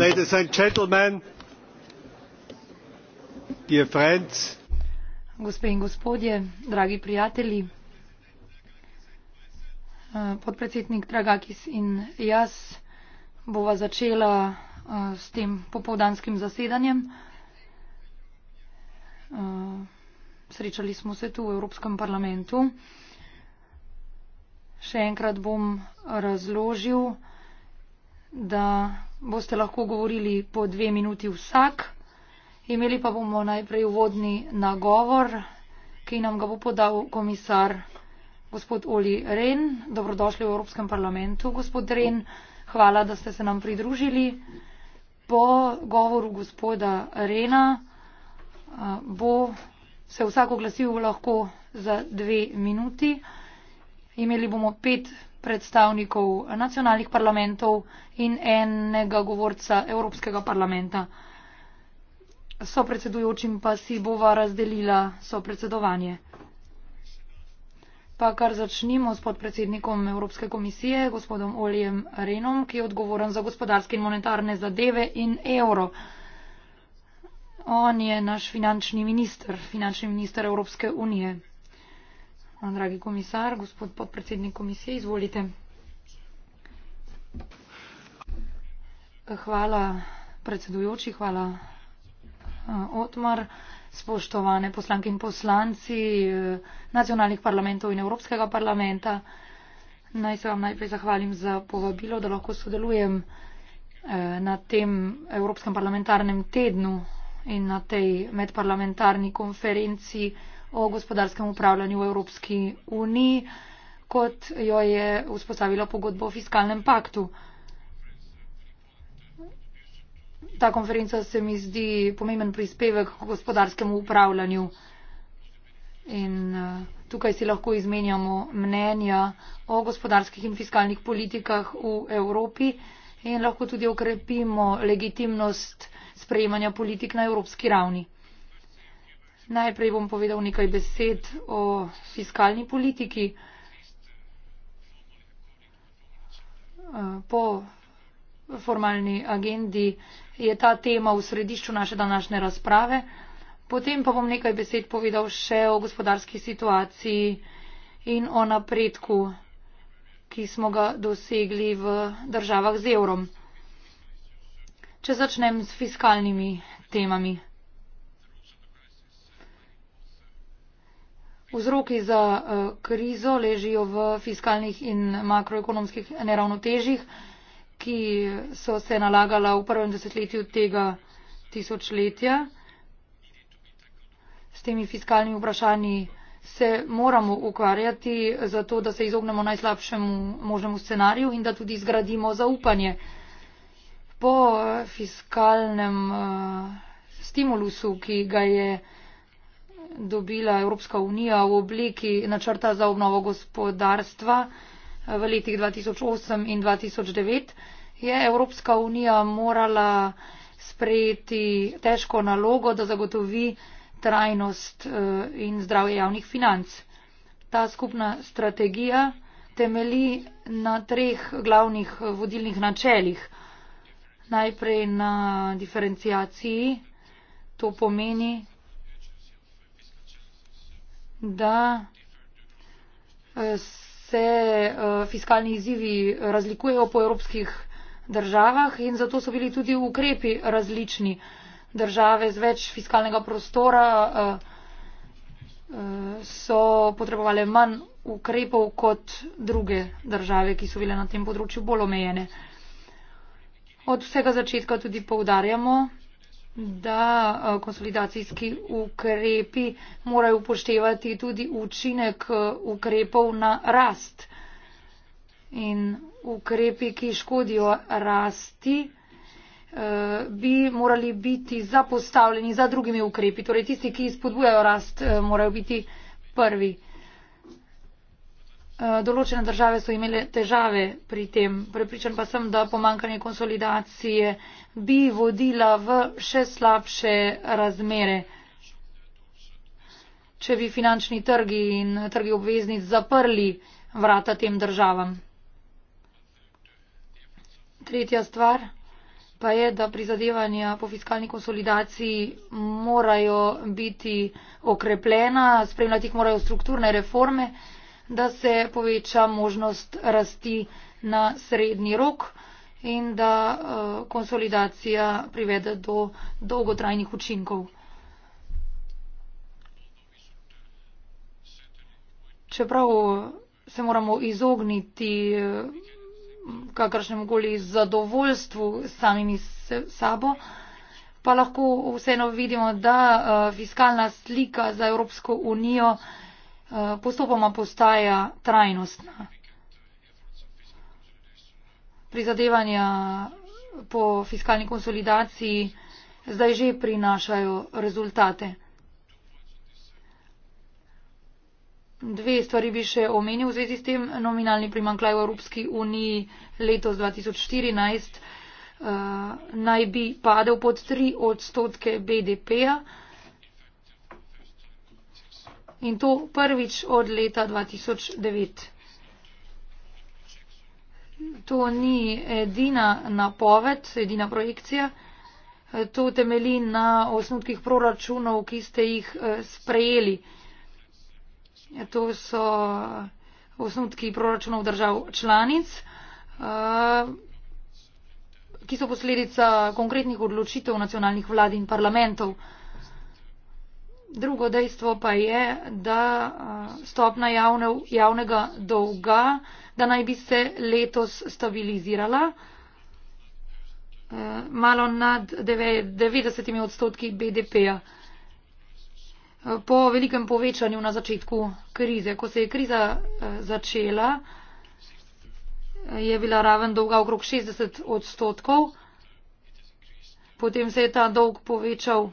ladies and gentlemen dear friends gospe in gospodje dragi prijatelji eh, podpredsednik dragakis in jaz bova začela eh, s tem popoldanskim zasedanjem eh, srečali smo se tu v evropskem parlamentu še enkrat bom razložil da boste lahko govorili po dve minuti vsak. Imeli pa bomo najprej uvodni nagovor, ki nam ga bo podal komisar gospod Oli Ren. Dobrodošli v Evropskem parlamentu, gospod Ren. Hvala, da ste se nam pridružili. Po govoru gospoda Rena bo se vsako glasil lahko za dve minuti. Imeli bomo pet predstavnikov nacionalnih parlamentov in enega govorca Evropskega parlamenta. So predsedujočim pa si bova razdelila so predsedovanje. Pa kar začnimo s podpredsednikom Evropske komisije, gospodom Olijem Renom, ki je odgovoren za gospodarske in monetarne zadeve in evro. On je naš finančni minister, finančni minister Evropske unije. Dragi komisar, gospod podpredsednik komisije, izvolite. Hvala predsedujoči, hvala eh, Otmar, spoštovane poslanke in poslanci eh, nacionalnih parlamentov in Evropskega parlamenta. Naj se vam najprej zahvalim za povabilo, da lahko sodelujem eh, na tem Evropskem parlamentarnem tednu in na tej medparlamentarni konferenciji o gospodarskem upravljanju v Evropski uniji, kot jo je vzpostavila pogodba o fiskalnem paktu. Ta konferenca se mi zdi pomemben prispevek k gospodarskemu upravljanju in eh, tukaj si lahko izmenjamo mnenja o gospodarskih in fiskalnih politikah v Evropi in lahko tudi okrepimo legitimnost sprejemanja politik na evropski ravni. Najprej bom povedal nekaj besed o fiskalni politiki. Po formalni agendi je ta tema v središču naše današnje razprave. Potem pa bom nekaj besed povedal še o gospodarski situaciji in o napredku, ki smo ga dosegli v državah z evrom. Če začnem s fiskalnimi temami. Vzroki za eh, krizo ležijo v fiskalnih in makroekonomskih neravnotežjih, ki so se nalagala v prvem desetletju tega tisočletja. S temi fiskalnimi vprašanji se moramo ukvarjati zato, da se izognemo najslabšemu možnemu scenariju in da tudi zgradimo zaupanje. Po eh, fiskalnem uh, stimulusu, ki ga je uh, dobila Evropska unija v obliki načrta za obnovo gospodarstva v letih 2008 in 2009, je Evropska unija morala sprejeti težko nalogo, da zagotovi trajnost eh, in zdravje javnih financ. Ta skupna strategija temeli na treh glavnih eh, vodilnih načelih. Najprej na diferencijaciji, to pomeni, da eh, se eh, fiskalni izzivi razlikujejo po evropskih državah in zato so bili tudi ukrepi različni. Države z več fiskalnega prostora eh, so potrebovali manj ukrepov kot druge države, ki so bile na tem področju bolj omejene. Od vsega začetka tudi poudarjamo, da eh, konsolidacijski ukrepi morajo upoštevati tudi učinek eh, ukrepov na rast. In ukrepi, ki škodijo rasti, eh, bi morali biti zapostavljeni za drugimi ukrepi. Torej, tisti, ki spodbujajo rast, morajo biti prvi. Eh, določene države so imele težave pri tem. Prepričan pa sem, da pomankanje konsolidacije bi vodila v še slabše razmere. Če bi finančni trgi in trgi obveznic zaprli vrata tem državam. Tretja stvar pa je, da prizadevanja po fiskalni konsolidaciji morajo biti okrepljena, spremljati jih morajo strukturne reforme, da se poveča možnost rasti na srednji rok in da eh, konsolidacija privede do dolgotrajnih učinkov. Čeprav se moramo izogniti eh, kakršnemu koli zadovoljstvu samimi sabo, pa lahko vseeno vidimo, da eh, fiskalna slika za Evropsko unijo je postopoma postaja trajnostna. Prizadevanja po fiskalni konsolidaciji zdaj že prinašajo rezultate. Dve stvari bi še omenil v zvezi s tem. Nominalni primankljaj v Evropski uniji letos 2014 uh, eh, naj bi padel pod 3 odstotke BDP-ja. Uh, in to prvič od leta 2009. To ni edina napoved, edina projekcija. To temeli na osnutkih proračunov, ki ste jih eh, sprejeli. To so eh, osnutki proračunov držav članic, eh, ki so posledica konkretnih odločitev nacionalnih vlad in parlamentov. Drugo dejstvo pa je, da stopna javne, javnega dolga, da naj bi se letos stabilizirala malo nad 90 odstotki BDP-ja. Po velikem povečanju na začetku krize, ko se je kriza začela, je bila raven dolga okrog 60 odstotkov, potem se je ta dolg povečal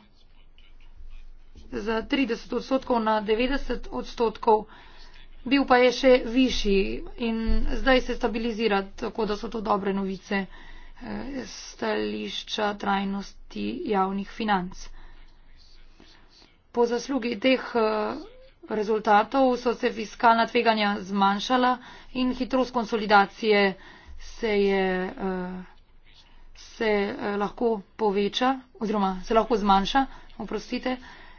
za 30 odstotkov na 90 odstotkov, bil pa je še višji in zdaj se stabilizira, tako da so to dobre novice eh, stališča trajnosti javnih financ. Po zaslugi teh eh, rezultatov so se fiskalna tveganja zmanjšala in hitrost konsolidacije se je eh, se lahko poveča oziroma se lahko zmanjša, oprostite.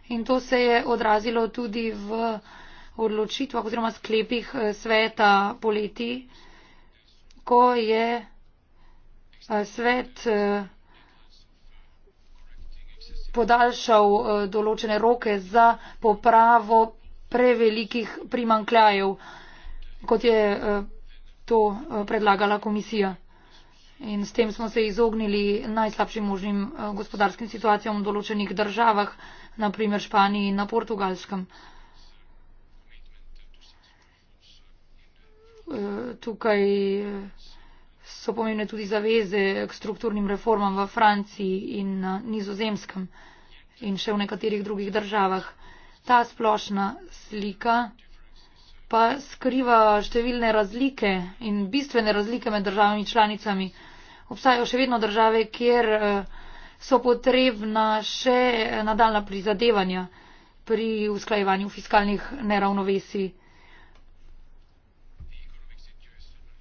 In to se je odrazilo tudi v odločitvah oziroma sklepih eh, sveta poleti, ko je eh, svet eh, podaljšal določene roke za popravo prevelikih primankljajev, kot je to predlagala komisija. In s tem smo se izognili najslabšim možnim gospodarskim situacijam v določenih državah naprimer v Španiji in na Portugalskem. E, tukaj e, so pomembne tudi zaveze k strukturnim reformam v Franciji in na nizozemskem in še v nekaterih drugih državah. Ta splošna slika pa skriva številne razlike in bistvene razlike med državami članicami. Obstajajo še vedno države, kjer uh, so potrebna še nadaljna prizadevanja pri usklajevanju fiskalnih neravnovesij.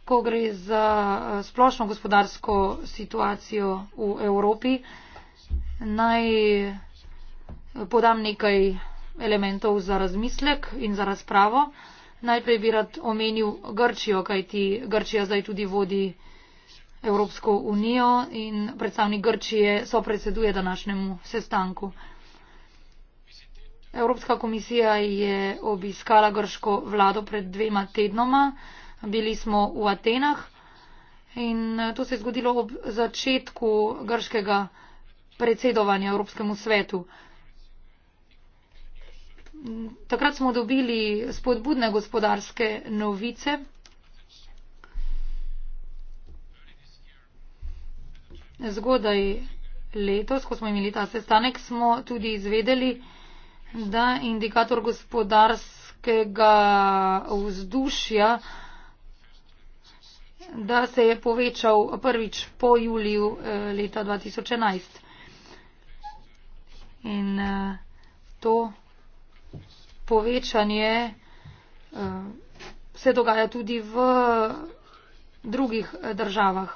Ko gre za eh, splošno gospodarsko situacijo v Evropi, naj eh, podam nekaj elementov za razmislek in za razpravo. Najprej bi rad omenil Grčijo, kajti Grčija zdaj tudi vodi Evropsko unijo in predstavnik Grčije so predseduje današnjemu sestanku. Evropska komisija je obiskala grško vlado pred dvema tednoma. Bili smo v Atenah in eh, to se je zgodilo ob začetku grškega predsedovanja Evropskemu svetu. Takrat smo dobili spodbudne gospodarske novice, zgodaj letos, ko smo imeli ta sestanek, smo tudi izvedeli, da indikator gospodarskega vzdušja, da se je povečal prvič po juliju eh, leta 2011. In eh, to povečanje eh, se dogaja tudi v drugih državah.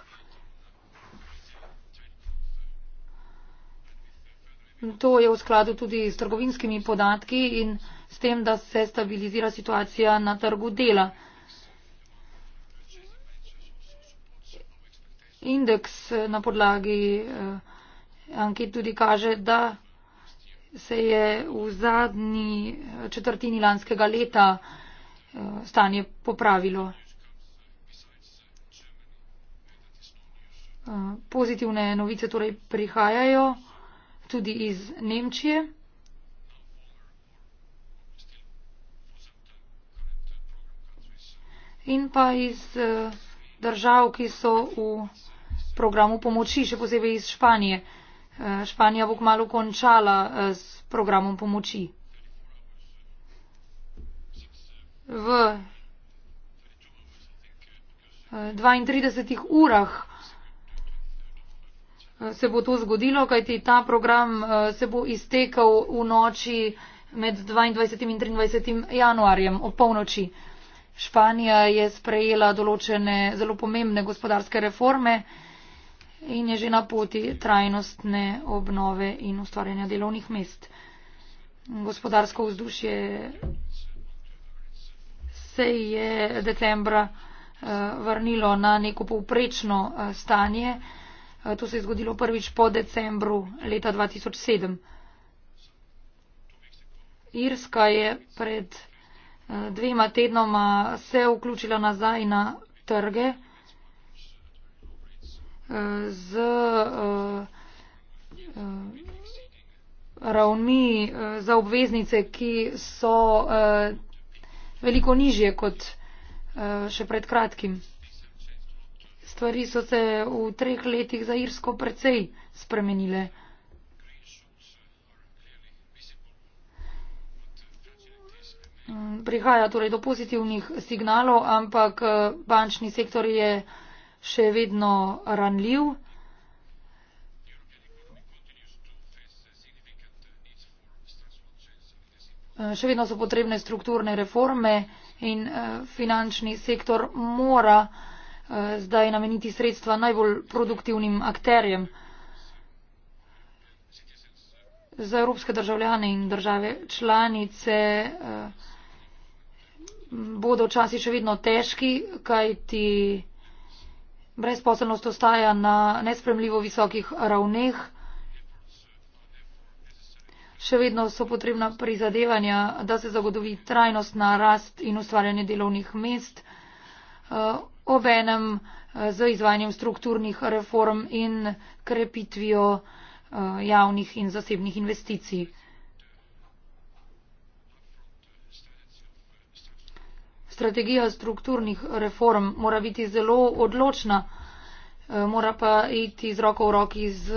To je v skladu tudi s trgovinskimi podatki in s tem, da se stabilizira situacija na trgu dela. Indeks eh, na podlagi eh, anket tudi kaže, da se je v zadnji eh, četrtini lanskega leta stanje popravilo. Pozitivne novice torej prihajajo tudi iz Nemčije. In pa iz eh, držav, ki so v programu pomoči, še posebej iz Španije. Eh, Španija bo kmalo končala eh, s programom pomoči. V 32 urah se bo to zgodilo, kajti ta program eh, se bo iztekal v noči med 22. in 23. januarjem, ob polnoči. Španija je sprejela določene zelo pomembne gospodarske reforme in je že na poti trajnostne obnove in ustvarjanja delovnih mest. Gospodarsko vzdušje se je decembra eh, vrnilo na neko povprečno eh, stanje. Eh, to se je zgodilo prvič po decembru leta 2007. Irska je pred eh, dvema tednoma se vključila nazaj na trge eh, z ravni za obveznice, ki so veliko nižje kot še pred kratkim stvari so se v treh letih za Irsko precej spremenile. Prihaja torej do pozitivnih signalov, ampak eh, bančni sektor je še vedno ranljiv. Eh, še vedno so potrebne strukturne reforme in eh, finančni sektor mora Eh, zdaj nameniti sredstva najbolj produktivnim akterjem za evropske državljane in države članice eh, bodo časi še vedno težki, kajti brezposelnost ostaja na nespremljivo visokih ravneh. Še vedno so potrebna prizadevanja, da se zagotovi trajnostna rast in ustvarjanje delovnih mest. Eh, obenem eh, z izvajanjem strukturnih reform in krepitvijo eh, javnih in zasebnih investicij. Strategija strukturnih reform mora biti zelo odločna, eh, mora pa iti z roko v roki z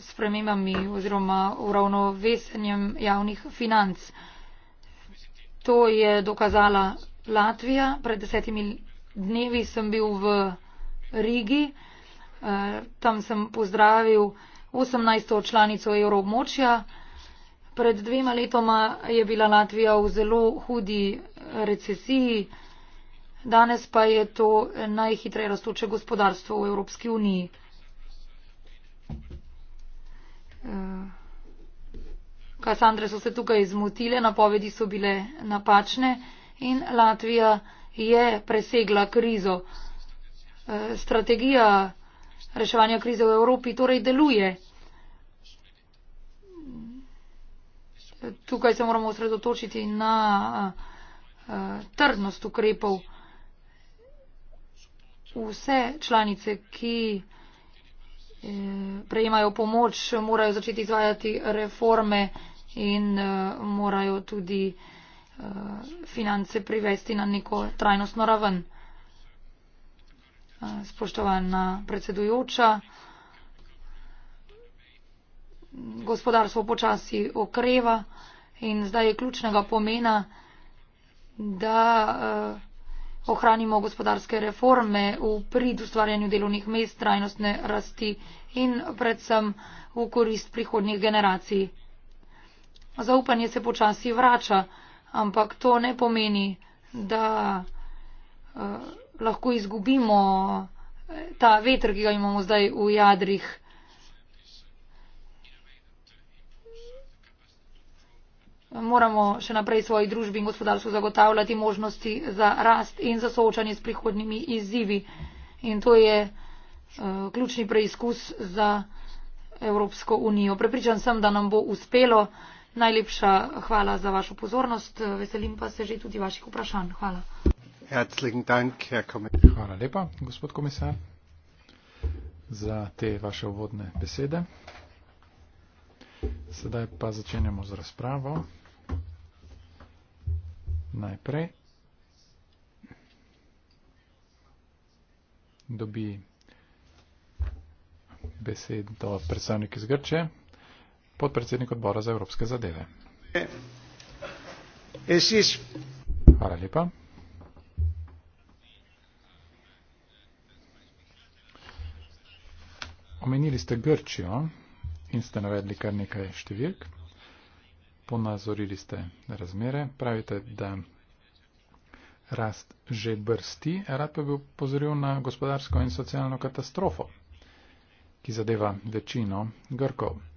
spremembami oziroma uravnovesenjem javnih financ. To je dokazala Latvija. Pred desetimi dnevi sem bil v Rigi. Eh, tam sem pozdravil 18. članico evroobmočja. Pred dvema letoma je bila Latvija v zelo hudi recesiji. Danes pa je to najhitreje rastoče gospodarstvo v Evropski uniji. Eh, Kasandre so se tukaj zmotile, napovedi so bile napačne in Latvija je presegla krizo. E, strategija reševanja krize v Evropi torej deluje. Tukaj se moramo osredotočiti na e, trdnost ukrepov. Vse članice, ki e, prejemajo pomoč, morajo začeti izvajati reforme in morajo tudi Eh, finance privesti na neko trajnostno raven. Eh, spoštovana predsedujoča, gospodarstvo počasi okreva in zdaj je ključnega pomena, da eh, ohranimo gospodarske reforme v prid ustvarjanju delovnih mest, trajnostne rasti in predvsem v korist prihodnjih generacij. Zaupanje se počasi vrača ampak to ne pomeni, da uh, lahko izgubimo eh, ta veter, ki ga imamo zdaj v jadrih. Moramo še naprej svoji družbi in gospodarstvu zagotavljati možnosti za rast in za soočanje s prihodnimi izzivi. In to je uh, ključni preizkus za Evropsko unijo. Prepričan sem, da nam bo uspelo. Najlepša hvala za vašo pozornost, veselim pa se že tudi vaših vprašanj. Hvala. Dank, hvala lepa, gospod komisar, za te vaše uvodne besede. Sedaj pa začenjamo z razpravo. Najprej dobi besedo predstavnik iz Grče, podpredsednik odbora za evropske zadeve. Hvala lepa. Omenili ste Grčijo in ste navedli kar nekaj številk. Ponazorili ste razmere. Pravite, da rast že brsti. Rad pa bi upozoril na gospodarsko in socialno katastrofo, ki zadeva večino Grkov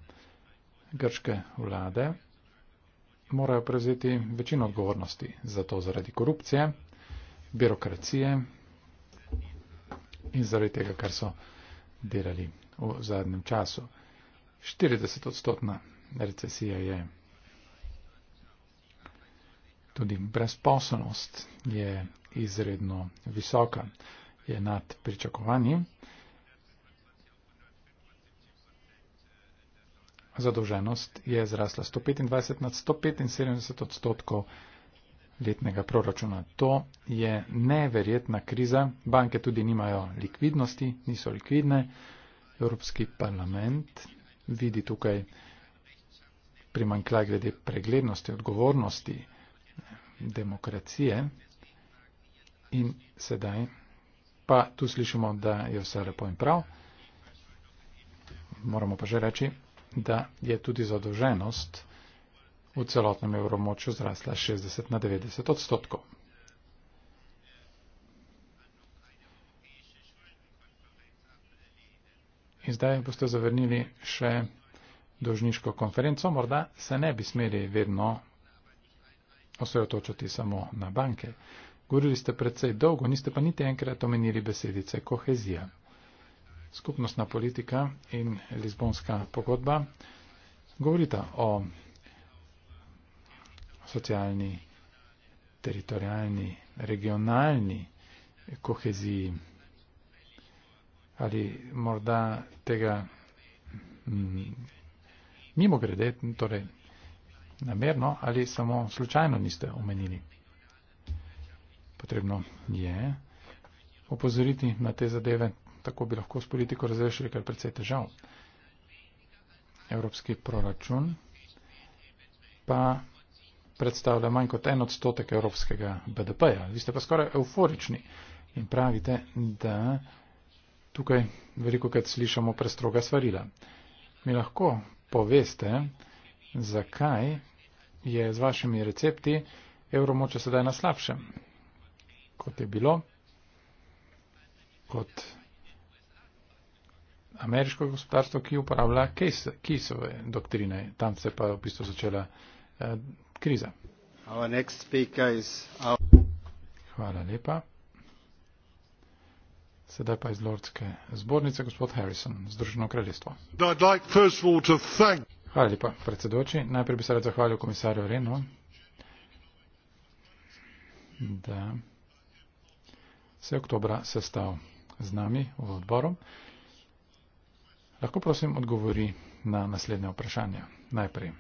grške vlade morajo prevzeti večino odgovornosti za to zaradi korupcije, birokracije in zaradi tega, kar so delali v zadnjem času. 40 odstotna recesija je. Tudi brezposobnost je izredno visoka, je nad pričakovanji. zadolženost je zrasla 125 nad 175 odstotkov letnega proračuna. To je neverjetna kriza. Banke tudi nimajo likvidnosti, niso likvidne. Evropski parlament vidi tukaj primankljaj glede preglednosti, odgovornosti demokracije in sedaj pa tu slišimo, da je vse lepo in prav. Moramo pa že reči, da je tudi zadolženost v celotnem evromočju zrasla 60 na 90 odstotkov. In zdaj boste zavrnili še dožniško konferenco, morda se ne bi smeli vedno osojotočiti samo na banke. Govorili ste predvsej dolgo, niste pa niti enkrat omenili besedice kohezija skupnostna politika in Lizbonska pogodba govorita o socialni, teritorijalni, regionalni koheziji ali morda tega mm, mimo grede, torej namerno ali samo slučajno niste omenili. Potrebno je opozoriti na te zadeve, tako bi lahko s politiko razrešili kar precej težav. Evropski proračun pa predstavlja manj kot en odstotek evropskega BDP-ja. Vi ste pa skoraj euforični in pravite, da tukaj veliko krat slišamo prestroga svarila. Mi lahko poveste, zakaj je z vašimi recepti evromoče sedaj na slabšem, kot je bilo, kot ameriško gospodarstvo, ki uporablja Kejsove doktrine. Tam se pa v bistvu začela uh, kriza. Hvala lepa. Sedaj pa iz Lordske zbornice, gospod Harrison, Združeno kraljestvo. Like Hvala lepa, predsedoči. Najprej bi se rad zahvalil komisarju Renu, da se je oktobra sestal z nami v odboru lahko prosim odgovori na naslednje vprašanje. Najprej,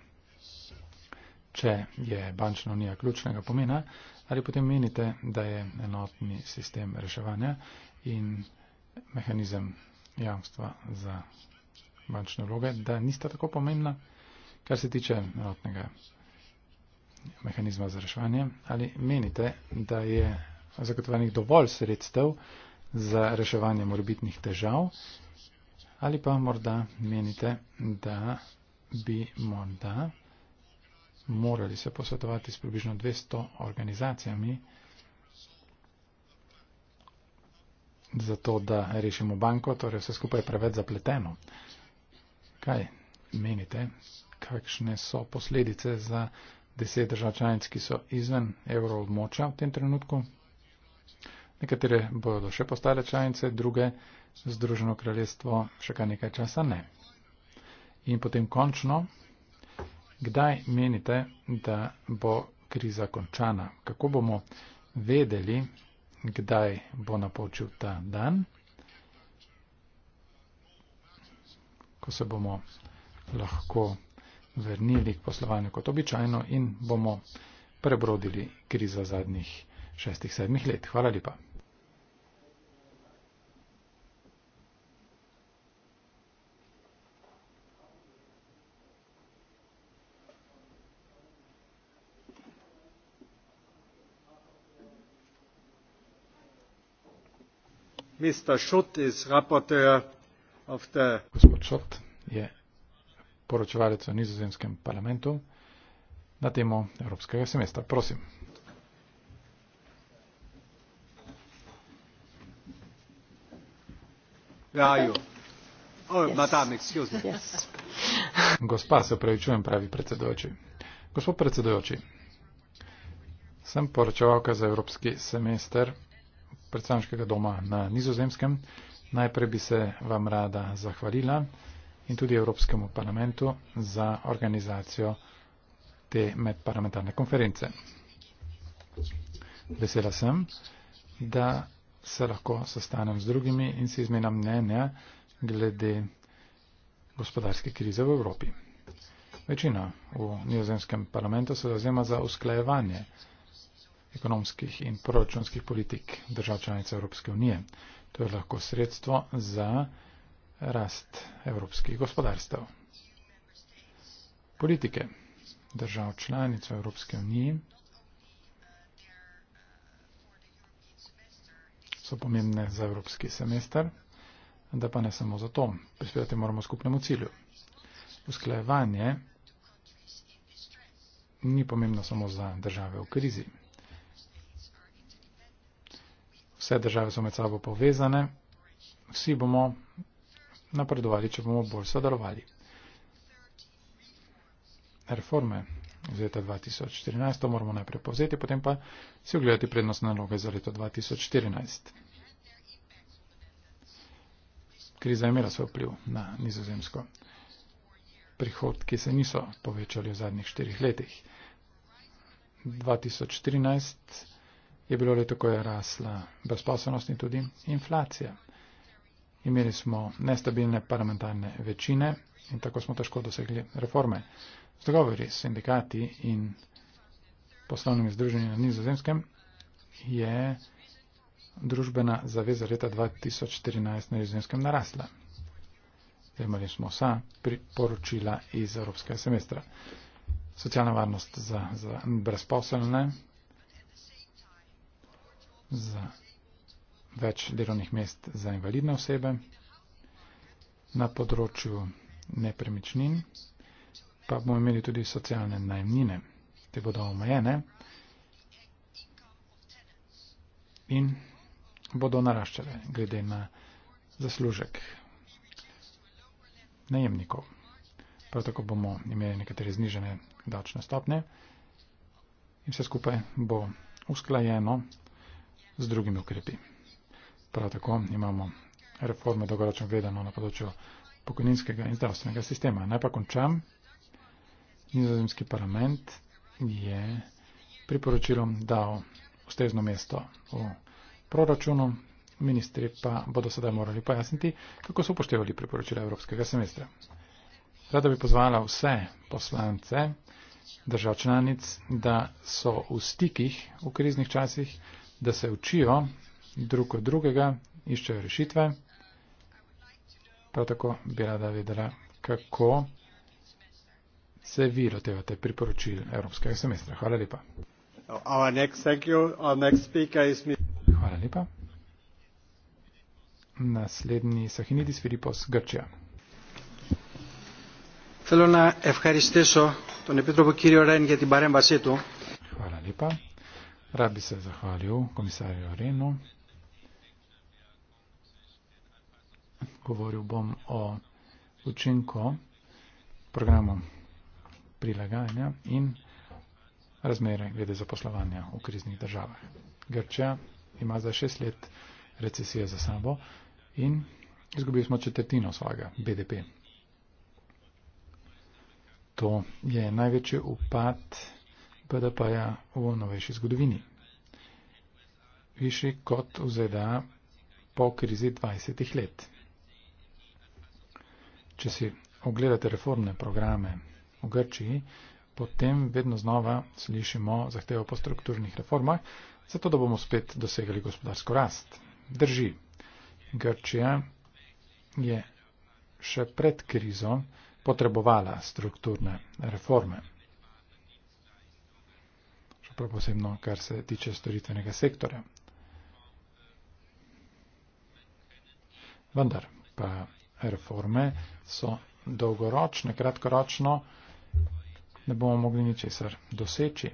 če je bančna unija ključnega pomena, ali potem menite, da je enotni sistem reševanja in mehanizem jamstva za bančne vloge, da nista tako pomembna, kar se tiče enotnega mehanizma za reševanje, ali menite, da je zagotovanih dovolj sredstev za reševanje morbitnih težav, Ali pa morda menite, da bi morda morali se posvetovati s približno 200 organizacijami, zato da rešimo banko, torej vse skupaj je preveč zapleteno. Kaj menite, kakšne so posledice za deset držav članic, ki so izven evro območja v tem trenutku? Nekatere bodo še postale članice, druge. Združeno kraljestvo še kar nekaj časa ne. In potem končno, kdaj menite, da bo kriza končana? Kako bomo vedeli, kdaj bo napočil ta dan, ko se bomo lahko vrnili k poslovanju kot običajno in bomo prebrodili krizo zadnjih šestih, sedmih let. Hvala lepa. gospod schott je poročevalec v nizozemskem parlamentu na temo evropskega semestra. Prosim. Oh, Gospa, se upravičujem, pravi predsedojoči. Gospod predsedojoči, sem poročevalka za evropski semester predstavniškega doma na nizozemskem. Najprej bi se vam rada zahvalila in tudi Evropskemu parlamentu za organizacijo te medparlamentarne konference. Vesela sem, da se lahko sestanem z drugimi in si izmenam mnenja glede gospodarske krize v Evropi. Večina v nizozemskem parlamentu se zauzema za usklajevanje ekonomskih in proračunskih politik držav članice Evropske unije. To je lahko sredstvo za rast evropskih gospodarstev. Politike držav članic Evropske unije so pomembne za evropski semester, da pa ne samo za to, prispevati moramo skupnemu cilju. Usklajevanje ni pomembno samo za države v krizi. Vse države so med sabo povezane, vsi bomo napredovali, če bomo bolj sodelovali. Reforme iz leta 2014, to moramo najprej povzeti, potem pa si ogledati prednostne naloge za leto 2014. Kriza je imela svoj vpliv na nizozemsko. Prihodki se niso povečali v zadnjih štirih letih. 2014 je bilo le tako je rasla brezposobnost in tudi inflacija. Imeli smo nestabilne parlamentarne večine in tako smo težko dosegli reforme. Z dogovori s sindikati in poslovnimi združenji na nizozemskem je družbena zaveza leta 2014 na nizozemskem narasla. Imeli smo vsa priporočila iz Evropskega semestra. Socialna varnost za, za brezposobne z več delovnih mest za invalidne osebe, na področju nepremičnin pa bomo imeli tudi socialne najemnine, te bodo omejene in bodo naraščale glede na zaslužek najemnikov. Prav tako bomo imeli nekatere znižene davčne stopnje in vse skupaj bo usklajeno z drugimi ukrepi. Prav tako imamo reforme dolgoročno gledano na področju pokojninskega in zdravstvenega sistema. Naj pa končam. Nizozemski parlament je priporočilom dal ustrezno mesto v proračunu, ministri pa bodo sedaj morali pojasniti, kako so upoštevali priporočila Evropskega semestra. Rada bi pozvala vse poslance držav članic, da so v stikih v kriznih časih da se učijo drug od drugega, iščejo rešitve. Prav tako bi rada vedela, kako se vi lotevate priporočil Evropskega semestra. Hvala lepa. Hvala lepa. Naslednji Sahinidis Filipos, Grčija. Hvala lepa. Rad bi se zahvalil komisarju Renu. Govoril bom o učinku programu prilagajanja in razmere glede zaposlovanja v kriznih državah. Grčija ima za šest let recesije za sabo in izgubili smo četrtino svojega BDP. To je največji upad PDP-ja v novejši zgodovini. Višji kot v ZDA po krizi 20 let. Če si ogledate reformne programe v Grčiji, potem vedno znova slišimo zahtevo po strukturnih reformah, zato da bomo spet dosegali gospodarsko rast. Drži, Grčija je še pred krizo potrebovala strukturne reforme prav posebno, kar se tiče storitvenega sektorja. Vendar pa reforme so dolgoročne, kratkoročno ne bomo mogli ničesar doseči.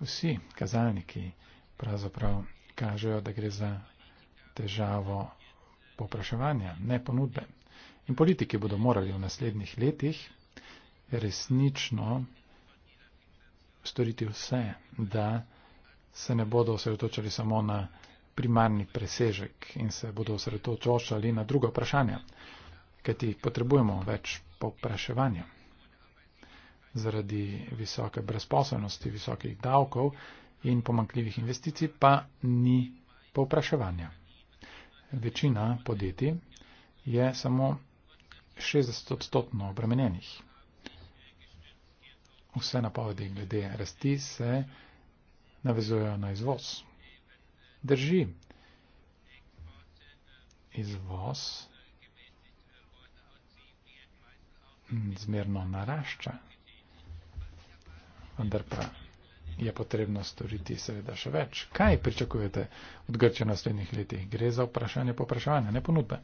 Vsi kazalniki pravzaprav kažejo, da gre za težavo popraševanja, ne ponudbe. In politiki bodo morali v naslednjih letih resnično storiti vse, da se ne bodo osredotočali samo na primarni presežek in se bodo osredotočali na druga vprašanja, kajti potrebujemo več popraševanja. Zaradi visoke brezposobnosti, visokih davkov in pomankljivih investicij pa ni povpraševanja. Večina podjetij je samo 60-odstotno obremenjenih vse napovedi glede rasti se navezujejo na izvoz. Drži. Izvoz zmerno narašča, vendar pa je potrebno storiti seveda še več. Kaj pričakujete od Grče v naslednjih letih? Gre za vprašanje popraševanja, ne ponudbe.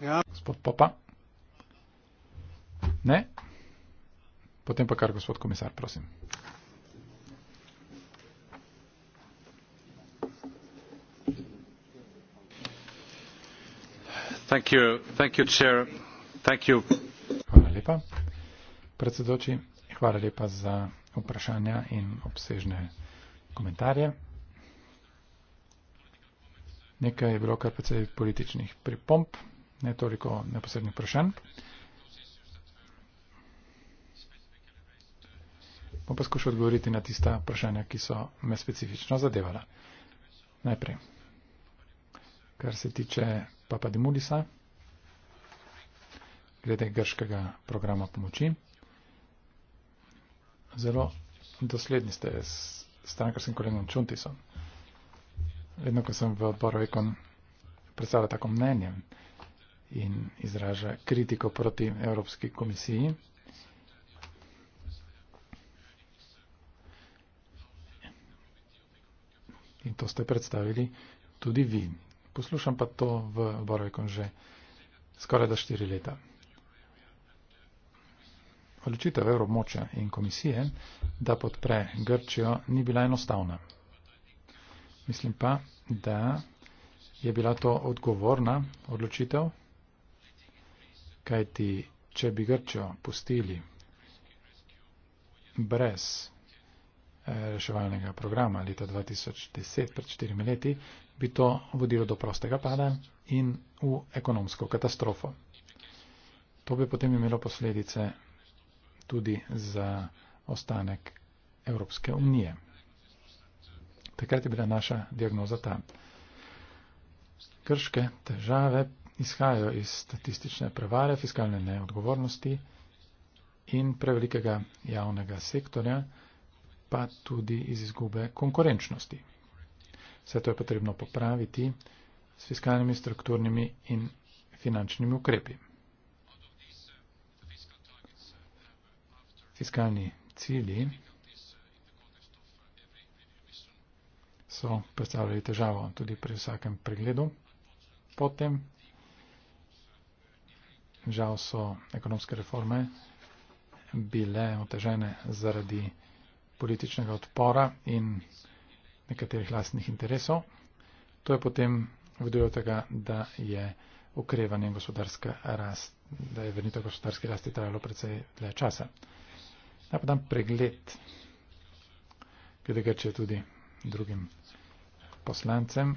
Ja. Gospod Popa. Ne? Potem pa kar gospod komisar, prosim. Thank you, thank you, chair. Thank you. Hvala lepa, predsedoči. Hvala lepa za vprašanja in obsežne komentarje. Nekaj je bilo kar precej političnih pripomp, ne toliko neposrednih vprašanj. Bom poskušal odgovoriti na tista vprašanja, ki so me specifično zadevala. Najprej, kar se tiče Papa Dimulisa, glede grškega programa pomoči. Zelo dosledni ste s strankarskim kolegom Čuntisom vedno, ko sem v odboru ekon, predstavlja tako mnenje in izraža kritiko proti Evropski komisiji. In to ste predstavili tudi vi. Poslušam pa to v odboru ekon že skoraj da štiri leta. Odločitev evromoča in komisije, da podpre Grčijo, ni bila enostavna. Mislim pa, da je bila to odgovorna odločitev, kajti če bi Grčjo pustili brez eh, reševalnega programa leta 2010, pred štirimi leti, bi to vodilo do prostega pada in v ekonomsko katastrofo. To bi potem imelo posledice tudi za ostanek Evropske unije. Takrat je bila naša diagnoza ta. Krške težave izhajajo iz statistične prevare, fiskalne neodgovornosti in prevelikega javnega sektorja, pa tudi iz izgube konkurenčnosti. Vse to je potrebno popraviti s fiskalnimi, strukturnimi in finančnimi ukrepi. Fiskalni cilji so predstavljali težavo tudi pri vsakem pregledu. Potem, žal so ekonomske reforme bile otežene zaradi političnega odpora in nekaterih lastnih interesov. To je potem vodilo tega, da je okrevanje gospodarske rasti, da je vrnitev gospodarske rasti trajalo predvsej dlje časa. Naj podam pregled, ki ga če tudi drugim poslancem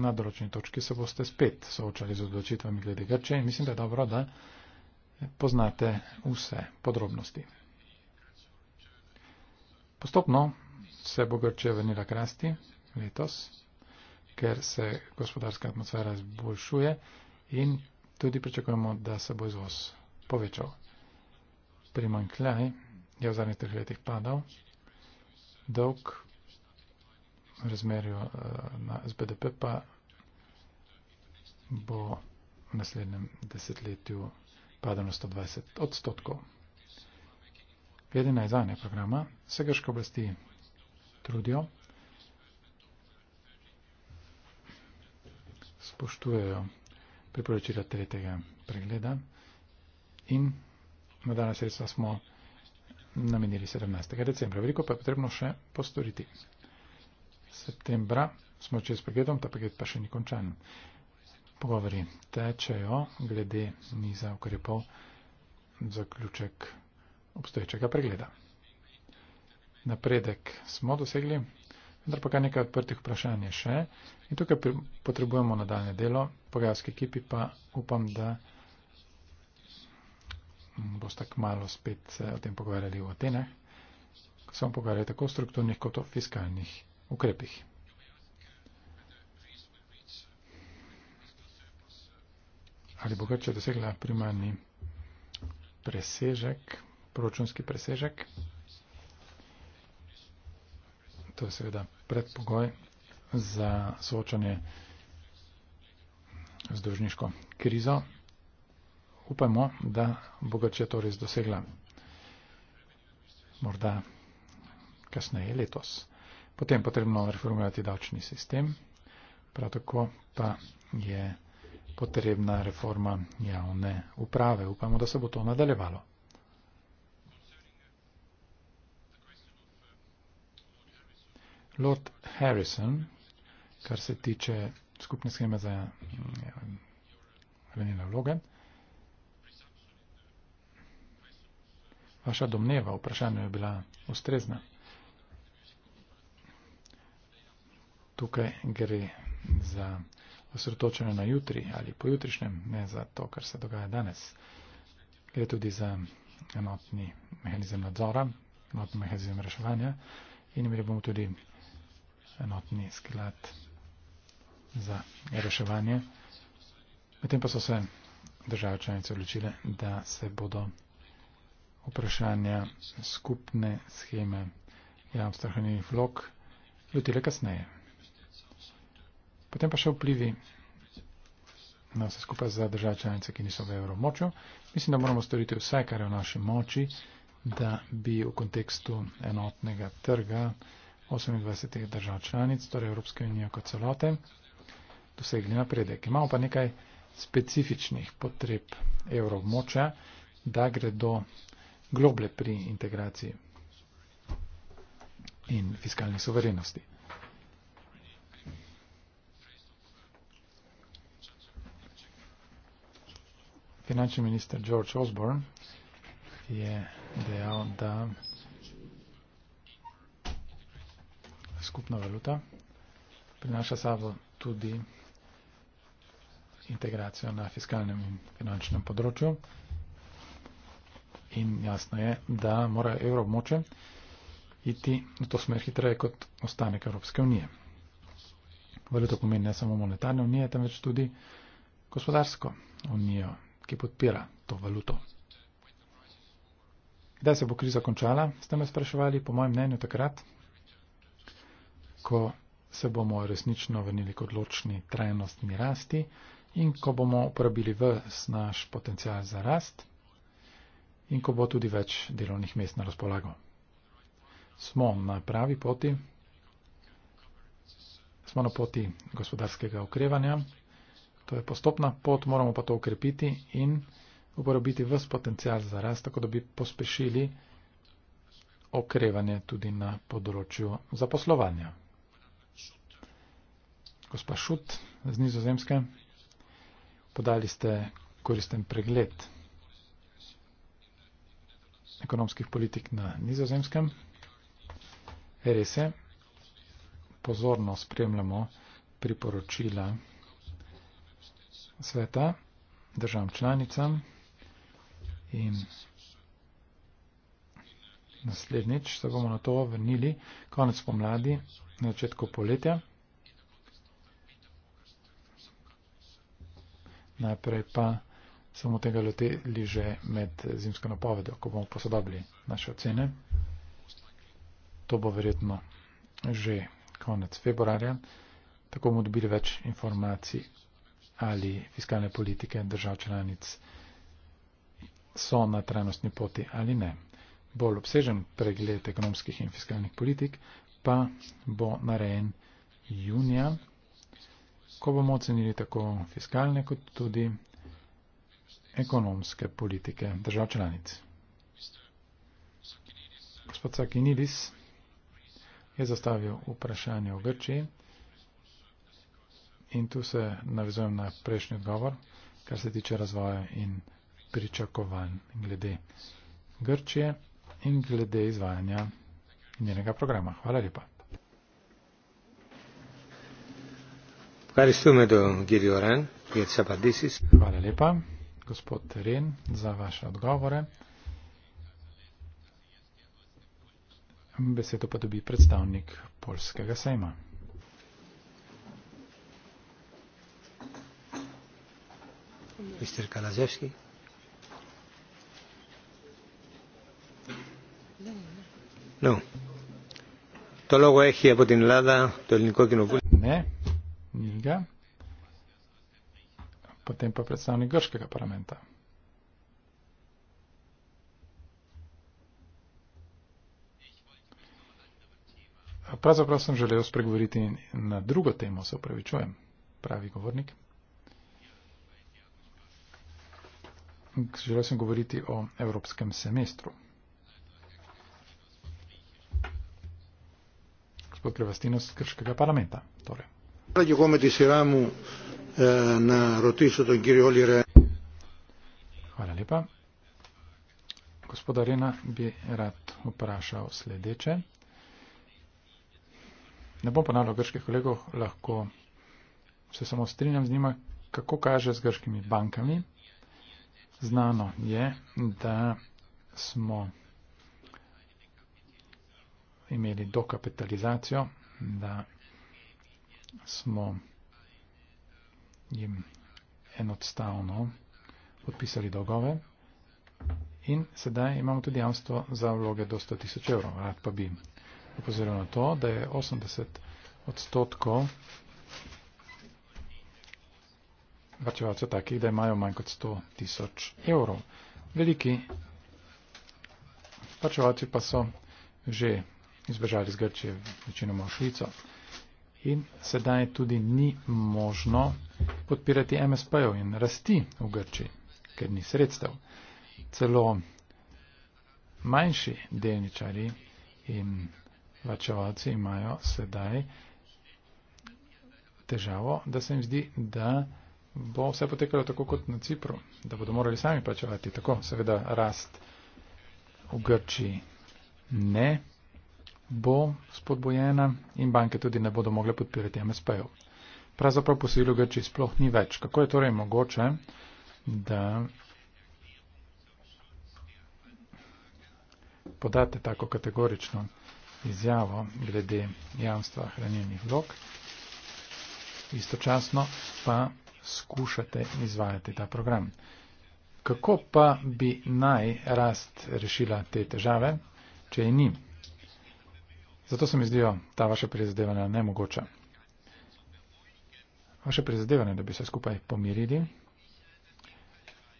na določeni točki se boste spet soočali z odločitvami glede Grče in mislim, da je dobro, da poznate vse podrobnosti. Postopno se bo Grče vrnila k rasti letos, ker se gospodarska atmosfera izboljšuje in tudi pričakujemo, da se bo izvoz povečal. Primankljaj je v zadnjih treh letih padal, dolg razmerju eh, na, z BDP pa bo v naslednjem desetletju padel na 120 odstotkov. Glede na izvajanje programa se grške oblasti trudijo, spoštujejo priporočila tretjega pregleda in na danes sredstva smo namenili 17. decembra. Veliko pa je potrebno še postoriti septembra smo začeli s paketom, ta paket pa še ni končan. Pogovori tečejo glede niza ukrepov zaključek obstoječega pregleda. Napredek smo dosegli, vendar pa kar nekaj odprtih vprašanj je še in tukaj potrebujemo nadaljne delo, pogajalski ekipi pa upam, da boste kmalo spet se o tem pogovarjali v Atenah, ko se bomo pogovarjali tako o strukturnih kot o fiskalnih ukrepih. Ali bo Grčija dosegla primarni presežek, proračunski presežek? To je seveda predpogoj za soočanje z dožniško krizo. Upajmo, da bo Grčija to res dosegla. Morda kasneje letos. Potem potrebno reformirati davčni sistem, prav tako pa je potrebna reforma javne uprave. Upamo, da se bo to nadaljevalo. Lord Harrison, kar se tiče skupne scheme za mm, venjene vloge, vaša domneva vprašanja je bila ustrezna. tukaj gre za osredotočenje na jutri ali pojutrišnjem, ne za to, kar se dogaja danes. Gre tudi za enotni mehanizem nadzora, enotni mehanizem reševanja in imeli bomo tudi enotni sklad za reševanje. Medtem pa so se države članice odločile, da se bodo vprašanja skupne scheme javnostrahanih vlog lotile kasneje. Potem pa še vplivi na vse skupaj za države članice, ki niso v evromočju. Mislim, da moramo storiti vse, kar je v naši moči, da bi v kontekstu enotnega trga 28 držav članic, torej Evropske unije kot celote, dosegli napredek. Imamo pa nekaj specifičnih potreb evromočja, da gredo globlje pri integraciji in fiskalni soverenosti. Finančni minister George Osborne je dejal, da skupna valuta prinaša sabo tudi integracijo na fiskalnem in finančnem področju. In jasno je, da mora evroobmoče iti na to smer hitreje kot ostanek Evropske unije. Valuta pomeni ne samo monetarne unije, temveč tudi gospodarsko unijo, ki podpira to valuto. Kdaj se bo kriza končala, ste me spraševali, po mojem mnenju takrat, ko se bomo resnično vrnili k odločni trajnostni rasti in ko bomo uporabili vs naš potencial za rast in ko bo tudi več delovnih mest na razpolago. Smo na pravi poti, smo na poti gospodarskega okrevanja. To je postopna pot, moramo pa to ukrepiti in uporabiti vs potencial za rast, tako da bi pospešili okrevanje tudi na področju zaposlovanja. Gospa Šut z Nizozemske, podali ste koristen pregled ekonomskih politik na Nizozemskem. Res je, pozorno spremljamo priporočila sveta, državam članicam in naslednjič se bomo na to vrnili konec pomladi, na začetku poletja. Najprej pa samo tega loteli že med zimsko napovedo, ko bomo posodobili naše ocene. To bo verjetno že konec februarja, tako bomo dobili več informacij ali fiskalne politike držav članic so na trajnostni poti ali ne. Bolj obsežen pregled ekonomskih in fiskalnih politik pa bo narejen junija, ko bomo ocenili tako fiskalne kot tudi ekonomske politike držav članic. Gospod Sakinidis je zastavil vprašanje o Grčiji in tu se navizujem na prejšnji odgovor, kar se tiče razvoja in pričakovanj glede Grčije in glede izvajanja njenega programa. Hvala lepa. Hvala lepa, gospod Ren, za vaše odgovore. Besedo pa dobi predstavnik polskega sejma. Mr. Kalazewski. No. Το λόγο έχει από την Ελλάδα το Ελληνικό Κοινοβούλιο. Ναι, Νίγα. Από την Παπρετσάνο Νιγκόρσκα καπαραμέντα. Pravzaprav sem želel spregovoriti na drugo temo, se upravičujem, pravi govornik. želel sem govoriti o evropskem semestru. Gospod Krevastinos z Krškega parlamenta. Torej. Hvala eh, lepa. Gospod Arena bi rad vprašal sledeče. Ne bom ponavljal grških kolegov, lahko se samo strinjam z njima, kako kaže z grškimi bankami. Znano je, da smo imeli dokapitalizacijo, da smo jim enostavno podpisali dolgove in sedaj imamo tudi jamstvo za vloge do 100 tisoč evrov. Rad pa bi upozoril na to, da je 80 odstotkov varčevalcev takih, da imajo manj kot 100 tisoč evrov. Veliki varčevalci pa so že izbežali z Grčije, večinoma v Švico. In sedaj tudi ni možno podpirati MSP-jev in rasti v Grčiji, ker ni sredstev. Celo manjši delničari in vačevalci imajo sedaj težavo, da se jim zdi, da bo vse potekalo tako kot na Cipru, da bodo morali sami plačevati. Tako, seveda, rast v Grčiji ne bo spodbojena in banke tudi ne bodo mogle podpirati MSP-jev. Pravzaprav posilju Grčiji sploh ni več. Kako je torej mogoče, da podate tako kategorično izjavo glede jamstva hranjenih vlog, istočasno pa skušate izvajati ta program. Kako pa bi naj rast rešila te težave, če je ni? Zato se mi zdijo ta vaše prizadevanja nemogoča. Vaše prizadevanje, da bi se skupaj pomirili,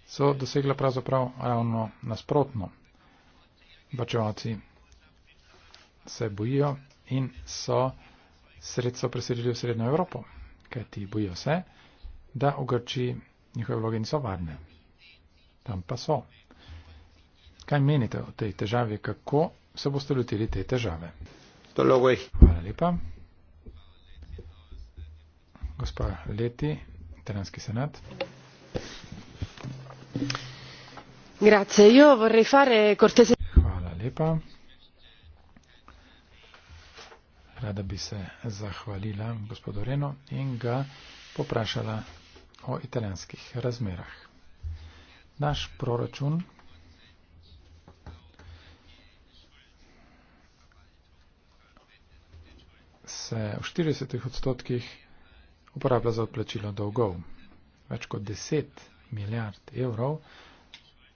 so dosegla pravzaprav ravno nasprotno. Bačevalci se bojijo in so sredstvo preselili v Srednjo Evropo, kajti bojijo se, da ogrči njihove vloge niso varne. Tam pa so. Kaj menite o tej težavi, kako se boste lotili te težave? Hvala lepa. Gospa Leti, Trenski senat. Grazie, io vorrei fare cortese... Hvala lepa. Rada bi se zahvalila gospodu Reno in ga poprašala o italijanskih razmerah. Naš proračun se v 40 odstotkih uporablja za odplačilo dolgov. Več kot 10 milijard evrov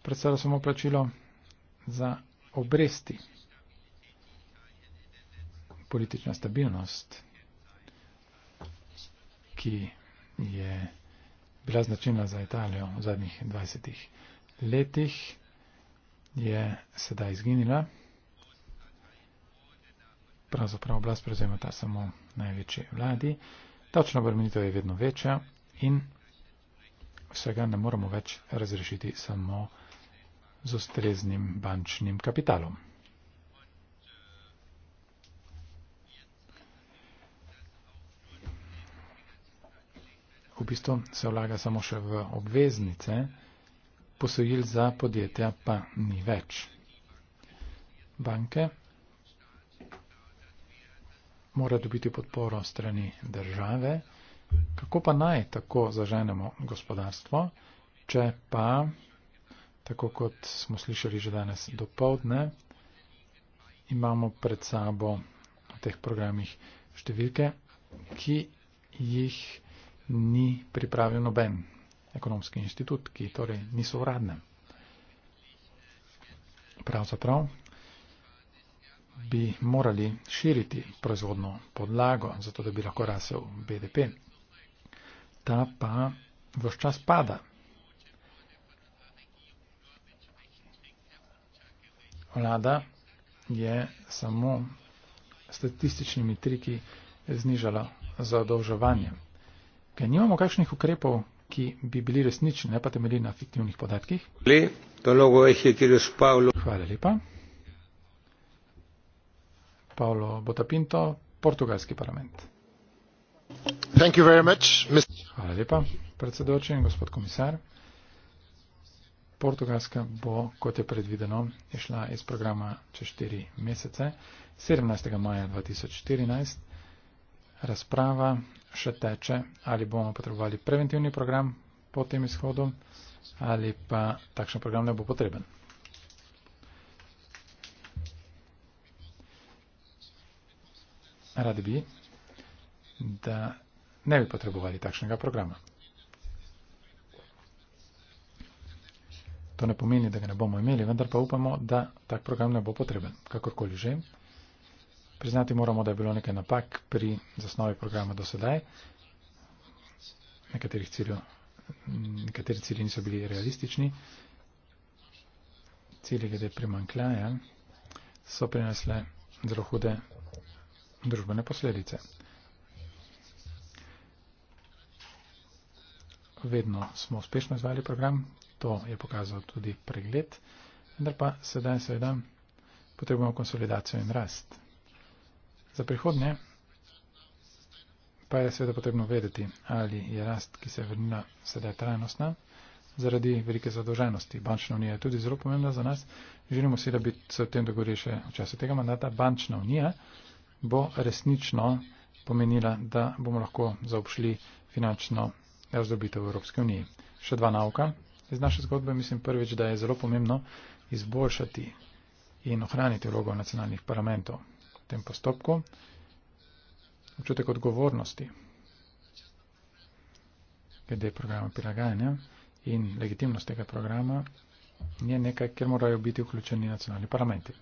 predstavlja samo plačilo za obresti. Politična stabilnost, ki je bila značilna za Italijo v zadnjih 20 letih, je sedaj izginila. Pravzaprav oblast prevzema ta samo največji vladi. Točno obremenitev je vedno večja in vsega ne moremo več razrešiti samo z ustreznim bančnim kapitalom. v bistvu se vlaga samo še v obveznice, posojil za podjetja pa ni več. Banke mora dobiti podporo strani države, kako pa naj tako zaženemo gospodarstvo, če pa, tako kot smo slišali že danes do povdne, imamo pred sabo v teh programih številke, ki jih ni pripravil noben ekonomski inštitut, ki torej niso uradne. Pravzaprav bi morali širiti proizvodno podlago, zato da bi lahko rasel BDP. Ta pa vse čas pada. Vlada je samo statističnimi triki znižala zadolževanje. Ker nimamo kakšnih ukrepov, ki bi bili resnični, ne pa temeli na fiktivnih podatkih. Hvala lepa. Paolo Botapinto, portugalski parlament. Thank you very much, Hvala lepa, predsedoči in gospod komisar. Portugalska bo, kot je predvideno, išla iz programa čez 4 mesece, 17. maja 2014. Razprava še teče, ali bomo potrebovali preventivni program po tem izhodu, ali pa takšen program ne bo potreben. Radi bi, da ne bi potrebovali takšnega programa. To ne pomeni, da ga ne bomo imeli, vendar pa upamo, da tak program ne bo potreben, kakorkoli že. Priznati moramo, da je bilo nekaj napak pri zasnovi programa do sedaj. Nekateri cilji niso bili realistični. Cilje glede primankljaja so prinesle zelo hude družbene posledice. Vedno smo uspešno izvali program, to je pokazal tudi pregled, vendar pa sedaj seveda potrebujemo konsolidacijo in rast. Za prihodnje pa je seveda potrebno vedeti, ali je rast, ki se je vrnila sedaj trajnostna, zaradi velike zadolženosti. Bančna unija je tudi zelo pomembna za nas. Želimo si, da bi se o tem dogovorili še v času tega mandata. Bančna unija bo resnično pomenila, da bomo lahko zaobšli finančno razdobitev v Evropski uniji. Še dva nauka iz naše zgodbe. Mislim prvič, da je zelo pomembno izboljšati in ohraniti vlogo nacionalnih parlamentov tem postopku, občutek odgovornosti glede programa prilagajanja in legitimnost tega programa je nekaj, kjer morajo biti vključeni nacionalni parlamenti.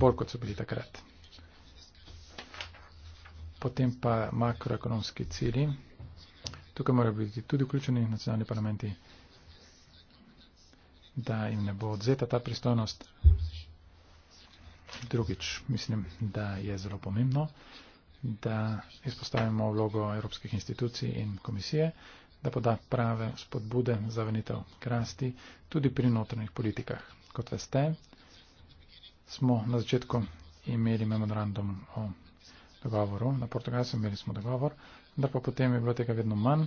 Bolj kot so bili takrat. Potem pa makroekonomski cilji. Tukaj morajo biti tudi vključeni nacionalni parlamenti, da jim ne bo odzeta ta pristojnost drugič mislim, da je zelo pomembno, da izpostavimo vlogo evropskih institucij in komisije, da poda prave spodbude za venitev krasti tudi pri notranjih politikah. Kot veste, smo na začetku imeli memorandum o dogovoru, na Portugalsko imeli smo dogovor, da pa potem je bilo tega vedno manj,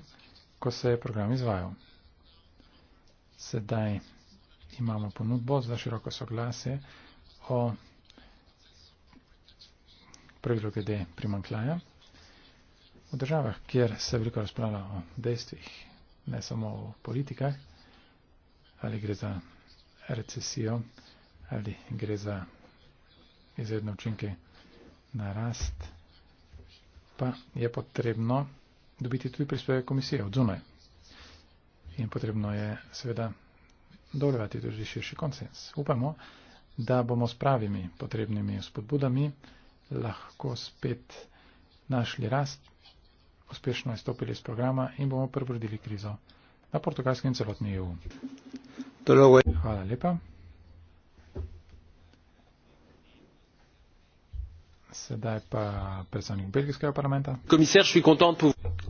ko se je program izvajal. Sedaj imamo ponudbo za široko soglasje o pravilo glede primankljaja. V državah, kjer se veliko razpravlja o dejstvih, ne samo o politikah, ali gre za recesijo, ali gre za izredne učinke na rast, pa je potrebno dobiti tudi prispevek komisije od zunaj. In potrebno je seveda dolevati tudi širši konsens. Upamo, da bomo s pravimi potrebnimi spodbudami lahko spet našli rast, uspešno izstopili iz programa in bomo prebrodili krizo na portugalskem celotni EU. Hvala lepa. Sedaj pa predstavnik belgijskega parlamenta.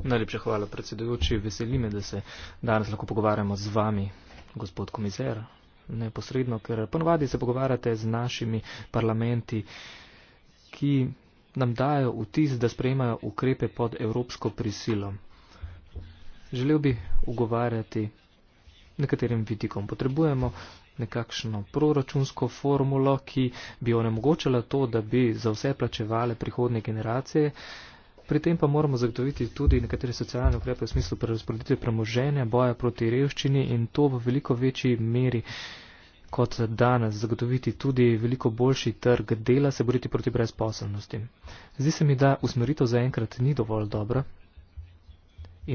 Najlepša hvala, predsedujoči. Veseli me, da se danes lahko pogovarjamo z vami, gospod komisar, neposredno, ker ponovadi se pogovarjate z našimi parlamenti ki nam dajo vtis, da sprejemajo ukrepe pod evropsko prisilo. Želel bi ugovarjati nekaterim vidikom. Potrebujemo nekakšno proračunsko formulo, ki bi onemogočala to, da bi za vse plačevale prihodne generacije. Pri tem pa moramo zagotoviti tudi nekatere socialne ukrepe v smislu prerasporeditve premoženja, boja proti revščini in to v veliko večji meri. Uh, kot danes zagotoviti tudi veliko boljši trg dela, se boriti proti brezposobnosti. Zdi se mi, da usmeritev zaenkrat ni dovolj dobra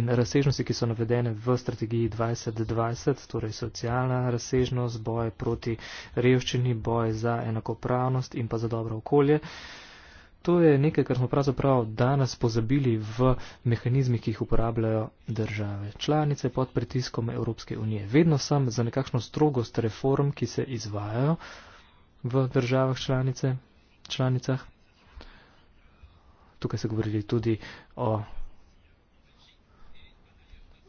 in razsežnosti, ki so navedene v strategiji 2020, torej socialna razsežnost, boj proti revščini, boj za enakopravnost in pa za dobro okolje, to je nekaj, kar smo pravzaprav danes pozabili v mehanizmih, ki jih uporabljajo države članice pod pritiskom Evropske unije. Vedno sem za nekakšno strogost reform, ki se izvajajo v državah članice, članicah. Tukaj se govorili tudi o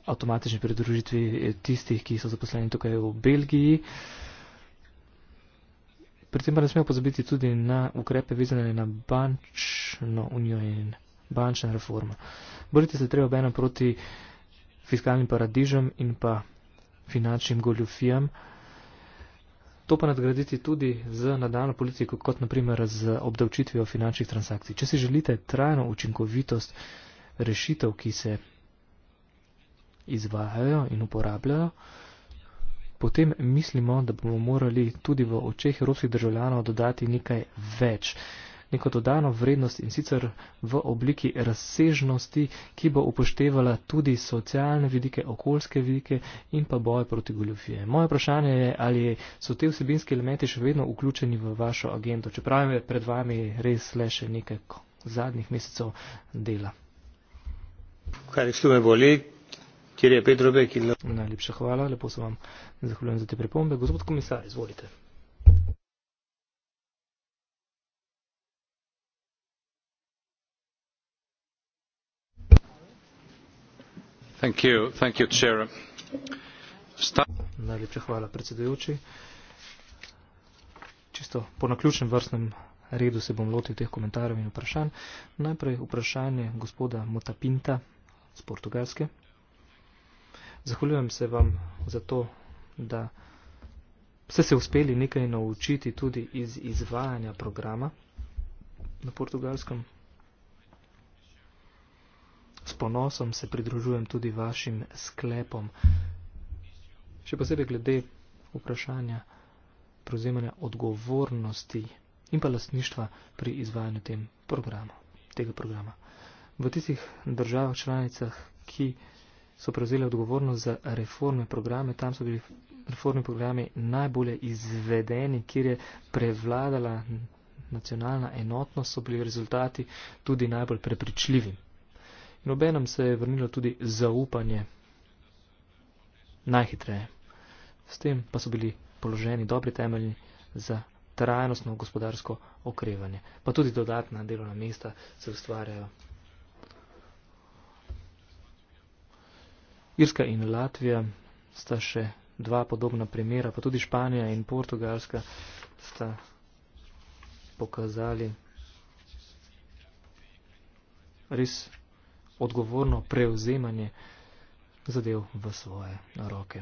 avtomatični pridružitvi tistih, ki so zaposleni tukaj v Belgiji. Uh, Pri tem pa ne smemo pozabiti tudi na ukrepe vezane na bančno unijo in bančna reforma. Boriti se treba obenem proti fiskalnim paradižom in pa finančnim goljufijam. To pa nadgraditi tudi z nadaljno politiko, kot naprimer z obdavčitvijo finančnih transakcij. Če si želite trajno učinkovitost rešitev, ki se izvajajo in uporabljajo, potem mislimo, da bomo morali tudi v očeh evropskih državljanov dodati nekaj več, neko dodano vrednost in sicer v obliki razsežnosti, ki bo upoštevala tudi socialne vidike, okoljske vidike in pa boje proti goljofije. Moje vprašanje je, ali so te vsebinski elementi še vedno vključeni v vašo agendo, čeprav je pred vami res le še nekaj zadnjih mesecev dela. Kar je slume boli, kjer je Pedro Bekin. Najlepša hvala, lepo se vam zahvaljujem za te pripombe. Gospod komisar, izvolite. Thank you, thank you, chair. Sta Najlepša hvala, predsedujoči. Čisto po naključnem vrstnem redu se bom lotil teh komentarjev in vprašanj. Najprej vprašanje gospoda Motapinta z Portugalske. Zahvaljujem se vam za to, da ste se uspeli nekaj naučiti tudi iz izvajanja programa na portugalskem. S ponosom se pridružujem tudi vašim sklepom. Še posebej glede vprašanja prevzemanja odgovornosti in pa lastništva pri izvajanju tem programu, tega programa. V tistih državah članicah, ki so prevzeli odgovornost za reforme programe. Tam so bili reformni programi najbolje izvedeni, kjer je prevladala nacionalna enotnost, so bili rezultati tudi najbolj prepričljivi. In obenem se je vrnilo tudi zaupanje najhitreje. S tem pa so bili položeni dobri temelji za trajnostno gospodarsko okrevanje. Pa tudi dodatna delovna mesta se ustvarjajo. Irska in Latvija sta še dva podobna primera, pa tudi Španija in Portugalska sta pokazali res odgovorno prevzemanje zadev v svoje roke.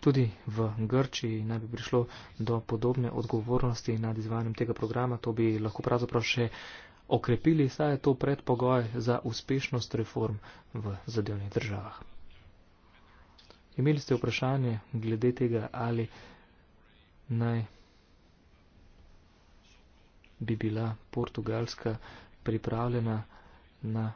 Tudi v Grčiji naj bi prišlo do podobne odgovornosti nad izvanjem tega programa, to bi lahko pravzaprav še okrepili, saj je to predpogoj za uspešnost reform v zadevnih državah. Imeli ste vprašanje glede tega, ali naj bi bila Portugalska pripravljena na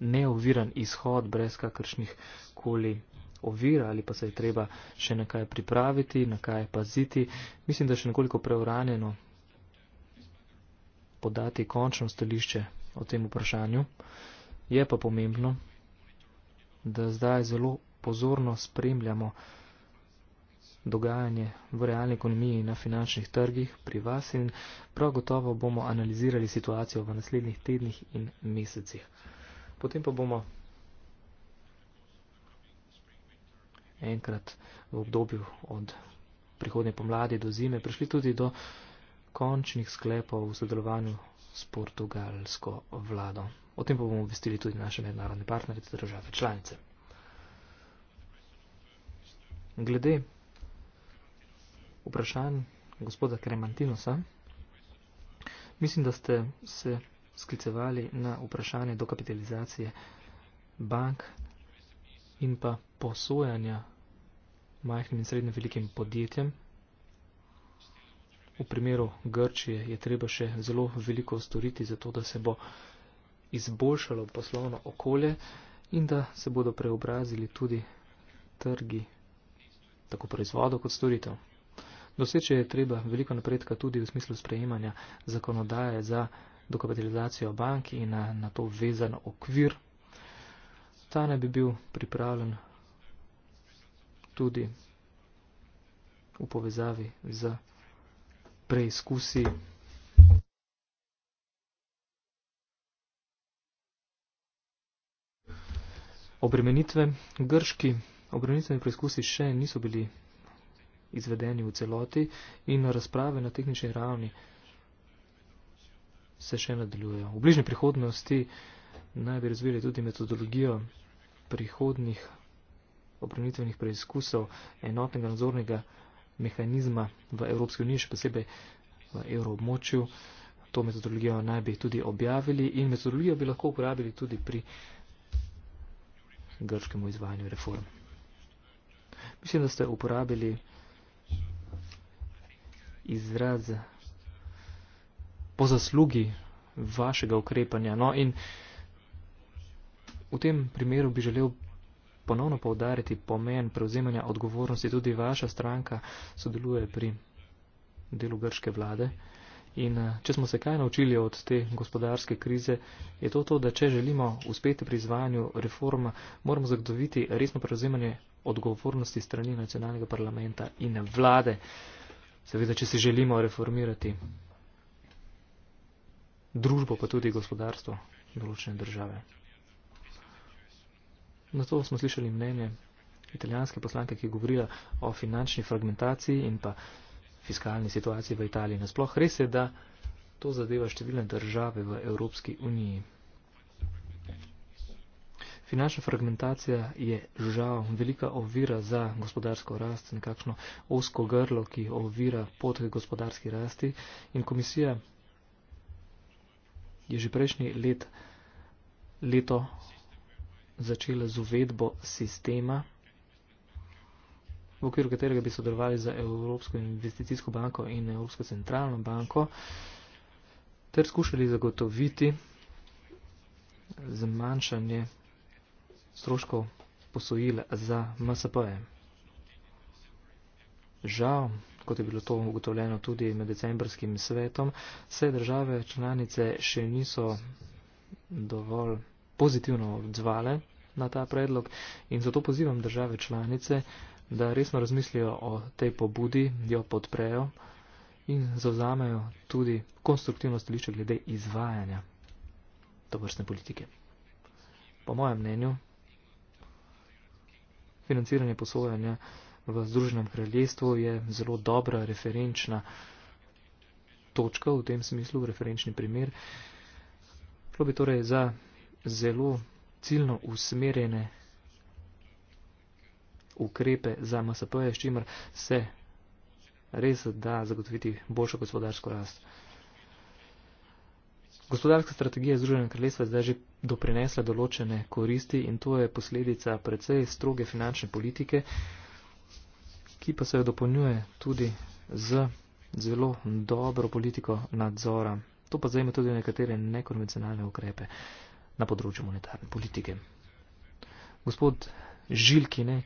neoviran izhod brez kakršnih koli ovir ali pa se je treba še nekaj pripraviti, nekaj paziti. Mislim, da še nekoliko preuranjeno podati končno stališče o tem vprašanju. Je pa pomembno, da zdaj zelo pozorno spremljamo dogajanje v realni ekonomiji in na finančnih trgih pri vas in prav gotovo bomo analizirali situacijo v naslednjih tednih in mesecih. Potem pa bomo enkrat v obdobju od prihodnje pomladi do zime prišli tudi do končnih sklepov v sodelovanju s portugalsko vlado. O tem pa bomo obvestili tudi naše mednarodne partnerice države članice. Glede vprašanj gospoda Kremantinosa, mislim, da ste se sklicevali na vprašanje dokapitalizacije bank in pa posojanja majhnim in srednjim velikim podjetjem V primeru Grčije je treba še zelo veliko storiti za to, da se bo izboljšalo poslovno okolje in da se bodo preobrazili tudi trgi, tako proizvodov kot storitev. Doseče je treba veliko napredka tudi v smislu sprejemanja zakonodaje za dokapitalizacijo bank in na, na to vezan okvir. Ta ne bi bil pripravljen tudi v povezavi z preizkusi. Obremenitve, grški obremenitveni preizkusi še niso bili izvedeni v celoti in razprave na tehnični ravni se še nadaljujejo. V bližnji prihodnosti naj bi razvili tudi metodologijo prihodnih obremenitvenih preizkusov enotnega nadzornega mehanizma v Evropski uniji, še posebej v evroobmočju. To metodologijo naj bi tudi objavili in metodologijo bi lahko uporabili tudi pri grškemu izvajanju reform. Mislim, da ste uporabili izraz po zaslugi vašega ukrepanja. No, in v tem primeru bi želel ponovno povdariti pomen prevzemanja odgovornosti. Tudi vaša stranka sodeluje pri delu grške vlade. In eh, če smo se kaj naučili od te gospodarske krize, je to to, da če želimo uspeti pri izvajanju reform, moramo zagotoviti resno prevzemanje odgovornosti strani nacionalnega parlamenta in vlade. Seveda, če si želimo reformirati družbo, pa tudi gospodarstvo določene države. Na to smo slišali mnenje italijanske poslanke, ki je govorila o finančni fragmentaciji in pa fiskalni situaciji v Italiji. Nasploh res je, da to zadeva številne države v Evropski uniji. Finančna fragmentacija je žal velika ovira za gospodarsko rast, nekakšno osko grlo, ki ovira pot gospodarski rasti in komisija je že prejšnji let, leto začela z uvedbo sistema, v okviru katerega bi sodelovali za Evropsko investicijsko banko in Evropsko centralno banko, ter skušali zagotoviti zmanjšanje stroškov posojila za MSP-je. Žal, kot je bilo to ugotovljeno tudi med decembrskim svetom, se države članice še niso dovolj pozitivno odzvale na ta predlog in zato pozivam države članice, da resno razmislijo o tej pobudi, jo podprejo in zauzamejo tudi konstruktivno stališče glede izvajanja tovrstne politike. Po mojem mnenju, financiranje posojanja v Združenem kraljestvu je zelo dobra referenčna točka v tem smislu, referenčni primer. Bilo bi torej za zelo ciljno usmerjene ukrepe za MSP-je, s čimer se res da zagotoviti boljšo gospodarsko rast. Gospodarska strategija Združenega kraljestva je zdaj že doprinesla določene koristi in to je posledica precej stroge finančne politike, ki pa se jo dopolnjuje tudi z zelo dobro politiko nadzora. To pa zajme tudi nekatere nekonvencionalne ukrepe na področju monetarne politike. Gospod Žilkine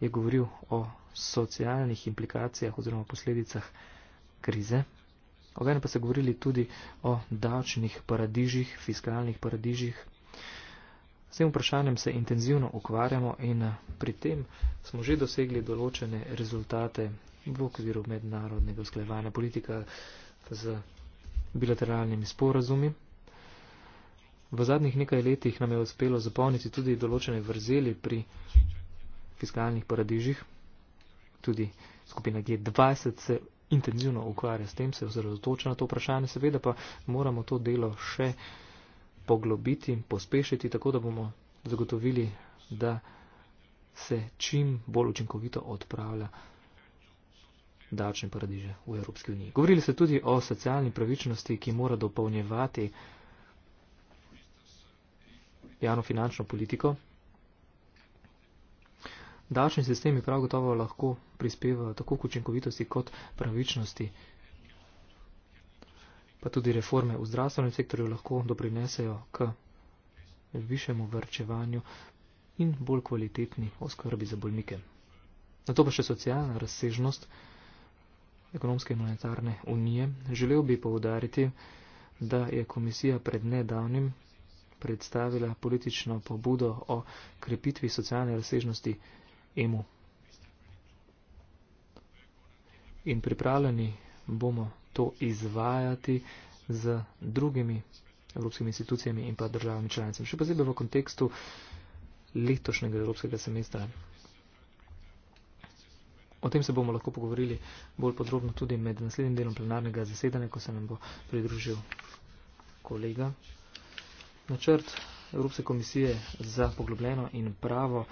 je govoril o socialnih implikacijah oziroma posledicah krize. Ogajne pa se govorili tudi o davčnih paradižih, fiskalnih paradižih. S tem vprašanjem se intenzivno ukvarjamo in pri tem smo že dosegli določene rezultate v okviru mednarodnega usklajevanja politika z bilateralnimi sporazumi. V zadnjih nekaj letih nam je uspelo zapolniti tudi določene vrzeli pri fiskalnih paradižih. Tudi skupina G20 se intenzivno ukvarja s tem, se ozirozotoča na to vprašanje. Seveda pa moramo to delo še poglobiti, pospešiti, tako da bomo zagotovili, da se čim bolj učinkovito odpravlja davčne paradiže v Evropski uniji. Govorili ste tudi o socialni pravičnosti, ki mora dopolnjevati javno finančno politiko. Davčni sistemi prav gotovo lahko prispevajo tako k učinkovitosti kot pravičnosti. Pa tudi reforme v zdravstvenem sektorju lahko doprinesejo k višjemu vrčevanju in bolj kvalitetni oskrbi za bolnike. Na to pa še socialna razsežnost ekonomske in monetarne unije. Želel bi povdariti, da je komisija pred nedavnim predstavila politično pobudo o krepitvi socialne razsežnosti EMU. In pripravljeni bomo to izvajati z drugimi evropskimi institucijami in pa državami članicami. Še posebej v kontekstu letošnjega evropskega semestra. O tem se bomo lahko pogovorili bolj podrobno tudi med naslednjim delom plenarnega zasedanja, ko se nam bo pridružil kolega načrt Evropske komisije za poglobljeno in pravo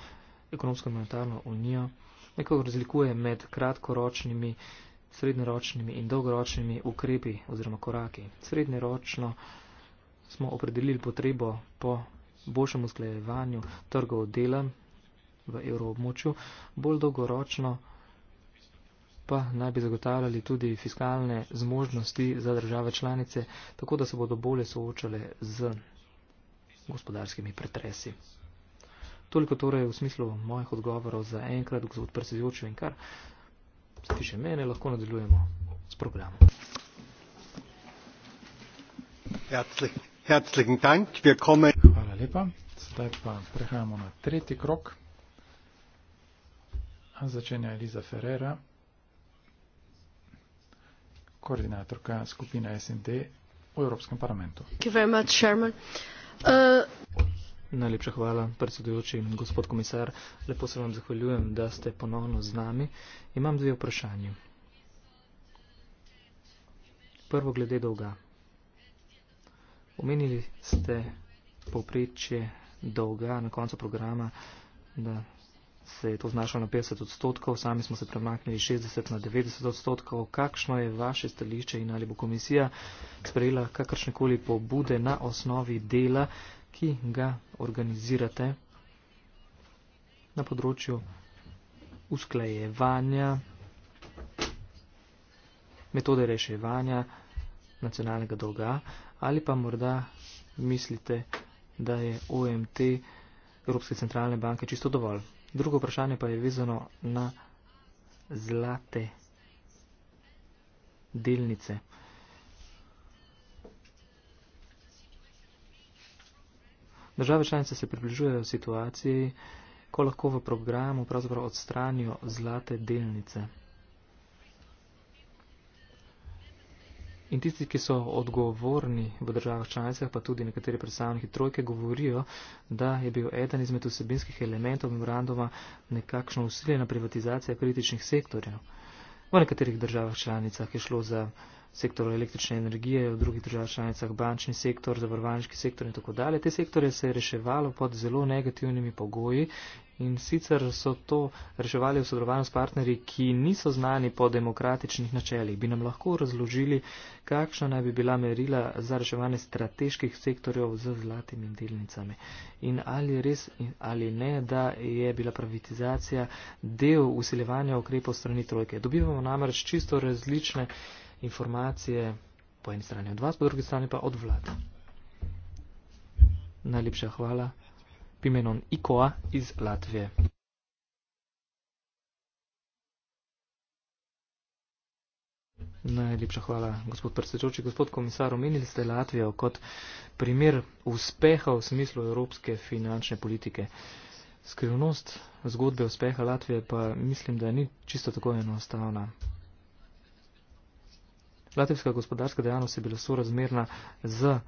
ekonomsko monetarno unijo nekako razlikuje med kratkoročnimi, srednjeročnimi in dolgoročnimi ukrepi oziroma koraki. Srednjeročno smo opredelili potrebo po boljšem usklajevanju trgov dela v evroobmočju, bolj dolgoročno pa naj bi zagotavljali tudi fiskalne zmožnosti za države članice, tako da se bodo bolje soočale z gospodarskimi pretresi. Toliko torej v smislu mojih odgovorov za enkrat, gospod predsedujoči, in kar se tiče mene, lahko nadaljujemo s programom. Hvala lepa. Zdaj pa prehajamo na tretji krok. Začenja Eliza Ferrera, koordinatorka skupine SND v Evropskem parlamentu. Hvala lepa, predsednik. Uh, Najlepša hvala, predsedujoči in gospod komisar. Lepo se vam zahvaljujem, da ste ponovno z nami. Imam dve vprašanje. Prvo glede dolga. Omenili ste povprečje dolga na koncu programa, da se je to znašlo na 50 odstotkov, sami smo se premaknili 60 na 90 odstotkov. Kakšno je vaše stališče in ali bo komisija sprejela kakršnekoli pobude na osnovi dela, ki ga organizirate na področju usklajevanja, metode reševanja nacionalnega dolga ali pa morda mislite, da je OMT Evropske centralne banke čisto dovolj. Drugo vprašanje pa je vezano na zlate delnice. Države članice se približujejo situaciji, ko lahko v programu pravzaprav odstranijo zlate delnice. In tisti, ki so odgovorni v državah članicah, pa tudi nekateri predstavniki trojke, govorijo, da je bil eden izmed vsebinskih elementov memoranduma nekakšno usiljena privatizacija kritičnih sektorjev. V nekaterih državah članicah je šlo za sektor električne energije, v drugih državah članicah bančni sektor, zavarovalniški sektor in tako dalje. Te sektore se je reševalo pod zelo negativnimi pogoji in sicer so to reševali v sodelovanju s partnerji, ki niso znani po demokratičnih načelih. Bi nam lahko razložili, kakšna naj bi bila merila za reševanje strateških sektorjev z zlatimi delnicami. In ali res ali ne, da je bila privatizacija del usiljevanja ukrepov strani trojke. Dobivamo namreč čisto različne informacije po eni strani od vas, po drugi strani pa od vlad. Najlepša hvala. Pimenon Ikoa iz Latvije. Najlepša hvala, gospod predsedoči. Gospod komisar, omenili ste Latvijo kot primer uspeha v smislu evropske finančne politike. Skrivnost zgodbe uspeha Latvije pa mislim, da ni čisto tako enostavna. Latvijska gospodarska dejavnost je bila sorazmerna z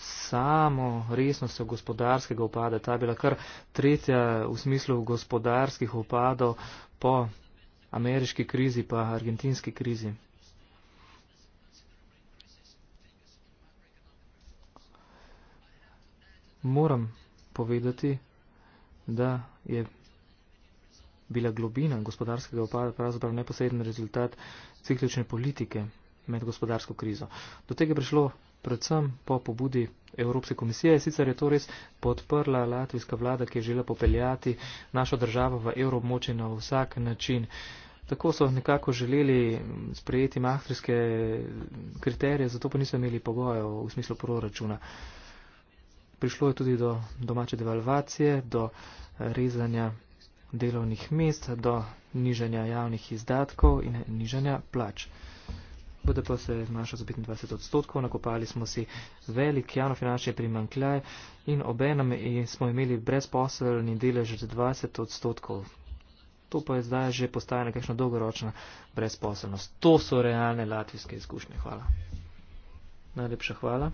samo resnostjo gospodarskega upada. Ta je bila kar tretja v smislu gospodarskih upadov po ameriški krizi pa argentinski krizi. Moram povedati, da je bila globina gospodarskega opada pravzaprav neposreden rezultat ciklične politike med gospodarsko krizo. Do tega je prišlo predvsem po pobudi Evropske komisije, sicer je to res podprla latvijska vlada, ki je želela popeljati našo državo v evroobmočje na vsak način. Tako so nekako želeli sprejeti mahtrske kriterije, zato pa niso imeli pogojev v smislu proračuna. Prišlo je tudi do domače devalvacije, do rezanja delovnih mest do nižanja javnih izdatkov in nižanja plač. BDP se je zmanjšal za 25 odstotkov, nakopali smo si velik javnofinančni primankljaj in obenem smo imeli brezposelni delež za 20 odstotkov. To pa je zdaj že postaja nekakšna dolgoročna brezposelnost. To so realne latvijske izkušnje. Hvala. Najlepša hvala.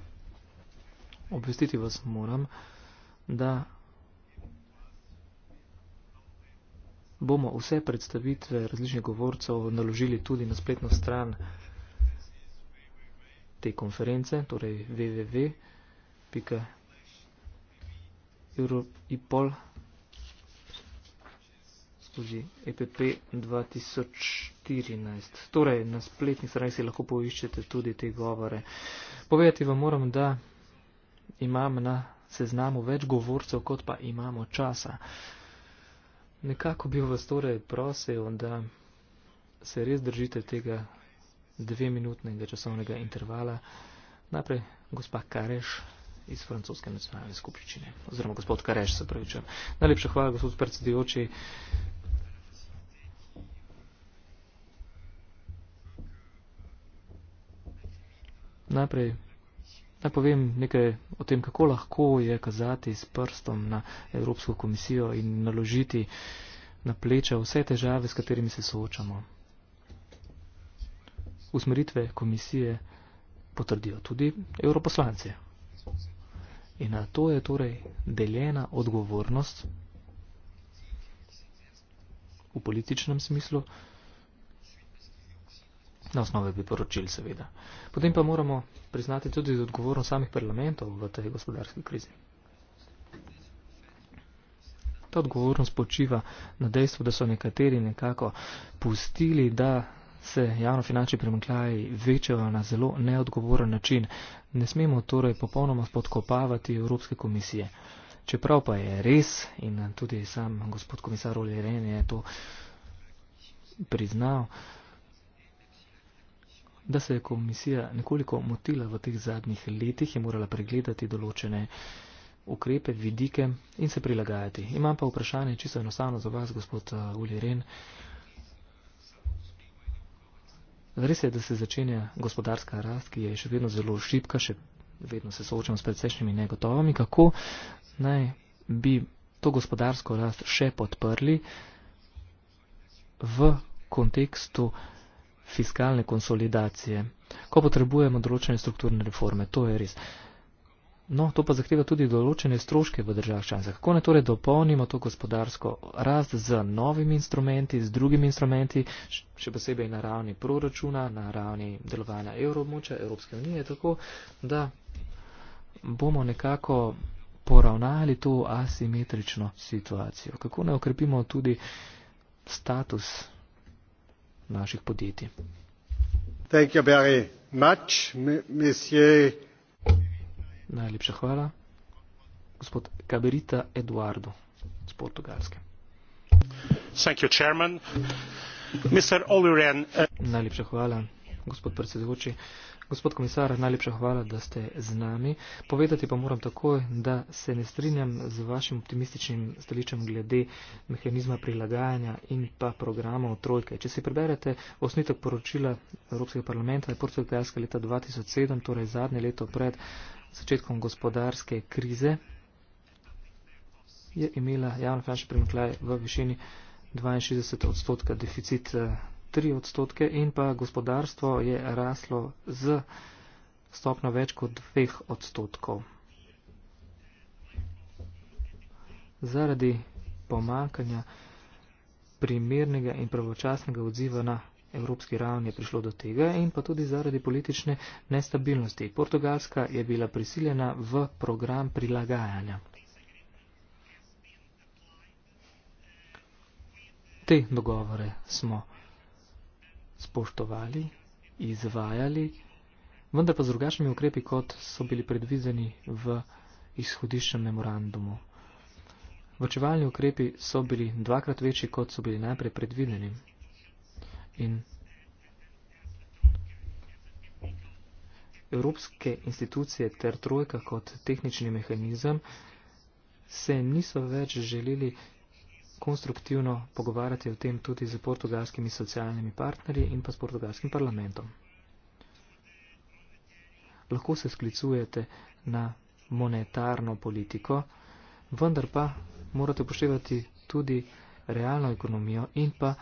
Obvestiti vas moram, da bomo vse predstavitve različnih govorcev naložili tudi na spletno stran te konference, torej www.europol skozi EPP 2014. Torej, na spletnih stranih si lahko poiščete tudi te govore. Povedati vam moram, da imam na seznamu več govorcev, kot pa imamo časa. Nekako bi vas torej prosil, da se res držite tega dve minutnega časovnega intervala. Najprej gospa Kareš iz francoske nacionalne skupščine, oziroma gospod Kareš, se pravi, če. Najlepša hvala, gospod predsedujoči. Najprej Naj povem nekaj o tem, kako lahko je kazati s prstom na Evropsko komisijo in naložiti na pleče vse težave, s katerimi se soočamo. Usmeritve komisije potrdijo tudi europoslanci. In na to je torej deljena odgovornost v političnem smislu, na osnovi priporočil seveda. Potem pa moramo priznati tudi odgovornost samih parlamentov v tej gospodarski krizi. Ta odgovornost počiva na dejstvu, da so nekateri nekako pustili, da se javnofinančni primankljaji večajo na zelo neodgovoren način. Ne smemo torej popolnoma podkopavati Evropske komisije. Čeprav pa je res in tudi sam gospod komisar Olirene je to priznal, uh, da se je komisija nekoliko motila v teh zadnjih letih, je morala pregledati določene ukrepe, vidike in se prilagajati. Imam pa vprašanje čisto enostavno za vas, gospod uh, Uli Ren. Res je, da se začenja gospodarska rast, ki je še vedno zelo šipka, še vedno se soočamo s predsečnimi negotovami. Kako naj bi to gospodarsko rast še podprli v kontekstu fiskalne konsolidacije, ko potrebujemo določene strukturne reforme, to je res. No, to pa zahteva tudi določene stroške v državah članicah. Kako ne torej dopolnimo to gospodarsko rast z novimi instrumenti, z drugimi instrumenti, še posebej na ravni proračuna, na ravni delovanja evroobmoča, Evropske unije, tako da bomo nekako poravnali to asimetrično situacijo. Kako ne okrepimo tudi status naših podjetij. najlepša hvala gospod gabrita eduardo iz portugalske. Uh, najlepša hvala gospod predsedujoči. Gospod komisar, najlepša hvala, da ste z nami. Povedati pa moram takoj, da se ne strinjam z vašim optimističnim stoličem glede mehanizma prilagajanja in pa programov trojke. Če si preberete osnitek poročila Evropskega parlamenta, je portugalska leta 2007, torej zadnje leto pred začetkom gospodarske krize, je imela javno finančni primaklaj v višini 62 odstotka deficit eh, 3 odstotke in pa gospodarstvo je raslo z stopno več kot 2 odstotkov. Zaradi pomankanja primernega in pravočasnega odziva na evropski ravni je prišlo do tega in pa tudi zaradi politične nestabilnosti. Portugalska je bila prisiljena v program prilagajanja. Te dogovore smo spoštovali, izvajali, vendar pa z drugačnimi ukrepi, kot so bili predvideni v izhodiščnem memorandumu. Vrčevalni ukrepi so bili dvakrat večji, kot so bili najprej predvideni. In Evropske institucije ter trojka kot tehnični mehanizem se niso več želeli konstruktivno pogovarjati o tem tudi z portugalskimi socialnimi partnerji in pa s portugalskim parlamentom. Lahko se sklicujete na monetarno politiko, vendar pa morate upoštevati tudi realno ekonomijo in pa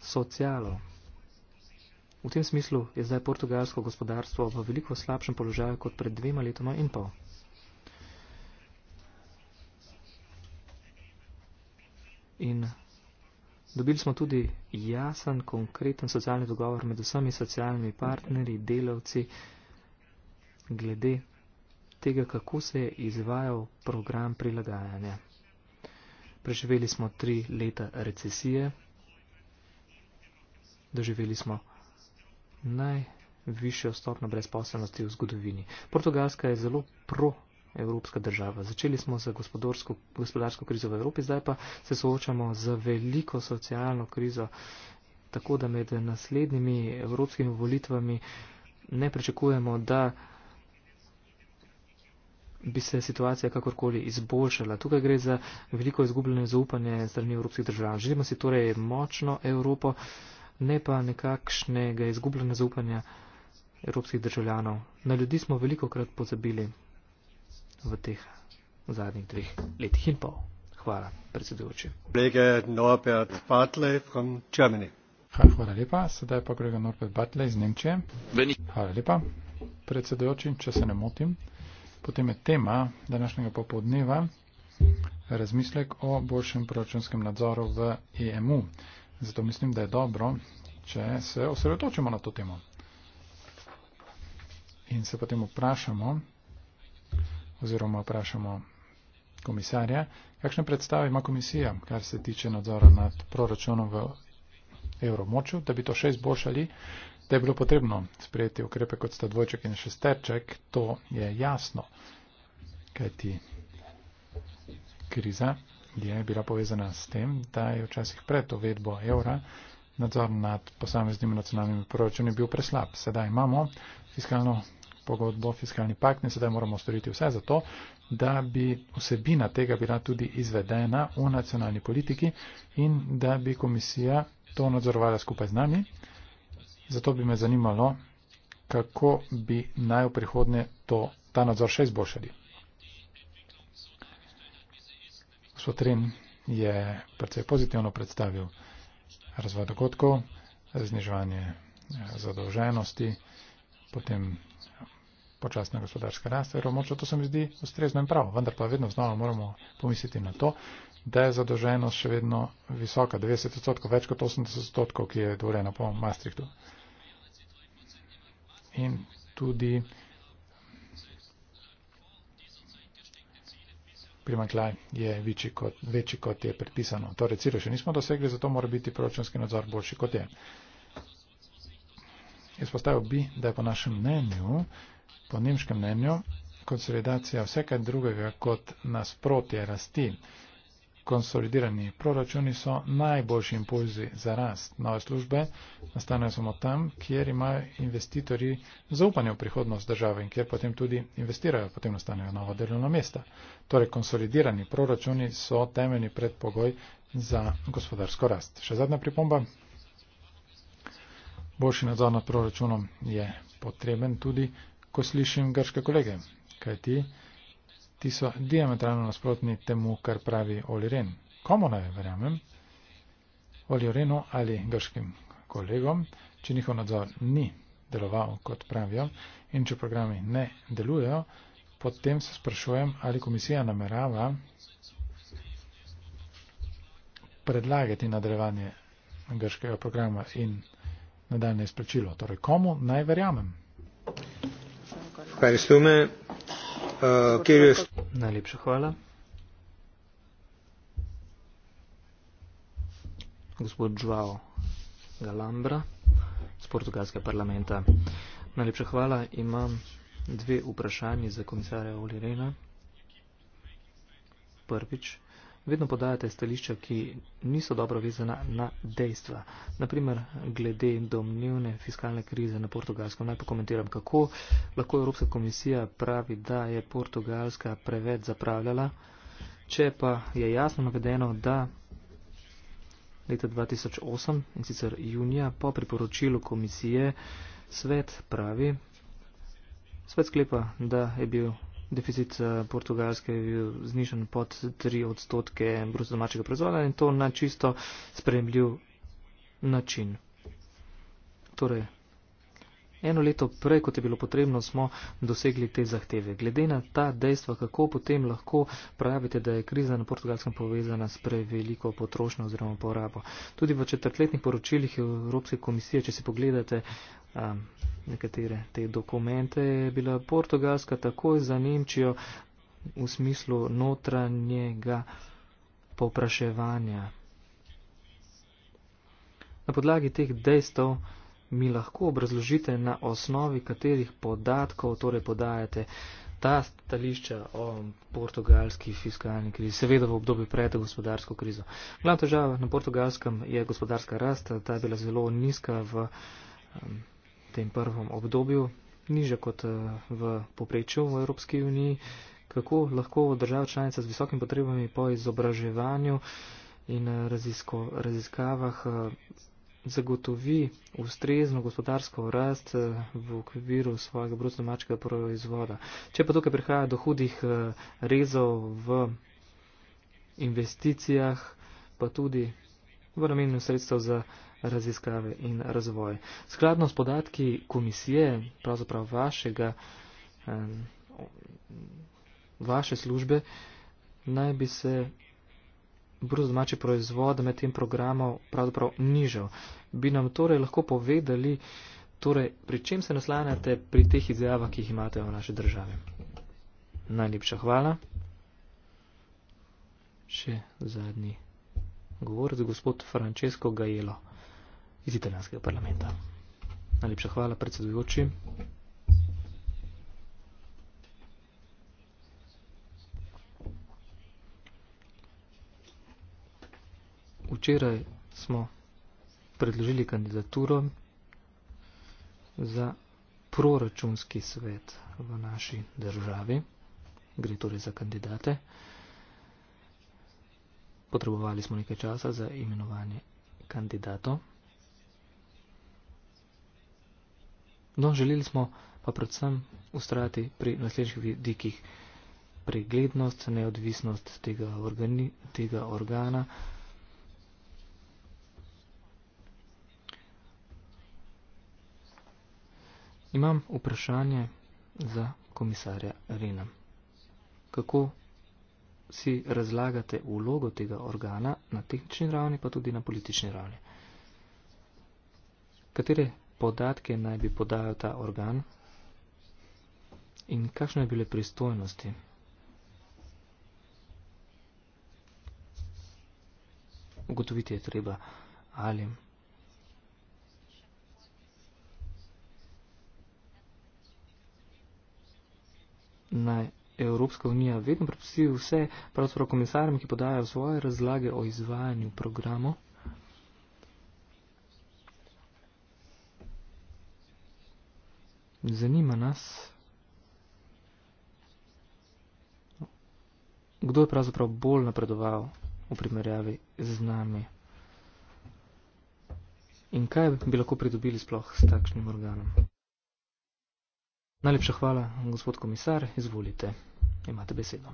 socialo. V tem smislu je zdaj portugalsko gospodarstvo v veliko slabšem položaju kot pred dvema letoma in pol. In dobili smo tudi jasen, konkreten socialni dogovor med vsemi socialnimi partnerji, delavci, glede tega, kako se je izvajal program prilagajanja. Preživeli smo tri leta recesije, doživeli smo najvišjo stopno brezposelnosti v zgodovini. Portugalska je zelo pro evropska država. Začeli smo z gospodarsko krizo v Evropi, zdaj pa se soočamo z veliko socialno krizo, tako da med naslednjimi evropskimi volitvami ne pričakujemo, da bi se situacija kakorkoli izboljšala. Tukaj gre za veliko izgubljene zaupanje strani evropskih držav. Želimo si torej močno Evropo, ne pa nekakšnega izgubljene zaupanja evropskih državljanov. Na ljudi smo veliko krat pozabili v teh zadnjih dveh letih in pol. Hvala, predsedujoči. Hvala lepa, sedaj pa kolega Norbert Butler iz Nemčije. Hvala lepa, predsedujoči, če se ne motim. Potem je tema današnjega popodneva razmislek o boljšem proračunskem nadzoru v EMU. Zato mislim, da je dobro, če se osredotočimo na to temo. In se potem vprašamo, oziroma vprašamo komisarja, kakšne predstave ima komisija, kar se tiče nadzora nad proračunom v evromoču, da bi to še izboljšali, da je bilo potrebno sprejeti ukrepe kot sta dvojček in šesterček, to je jasno, kajti kriza je bila povezana s tem, da je včasih pred uvedbo evra nadzor nad posameznimi nacionalnimi proračuni bil preslab. Sedaj imamo fiskalno pogodbo, fiskalni pakt in sedaj moramo storiti vse za to, da bi vsebina tega bila tudi izvedena v nacionalni politiki in da bi komisija to nadzorovala skupaj z nami. Zato bi me zanimalo, kako bi naj v prihodnje to, ta nadzor še izboljšali. Sotrin je precej pozitivno predstavil razvoj dogodkov, zniževanje zadolženosti potem počasna gospodarska rast, ker močno to se mi zdi ustrezno in prav. Vendar pa vedno znova moramo pomisliti na to, da je zadolženost še vedno visoka, 90 odstotkov, več kot 80 odstotkov, ki je dovoljena po Maastrichtu. In tudi primanklaj je večji kot, večji kot je predpisano. Torej, cilj še nismo dosegli, zato mora biti proračunski nadzor boljši kot je. Izpostavil bi, da je po našem mnenju, po nemškem mnenju, konsolidacija vse kaj drugega kot nasprotje rasti. Konsolidirani proračuni so najboljši impulzi za rast. Nove službe nastanejo samo tam, kjer imajo investitorji zaupanje v prihodnost države in kjer potem tudi investirajo, potem nastanejo nova delovna mesta. Torej, konsolidirani proračuni so temeljni predpogoj za gospodarsko rast. Še zadnja pripomba. Boljši nadzor nad proračunom je potreben tudi, ko slišim grške kolege, kaj ti, ti so diametralno nasprotni temu, kar pravi Oli Ren. Komu naj verjamem? Oli Renu ali grškim kolegom, če njihov nadzor ni deloval, kot pravijo, in če programi ne delujejo, potem se sprašujem, ali komisija namerava predlagati nadrevanje grškega programa in nadaljne izplačilo. Torej, komu naj verjamem? Kaj razume? Uh, eh, je... Najlepša hvala. Gospod Žvao Galambra iz portugalskega parlamenta. Najlepša hvala. Imam dve vprašanje za komisarja Olirena. Prvič vedno podajate stališča, ki niso dobro vezana na dejstva. Naprimer, glede domnevne fiskalne krize na Portugalskem. Naj pokomentiram, kako lahko Evropska komisija pravi, da je Portugalska preveč zapravljala, če pa je jasno navedeno, da leta 2008 in sicer junija po priporočilu komisije svet pravi, svet sklepa, da je bil deficit eh, portugalske je bil znižen pod 3 odstotke bruto domačega proizvoda in to na čisto sprejemljiv način. Torej, Eno leto prej, kot je bilo potrebno, smo dosegli te zahteve. Glede na ta dejstva, kako potem lahko pravite, da je kriza na portugalskem povezana s preveliko potrošnjo oziroma porabo. Tudi v četrtletnih poročilih Evropske komisije, če si pogledate um, nekatere te dokumente, je bila portugalska takoj za Nemčijo v smislu notranjega povpraševanja. Na podlagi teh dejstev mi lahko obrazložite, na osnovi katerih podatkov torej podajate ta stališča o portugalski fiskalni krizi, seveda v obdobju pred gospodarsko krizo. Glavna težava na portugalskem je gospodarska rast, ta je bila zelo nizka v tem prvem obdobju, niže kot eh, v poprečju v Evropski uniji. Kako lahko država članica z visokimi potrebami po izobraževanju in eh, raziskavah eh, zagotovi ustrezno gospodarsko rast eh, v okviru svojega brutodomačkega proizvoda. Če pa tukaj prihaja do hudih eh, rezov v investicijah, pa tudi v namenju sredstev za raziskave in razvoj. Skladno s podatki komisije, pravzaprav vašega, eh, vaše službe, naj bi se bruto domači proizvod med tem programom pravzaprav nižal. Bi nam torej lahko povedali, torej, pri čem se naslanjate pri teh izjavah, ki jih imate v naši državi? Najlepša hvala. Še zadnji govor za gospod Francesco Gajelo iz italijanskega parlamenta. Najlepša hvala predsedujočim. včeraj smo predložili kandidaturo za proračunski svet v naši državi, gre torej za kandidate. Potrebovali smo nekaj časa za imenovanje kandidatov. No, želeli smo pa predvsem ustrajati pri naslednjih vidikih preglednost, neodvisnost tega, organi, tega organa, Imam vprašanje za komisarja Rena. Kako si razlagate vlogo tega organa na tehnični ravni, pa tudi na politični ravni? Katere podatke naj bi podajal ta organ in kakšne bile pristojnosti? Ugotoviti je treba, ali naj Evropska unija vedno prepusti vse pravzaprav komisarjem, ki podajo svoje razlage o izvajanju programu. Zanima nas, kdo je pravzaprav bolj napredoval v primerjavi z nami in kaj bi lahko pridobili sploh s takšnim organom. Najlepša hvala, gospod komisar. Izvolite, imate besedo.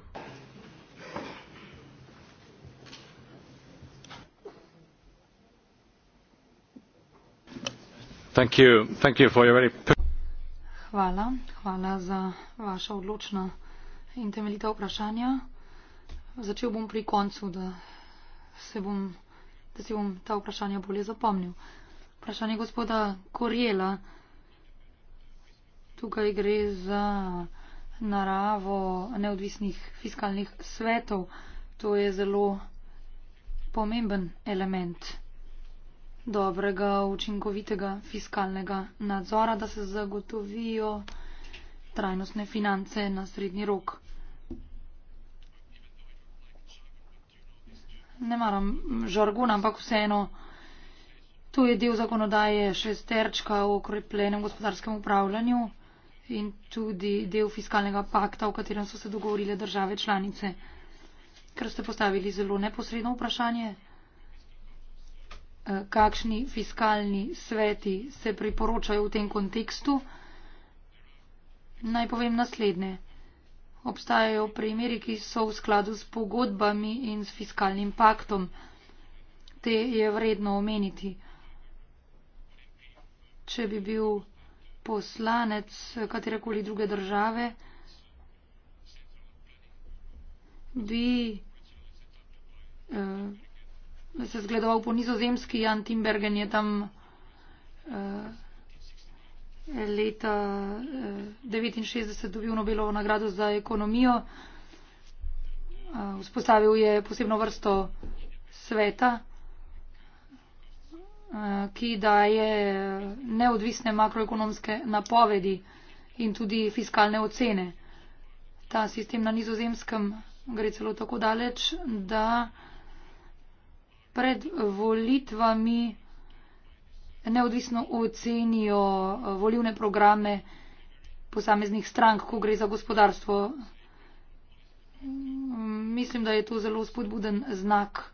Thank you. Thank you for your very... Hvala. Hvala za vaša odločna in temeljita vprašanja. Začel bom pri koncu, da, se bom, da si bom ta vprašanja bolje zapomnil. Vprašanje gospoda Korjela. Tukaj gre za naravo neodvisnih fiskalnih svetov. To je zelo pomemben element dobrega, učinkovitega fiskalnega nadzora, da se zagotovijo trajnostne finance na srednji rok. Ne maram žargona, ampak vseeno, to je del zakonodaje šesterčka o okrepljenem gospodarskem upravljanju in tudi del fiskalnega pakta, v katerem so se dogovorile države članice. Ker ste postavili zelo neposredno vprašanje, eh, kakšni fiskalni sveti se priporočajo v tem kontekstu, naj povem naslednje. Obstajajo primeri, ki so v skladu s pogodbami in s fiskalnim paktom. Te je vredno omeniti. Če bi bil poslanec katerekoli druge države, bi eh, se zgledoval po nizozemski, Jan Timbergen je tam eh, leta 1969 eh, dobil Nobelovo nagrado za ekonomijo. Eh, vzpostavil je posebno vrsto sveta. Eh, ki daje neodvisne makroekonomske napovedi in tudi fiskalne ocene. Ta sistem na nizozemskem gre celo tako daleč, da pred volitvami neodvisno ocenijo volivne programe posameznih strank, ko gre za gospodarstvo. Mislim, da je to zelo spodbuden znak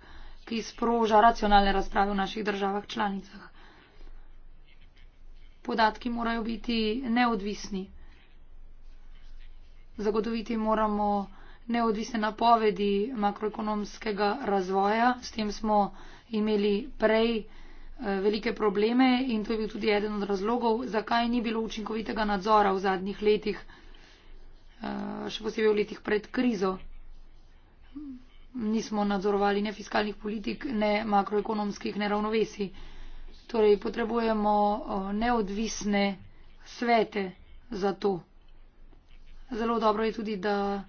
ki sproža racionalne razprave v naših državah članicah. Podatki morajo biti neodvisni. Zagotoviti moramo neodvisne napovedi makroekonomskega razvoja. S tem smo imeli prej eh, velike probleme in to je bil tudi eden od razlogov, zakaj ni bilo učinkovitega nadzora v zadnjih letih, eh, še posebej v letih pred krizo nismo nadzorovali ne fiskalnih politik, ne makroekonomskih neravnovesij. Torej, potrebujemo neodvisne svete za to. Zelo dobro je tudi, da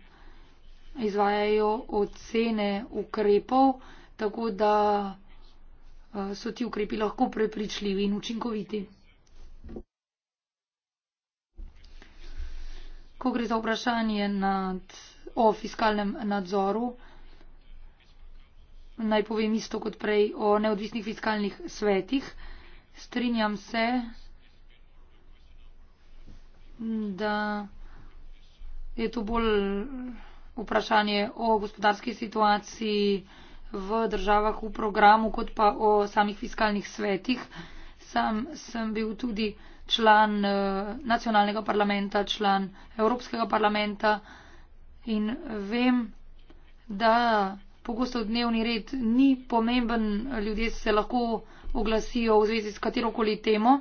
izvajajo ocene ukrepov, tako da so ti ukrepi lahko prepričljivi in učinkoviti. Ko gre za vprašanje nad, o fiskalnem nadzoru, naj povem isto kot prej o neodvisnih fiskalnih svetih. Strinjam se, da je to bolj vprašanje o gospodarski situaciji v državah v programu, kot pa o samih fiskalnih svetih. Sam sem bil tudi član eh, nacionalnega parlamenta, član Evropskega parlamenta in vem, da pogosto dnevni red ni pomemben, ljudje se lahko oglasijo v zvezi s katerokoli temo.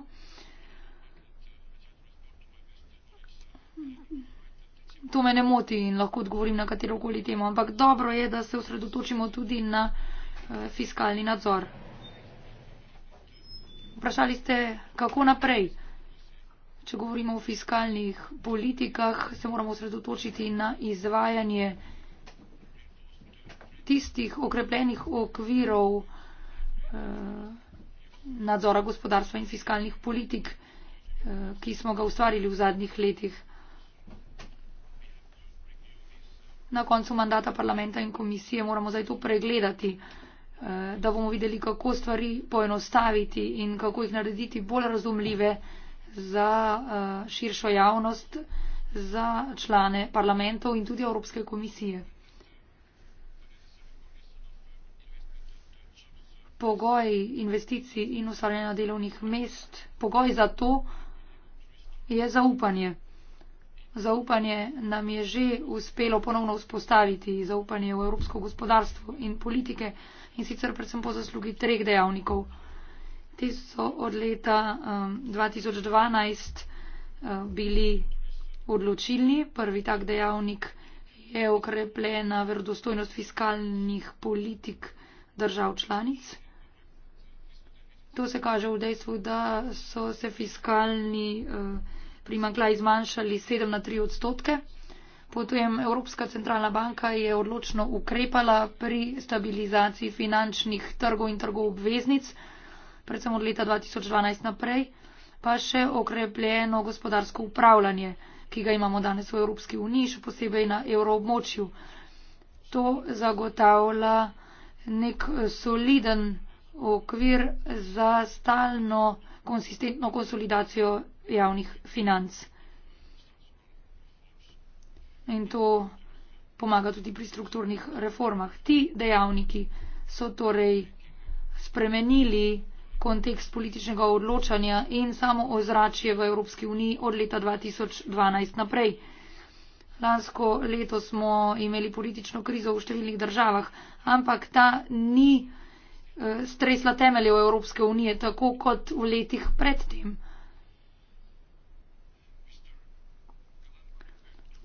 To me ne moti in lahko odgovorim na katerokoli temo, ampak dobro je, da se osredotočimo tudi na eh, fiskalni nadzor. Vprašali ste, kako naprej. Če govorimo o fiskalnih politikah, se moramo osredotočiti na izvajanje eh, tistih okrepljenih okvirov eh, nadzora gospodarstva in fiskalnih politik, eh, ki smo ga ustvarili v zadnjih letih. Na koncu mandata parlamenta in komisije moramo zdaj to pregledati, eh, da bomo videli, kako stvari poenostaviti in kako jih narediti bolj razumljive za eh, širšo javnost, za člane parlamentov in tudi Evropske komisije. pogoji investicij in ustvarjanja delovnih mest, pogoj za to je zaupanje. Zaupanje nam je že uspelo ponovno vzpostaviti, zaupanje v evropsko gospodarstvo in politike in sicer predvsem po zaslugi treh dejavnikov. Te so od leta um, 2012 uh, bili odločilni. Prvi tak dejavnik je okrepljena verodostojnost fiskalnih politik držav članic. To se kaže v dejstvu, da so se fiskalni eh, primankljaj zmanjšali 7 na 3 odstotke. Potem Evropska centralna banka je odločno ukrepala pri stabilizaciji finančnih trgov in trgov obveznic, predvsem od leta 2012 naprej, pa še okrepljeno gospodarsko upravljanje, ki ga imamo danes v Evropski uniji, še posebej na evroobmočju. To zagotavlja nek eh, soliden okvir za stalno konsistentno konsolidacijo javnih financ. In to pomaga tudi pri strukturnih reformah. Ti dejavniki so torej spremenili kontekst političnega odločanja in samo ozračje v Evropski uniji od leta 2012 naprej. Lansko leto smo imeli politično krizo v številnih državah, ampak ta ni stresla temelje Evropske unije, tako kot v letih predtem.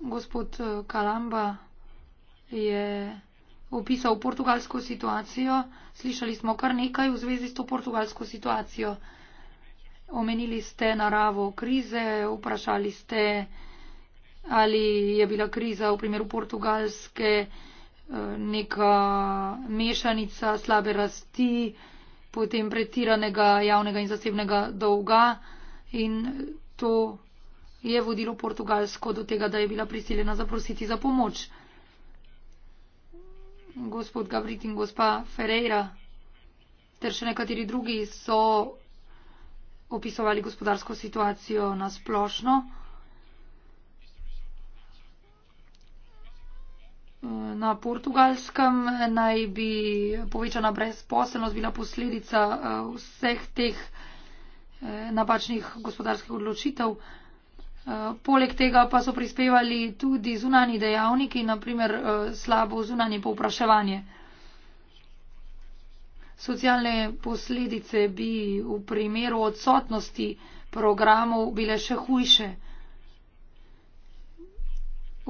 Gospod eh, Kalamba je opisal portugalsko situacijo. Slišali smo kar nekaj v zvezi s to portugalsko situacijo. Omenili ste naravo krize, vprašali ste, ali je bila kriza v primeru portugalske neka mešanica slabe rasti, potem pretiranega javnega in zasebnega dolga in to je vodilo Portugalsko do tega, da je bila prisiljena zaprositi za pomoč. Gospod Gavrit in gospa Ferreira ter še nekateri drugi so opisovali gospodarsko situacijo na splošno. Na portugalskem naj bi povečana brezposelnost bila posledica eh, vseh teh eh, napačnih gospodarskih odločitev. Eh, poleg tega pa so prispevali tudi zunani dejavniki, naprimer slabo zunanje povpraševanje. Socialne posledice bi v primeru odsotnosti programov bile še hujše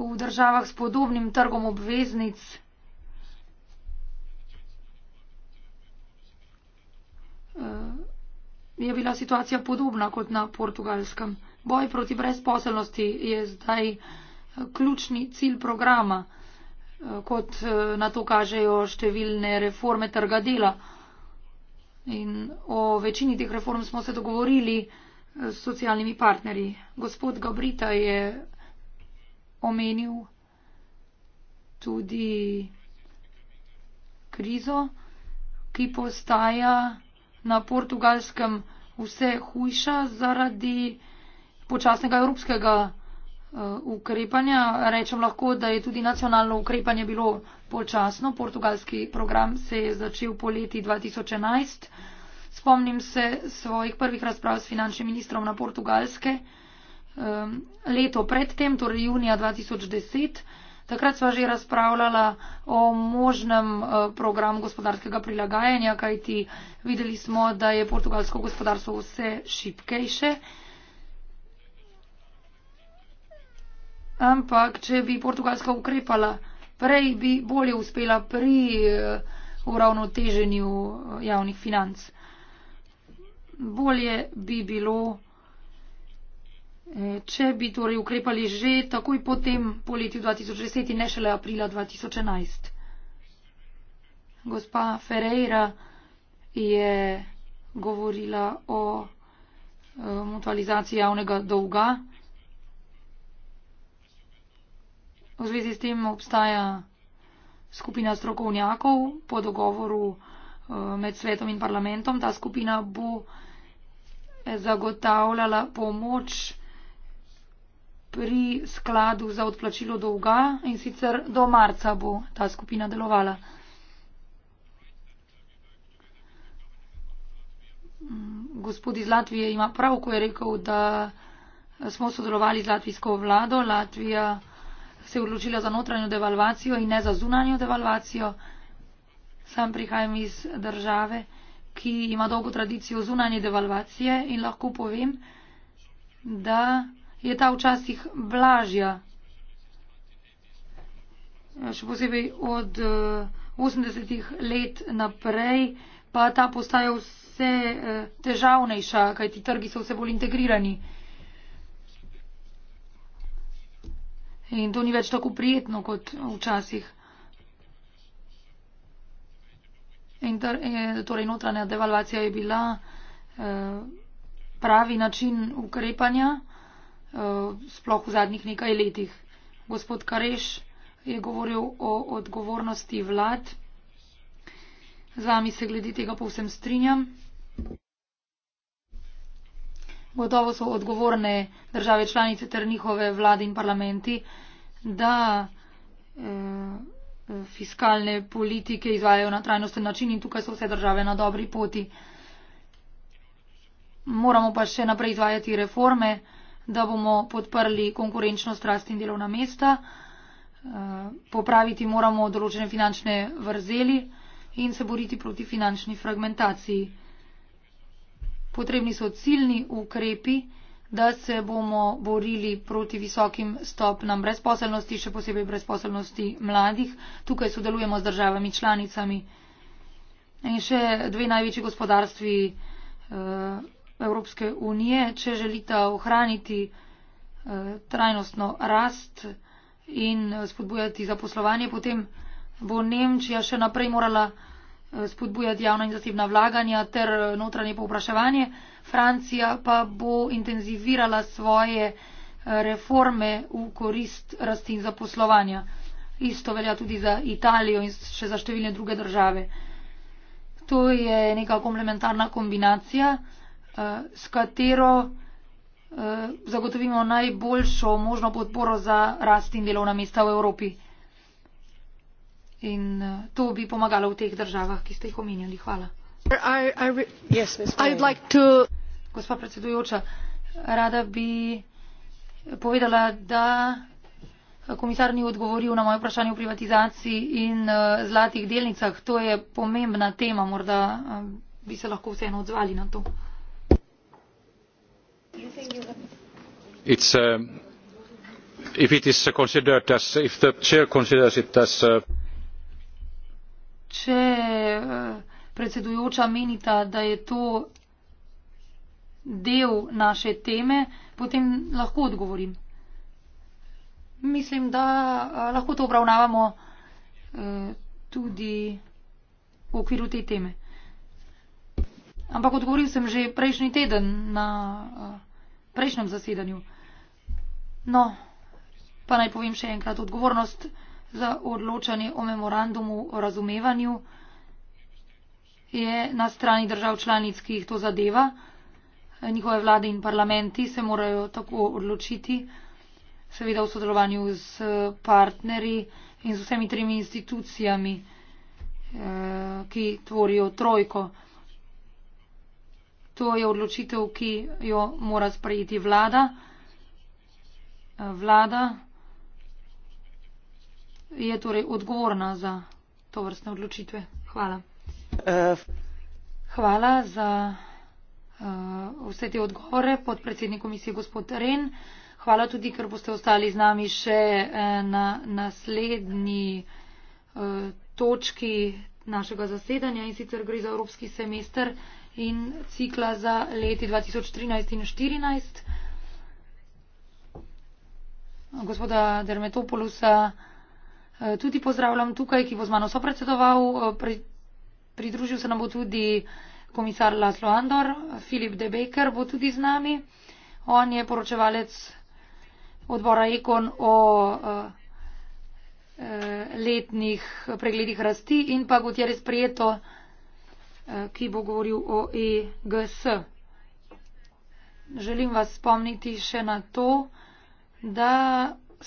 v državah s podobnim trgom obveznic. Eh, je bila situacija podobna kot na portugalskem. Boj proti brezposelnosti je zdaj eh, ključni cilj programa, eh, kot na to kažejo številne reforme trga dela. In o večini teh reform smo se dogovorili s socialnimi partnerji. Gospod Gabrita je omenil tudi krizo, ki postaja na portugalskem vse hujša zaradi počasnega evropskega eh, ukrepanja. Rečem lahko, da je tudi nacionalno ukrepanje bilo počasno. Portugalski program se je začel po leti 2011. Spomnim se svojih prvih razprav s finančnim ministrom na portugalske. Um, leto predtem, torej junija 2010, takrat sva že razpravljala o možnem uh, programu gospodarskega prilagajanja, kajti videli smo, da je portugalsko gospodarstvo vse šipkejše. Ampak, če bi Portugalska ukrepala prej, bi bolje uspela pri uh, uravnoteženju uh, javnih financ. Bolje bi bilo. Eh, če bi torej ukrepali že takoj potem poleti 2010 in ne šele aprila 2011. Gospa Ferreira je govorila o eh, mutualizaciji javnega dolga. V zvezi s tem obstaja skupina strokovnjakov po dogovoru eh, med svetom in parlamentom. Ta skupina bo zagotavljala pomoč pri skladu za odplačilo dolga in sicer do marca bo ta skupina delovala. Mm, gospod iz Latvije ima prav, ko je rekel, da smo sodelovali z latvijsko vlado. Latvija se je odločila za notranjo devalvacijo in ne za zunanjo devalvacijo. Sam prihajam iz države, ki ima dolgo tradicijo zunanje devalvacije in lahko povem, da je ta včasih blažja. Še posebej od 80-ih eh, let naprej pa ta postaja vse eh, težavnejša, kajti trgi so vse bolj integrirani. In to ni več tako prijetno kot včasih. In tr, eh, torej notranja devalvacija je bila eh, pravi način ukrepanja. Eh, sploh v zadnjih nekaj letih. Gospod Kareš je govoril o odgovornosti vlad. Z vami se glede tega povsem strinjam. Gotovo so odgovorne države članice ter njihove vlade in parlamenti, da eh, fiskalne politike izvajajo na trajnosten način in tukaj so vse države na dobri poti. Moramo pa še naprej izvajati reforme, eh, da bomo podprli konkurenčnost rasti in delovna mesta. Eh, popraviti moramo določene finančne vrzeli in se boriti proti finančni fragmentaciji. Potrebni so ciljni ukrepi, da se bomo borili proti visokim stopnam brezposelnosti, še posebej brezposelnosti mladih. Tukaj sodelujemo z državami članicami. In še dve največji gospodarstvi. Uh, Evropske unije, če želita ohraniti eh, trajnostno rast in eh, spodbujati zaposlovanje, potem bo Nemčija še naprej morala eh, spodbujati javna in zasebna vlaganja ter notranje povpraševanje. Francija pa bo intenzivirala svoje reforme v korist rasti in zaposlovanja. Isto velja tudi za Italijo in še za številne druge države. To je neka komplementarna kombinacija. Eh, s katero eh, zagotovimo najboljšo možno podporo za rast in delovna mesta v Evropi. In eh, to bi pomagalo v teh državah, ki ste jih omenjali. Hvala. Gospa predsedujoča, rada bi povedala, da komisar ni odgovoril na moje vprašanje o privatizaciji in zlatih delnicah. To je pomembna tema, morda bi se lahko vseeno odzvali na to. Um, if it is considered as if the chair considers it as uh, Če uh, predsedujoča menita, da je to del naše teme, potem lahko odgovorim. Mislim, da uh, lahko to obravnavamo tudi v okviru te teme. Ampak odgovoril sem že prejšnji teden na prejšnjem zasedanju. No, pa naj povem še enkrat odgovornost za odločanje o memorandumu o razumevanju je na strani držav članic, ki jih to zadeva. Njihove vlade in parlamenti se morajo tako odločiti, seveda v sodelovanju z eh, partnerji in z vsemi tremi institucijami, eh, ki tvorijo trojko. To je odločitev, ki jo mora sprejeti vlada. Vlada je torej odgovorna za to vrstne odločitve. Hvala. Hvala za uh, vse te odgovore pod predsednik komisije gospod Ren. Hvala tudi, ker boste ostali z nami še eh, na naslednji uh, točki našega zasedanja in sicer gre za Evropski semester in cikla za leti 2013 in 2014. Gospoda Dermetopolusa eh, tudi pozdravljam tukaj, ki bo z mano sopredsedoval. Eh, pri, pridružil se nam bo tudi komisar Laslo Andor, Filip De Baker bo tudi z nami. On je poročevalec odbora Ekon o eh, letnih pregledih rasti in pa Gutierrez Prieto. Eh, ki bo govoril o EGS. Želim vas spomniti še na to, da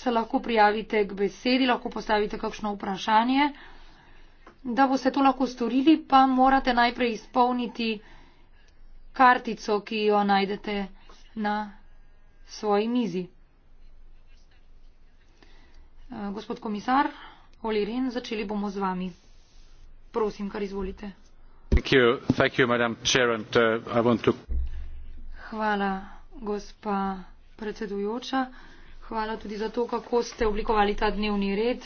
se lahko prijavite k besedi, lahko postavite kakšno vprašanje. Da boste to lahko storili, pa morate najprej izpolniti kartico, ki jo najdete na svoji mizi. Eh, gospod komisar, Olirin, začeli bomo z vami. Prosim, kar izvolite. Uh, hvala gospa predsedujoča hvala tudi za to kako ste oblikovali ta dnevni red uh,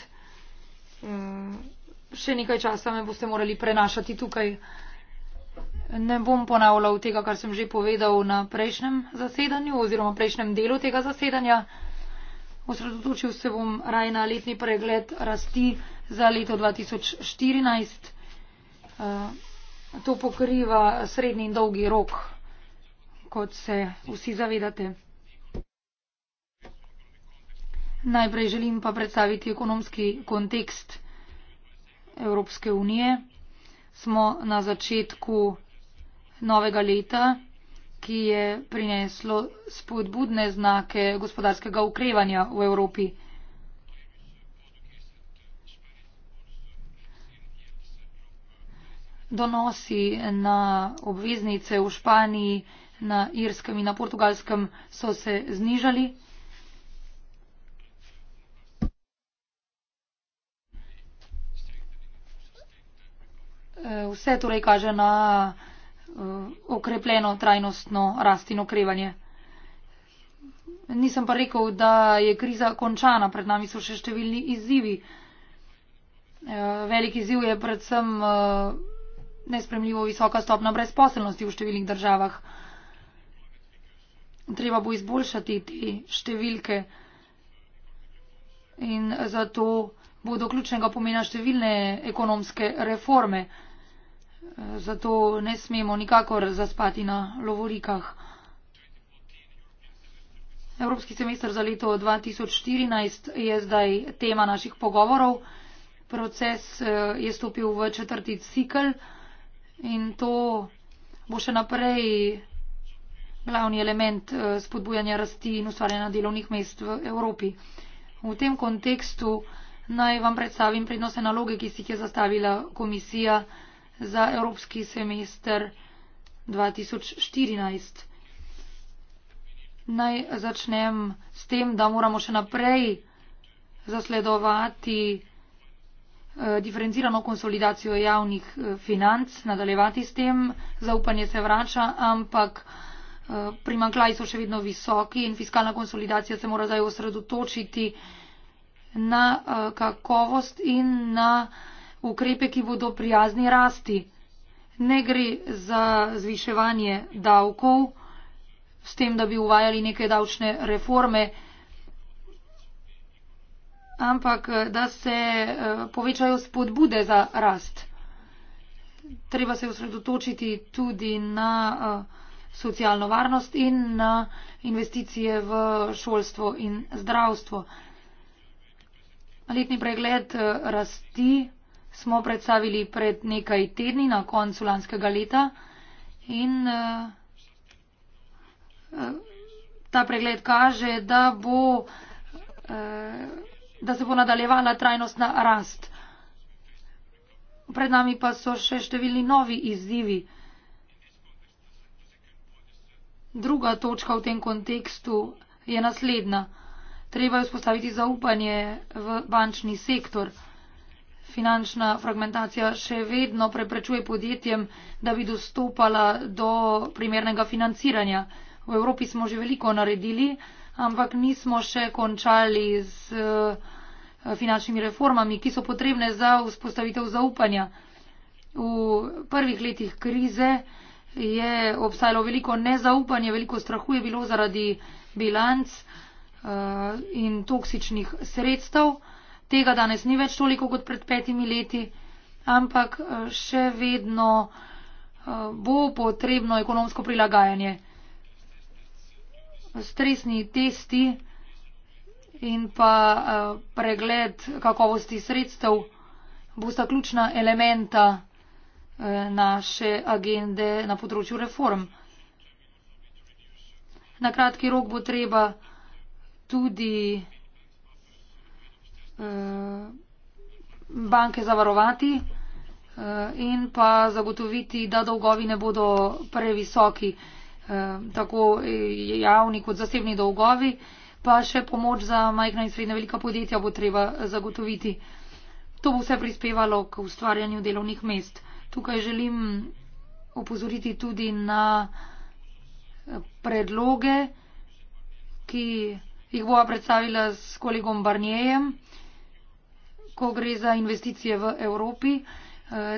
še nekaj časa me boste morali prenašati tukaj ne bom ponavljal tega kar sem že povedal na prejšnjem zasedanju oziroma prejšnjem delu tega zasedanja osredotočil se bom raje na letni pregled rasti za leto dva tisoč štirinajst uh, to pokriva srednji in dolgi rok, kot se vsi zavedate. Najprej želim pa predstaviti ekonomski kontekst Evropske unije. Smo na začetku novega leta, ki je prineslo spodbudne znake gospodarskega ukrevanja v Evropi. donosi na obveznice v Španiji, na Irskem in na Portugalskem so se znižali. Eh, vse torej kaže na eh, okrepljeno trajnostno rast in okrevanje. Nisem pa rekel, da je kriza končana, pred nami so še številni izzivi. Eh, Veliki izziv je predvsem nesprejemljivo visoka stopna brezposelnosti v številnih državah. Treba bo izboljšati te številke in zato bodo ključnega pomena številne ekonomske reforme. Zato ne smemo nikakor zaspati na lovorikah. Evropski semester za leto 2014 je zdaj tema naših pogovorov. Proces eh, je stopil v četrti cikl in to bo še naprej glavni element eh, spodbujanja rasti in ustvarjanja delovnih mest v Evropi. V tem kontekstu naj vam predstavim prednostne naloge, ki si jih je zastavila komisija za evropski semester 2014. Naj začnem s tem, da moramo še naprej zasledovati Eh, diferencirano konsolidacijo javnih eh, financ, nadaljevati s tem, zaupanje se vrača, ampak eh, primanklaji so še vedno visoki in fiskalna konsolidacija se mora zdaj osredotočiti na kakovost in na ukrepe, ki bodo prijazni rasti. Ne gre za zviševanje davkov, s tem, da bi uvajali neke davčne reforme ampak eh, da se eh, povečajo spodbude za rast. Treba se osredotočiti tudi na eh, socialno varnost in na investicije v šolstvo in zdravstvo. Letni pregled rasti smo predstavili pred nekaj tedni na koncu lanskega leta in ta pregled kaže, da bo da se bo nadaljevala trajnostna rast. Pred nami pa so še številni novi izzivi. Druga točka v tem kontekstu je naslednja. Treba je vzpostaviti zaupanje v bančni sektor. Finančna fragmentacija še vedno preprečuje podjetjem, da bi dostopala do primernega financiranja. V Evropi smo že veliko naredili, ampak nismo še končali z eh, finančnimi reformami, ki so potrebne za vzpostavitev zaupanja. V prvih letih krize je obstajalo veliko nezaupanje, veliko strahu je bilo zaradi bilanc eh, in toksičnih sredstev. Tega danes ni več toliko kot pred petimi leti, ampak eh, še vedno bo potrebno ekonomsko prilagajanje stresni testi in pa eh, pregled kakovosti sredstev bosta ključna elementa eh, naše agende na področju reform. Na kratki rok bo treba tudi eh, banke zavarovati in pa zagotoviti, da dolgovi ne bodo previsoki. Eh, tako eh, javni kot zasebni dolgovi, pa še pomoč za majhna in srednja velika podjetja bo treba zagotoviti. To bo vse prispevalo k ustvarjanju delovnih mest. Tukaj želim opozoriti tudi na eh, predloge, ki jih bova predstavila s kolegom Barnjejem, ko gre za investicije v Evropi.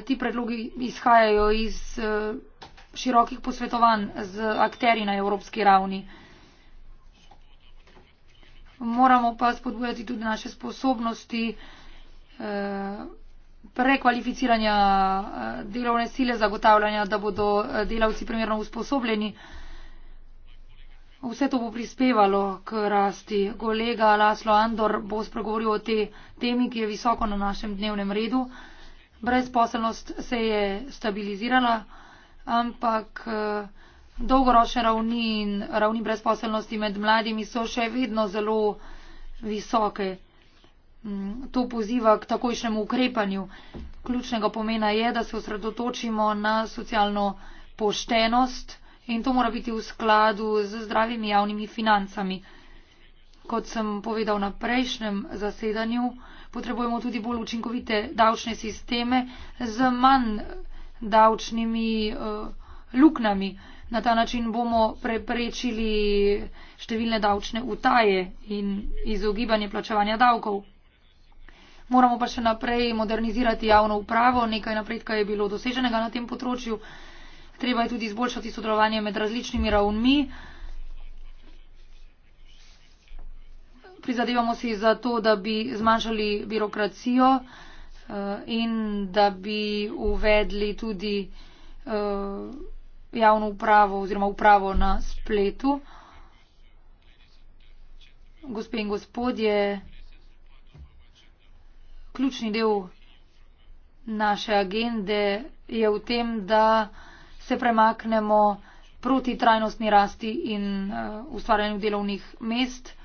Ti predlogi izhajajo iz širokih posvetovanj z akterji na evropski ravni. Moramo pa spodbujati tudi naše sposobnosti eh, prekvalificiranja eh, delovne sile, zagotavljanja, da bodo eh, delavci primerno usposobljeni. Vse to bo prispevalo k rasti. Kolega Laslo Andor bo spregovoril o tej temi, ki je visoko na našem dnevnem redu. Brezposelnost se je stabilizirala ampak eh, dolgoročne ravni in ravni brezposelnosti med mladimi so še vedno zelo visoke. Mm, to poziva k takojšnjemu ukrepanju. Ključnega pomena je, da se osredotočimo na socialno poštenost in to mora biti v skladu z zdravimi javnimi financami. Kot sem povedal na prejšnjem zasedanju, potrebujemo tudi bolj učinkovite davčne sisteme z manj davčnimi eh, luknami. Na ta način bomo preprečili številne davčne utaje in izogibanje plačevanja davkov. Moramo pa še naprej modernizirati javno upravo. Nekaj napredka je bilo doseženega na tem področju. Treba je tudi izboljšati sodelovanje med različnimi ravnmi. Prizadevamo si za to, da bi zmanjšali birokracijo. Eh, in da bi uvedli tudi eh, javno upravo oziroma upravo na spletu. Gospe in gospodje, ključni del naše agende je v tem, da se premaknemo proti trajnostni rasti in eh, ustvarjanju delovnih mest.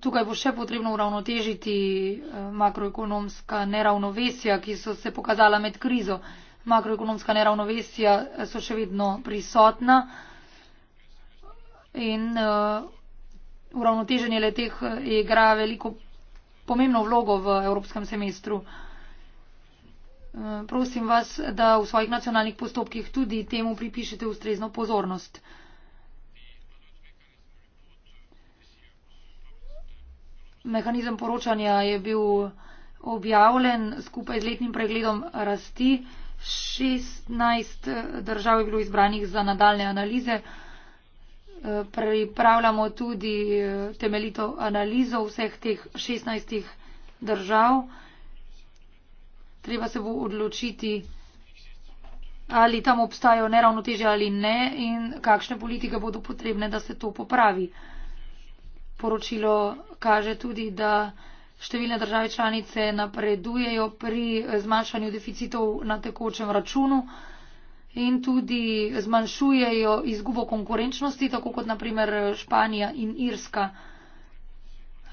Tukaj bo še potrebno uravnotežiti eh, makroekonomska neravnovesja, ki so se pokazala med krizo. Makroekonomska neravnovesja eh, so še vedno prisotna in eh, uravnoteženje leteh igra veliko pomembno vlogo v evropskem semestru. Prosim vas, da v svojih nacionalnih postopkih tudi temu pripišete ustrezno pozornost. Mehanizem poročanja je bil objavljen skupaj z letnim pregledom rasti. 16 eh, držav je bilo izbranih za nadaljne analize. Eh, pripravljamo tudi eh, temeljito analizo vseh teh 16 držav. Treba se bo odločiti, ali tam obstajajo neravnoteže ali ne in kakšne politike bodo potrebne, da se to popravi poročilo kaže tudi, da številne države članice napredujejo pri zmanjšanju deficitov na tekočem računu in tudi zmanjšujejo izgubo konkurenčnosti, tako kot naprimer Španija in Irska.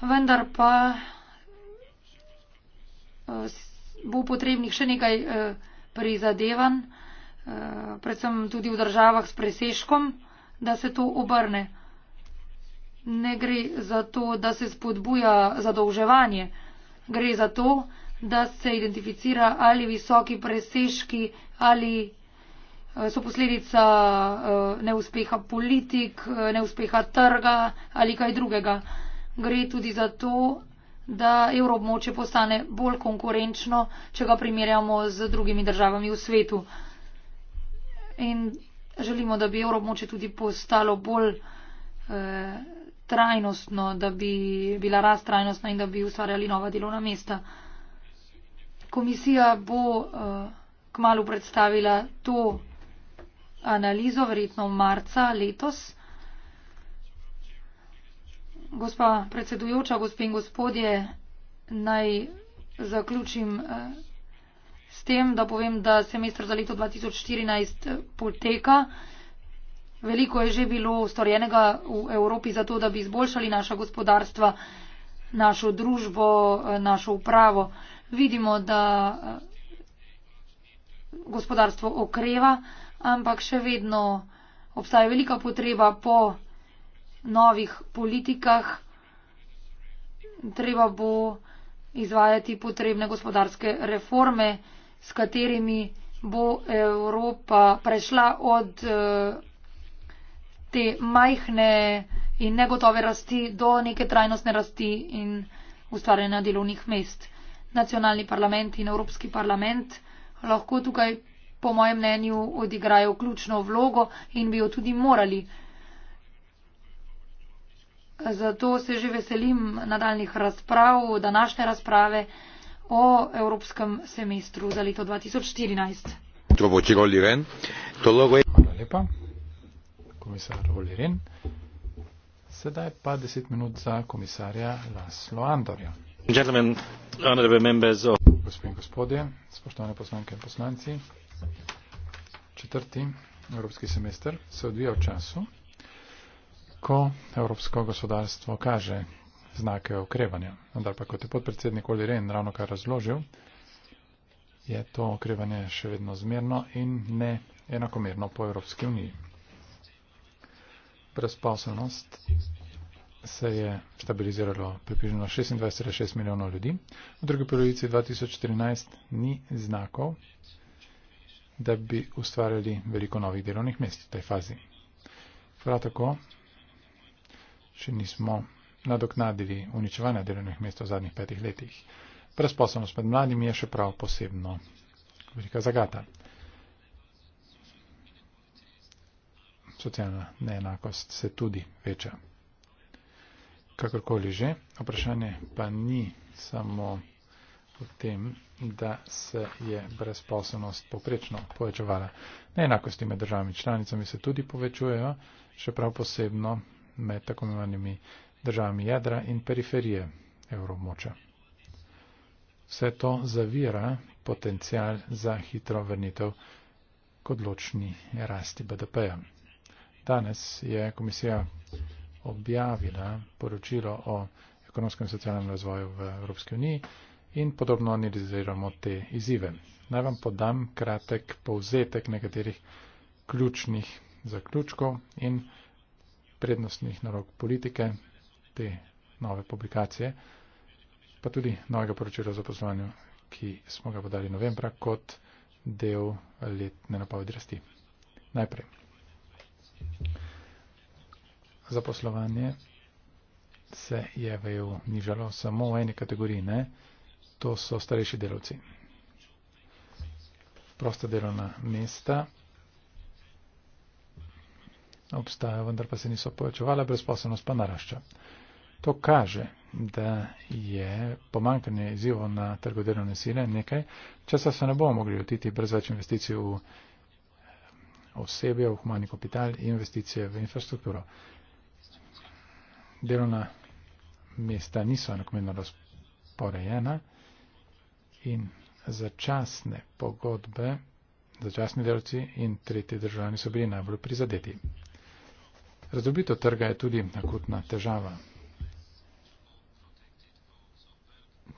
Vendar pa eh, bo potrebnih še nekaj eh, prizadevanj, eh, predvsem tudi v državah s preseškom, da se to obrne ne gre za to, da se spodbuja zadolževanje. Gre za to, da se identificira ali visoki presežki ali eh, so posledica eh, neuspeha politik, eh, neuspeha trga ali kaj drugega. Gre tudi za to, da evroobmoče postane bolj konkurenčno, če ga primerjamo z drugimi državami v svetu. In želimo, da bi evroobmoče tudi postalo bolj eh, trajnostno, da bi bila rast trajnostna in da bi ustvarjali nova delovna mesta. Komisija bo uh, eh, kmalo predstavila to analizo, verjetno marca letos. Gospa predsedujoča, gospe in gospodje, naj zaključim uh, s tem, da povem, da semester za leto 2014 poteka. Veliko je že bilo storjenega v Evropi za to, da bi izboljšali naša gospodarstva, našo družbo, eh, našo upravo. Vidimo, da eh, gospodarstvo okreva, ampak še vedno obstaja velika potreba po novih politikah. Treba bo izvajati potrebne gospodarske reforme, s katerimi bo Evropa prešla od eh, te majhne in negotove rasti do neke trajnostne rasti in ustvarjanja delovnih mest. Nacionalni parlament in Evropski parlament lahko tukaj po mojem mnenju odigrajo ključno vlogo in bi jo tudi morali. Zato se že veselim nadaljnih razprav, današnje razprave o Evropskem semestru za leto 2014. Hvala lepa komisar Oliren. Sedaj pa 10 minut za komisarja Laslo Andorja. Gentlemen, honorable members of... Gospod in gospodje, spoštovane poslanke in poslanci, četrti evropski semester se odvija v času, ko evropsko gospodarstvo kaže znake okrevanja. Vendar pa, kot je podpredsednik Oliren ravno kar razložil, je to okrevanje še vedno zmerno in ne enakomerno po Evropski uniji brezposobnost se je stabiliziralo približno 26,6 milijonov ljudi. V drugi polovici 2014 ni znakov, da bi ustvarjali veliko novih delovnih mest v tej fazi. Prav tako še nismo nadoknadili uničevanja delovnih mest v zadnjih petih letih. Brezposobnost med mladimi je še prav posebno velika zagata. socialna neenakost se tudi veča. Kakorkoli že, vprašanje pa ni samo v tem, da se je brezposobnost poprečno povečevala. Neenakosti med državami članicami se tudi povečujejo, še prav posebno med tako imenovanimi državami jedra in periferije evromoča. Vse to zavira potencial za hitro vrnitev k odločni rasti BDP-ja. Danes je komisija objavila poročilo o ekonomskem in socialnem razvoju v Evropski uniji in podobno analiziramo te izzive. Naj vam podam kratek povzetek nekaterih ključnih zaključkov in prednostnih narok politike te nove publikacije, pa tudi novega poročila o zaposlovanju, ki smo ga podali novembra kot del letne napovedi rasti. Najprej zaposlovanje se je v EU nižalo samo v eni kategoriji, ne? to so starejši delovci. Prosta delovna mesta obstajajo, vendar pa se niso povečevala, brezposobnost pa narašča. To kaže, da je pomankanje izzivov na trgu delovne sile nekaj, časa se ne bomo mogli otiti brez več investicij v EU osebje, v humani kapital in investicije v infrastrukturo. Delovna mesta niso enakomerno razporejena in začasne pogodbe, začasni delci in tretji državljani so bili najbolj prizadeti. Razdobitev trga je tudi akutna težava.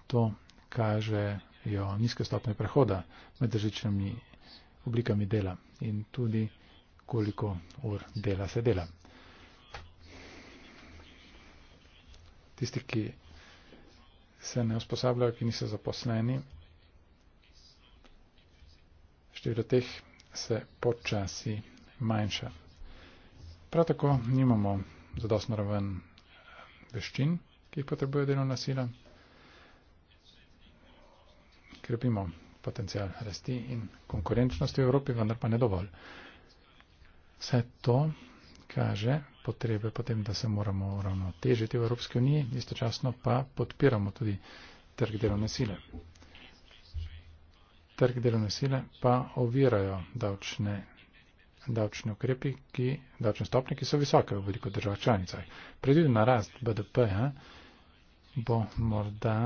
To kažejo nizke stopne prehoda med različnimi oblikami dela in tudi koliko ur dela se dela. Tisti, ki se ne usposabljajo, ki niso zaposleni, število teh se počasi manjša. Prav tako nimamo zadostno raven eh, veščin, ki jih potrebuje delovna sila. Krepimo potencial rasti in konkurenčnosti v Evropi, vendar pa ne dovolj. Vse to kaže potrebe potem, da se moramo uravnotežiti v Evropski uniji, istočasno pa podpiramo tudi trg delovne sile. Trg delovne sile pa ovirajo davčne, davčne ukrepi, ki, davčne stopnje, ki so visoke v veliko držav članicah. Predvidena rast BDP bo morda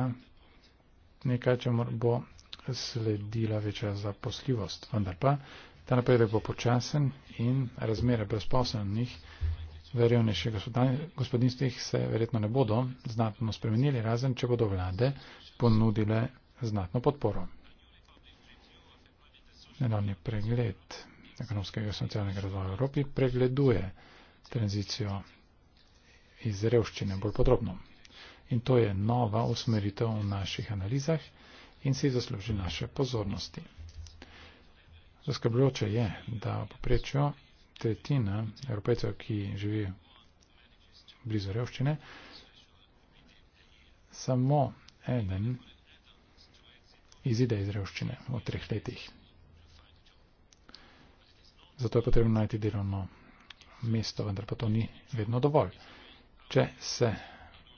nekaj, če mor, bo sledila večja zaposljivost. Vendar pa ta napredek bo počasen in razmere brezposelnih v revnejših gospodinstvih se verjetno ne bodo znatno spremenili, razen če bodo vlade ponudile znatno podporo. Nedavni pregled ekonomskega in socialnega razvoja v Evropi pregleduje tranzicijo iz revščine bolj podrobno. In to je nova usmeritev v naših analizah in si zasluži naše pozornosti. Zaskrbljujoče je, da poprečjo tretjina evropejcev, ki živi blizu revščine, samo eden izide iz revščine v treh letih. Zato je potrebno najti delovno mesto, vendar pa to ni vedno dovolj. Če se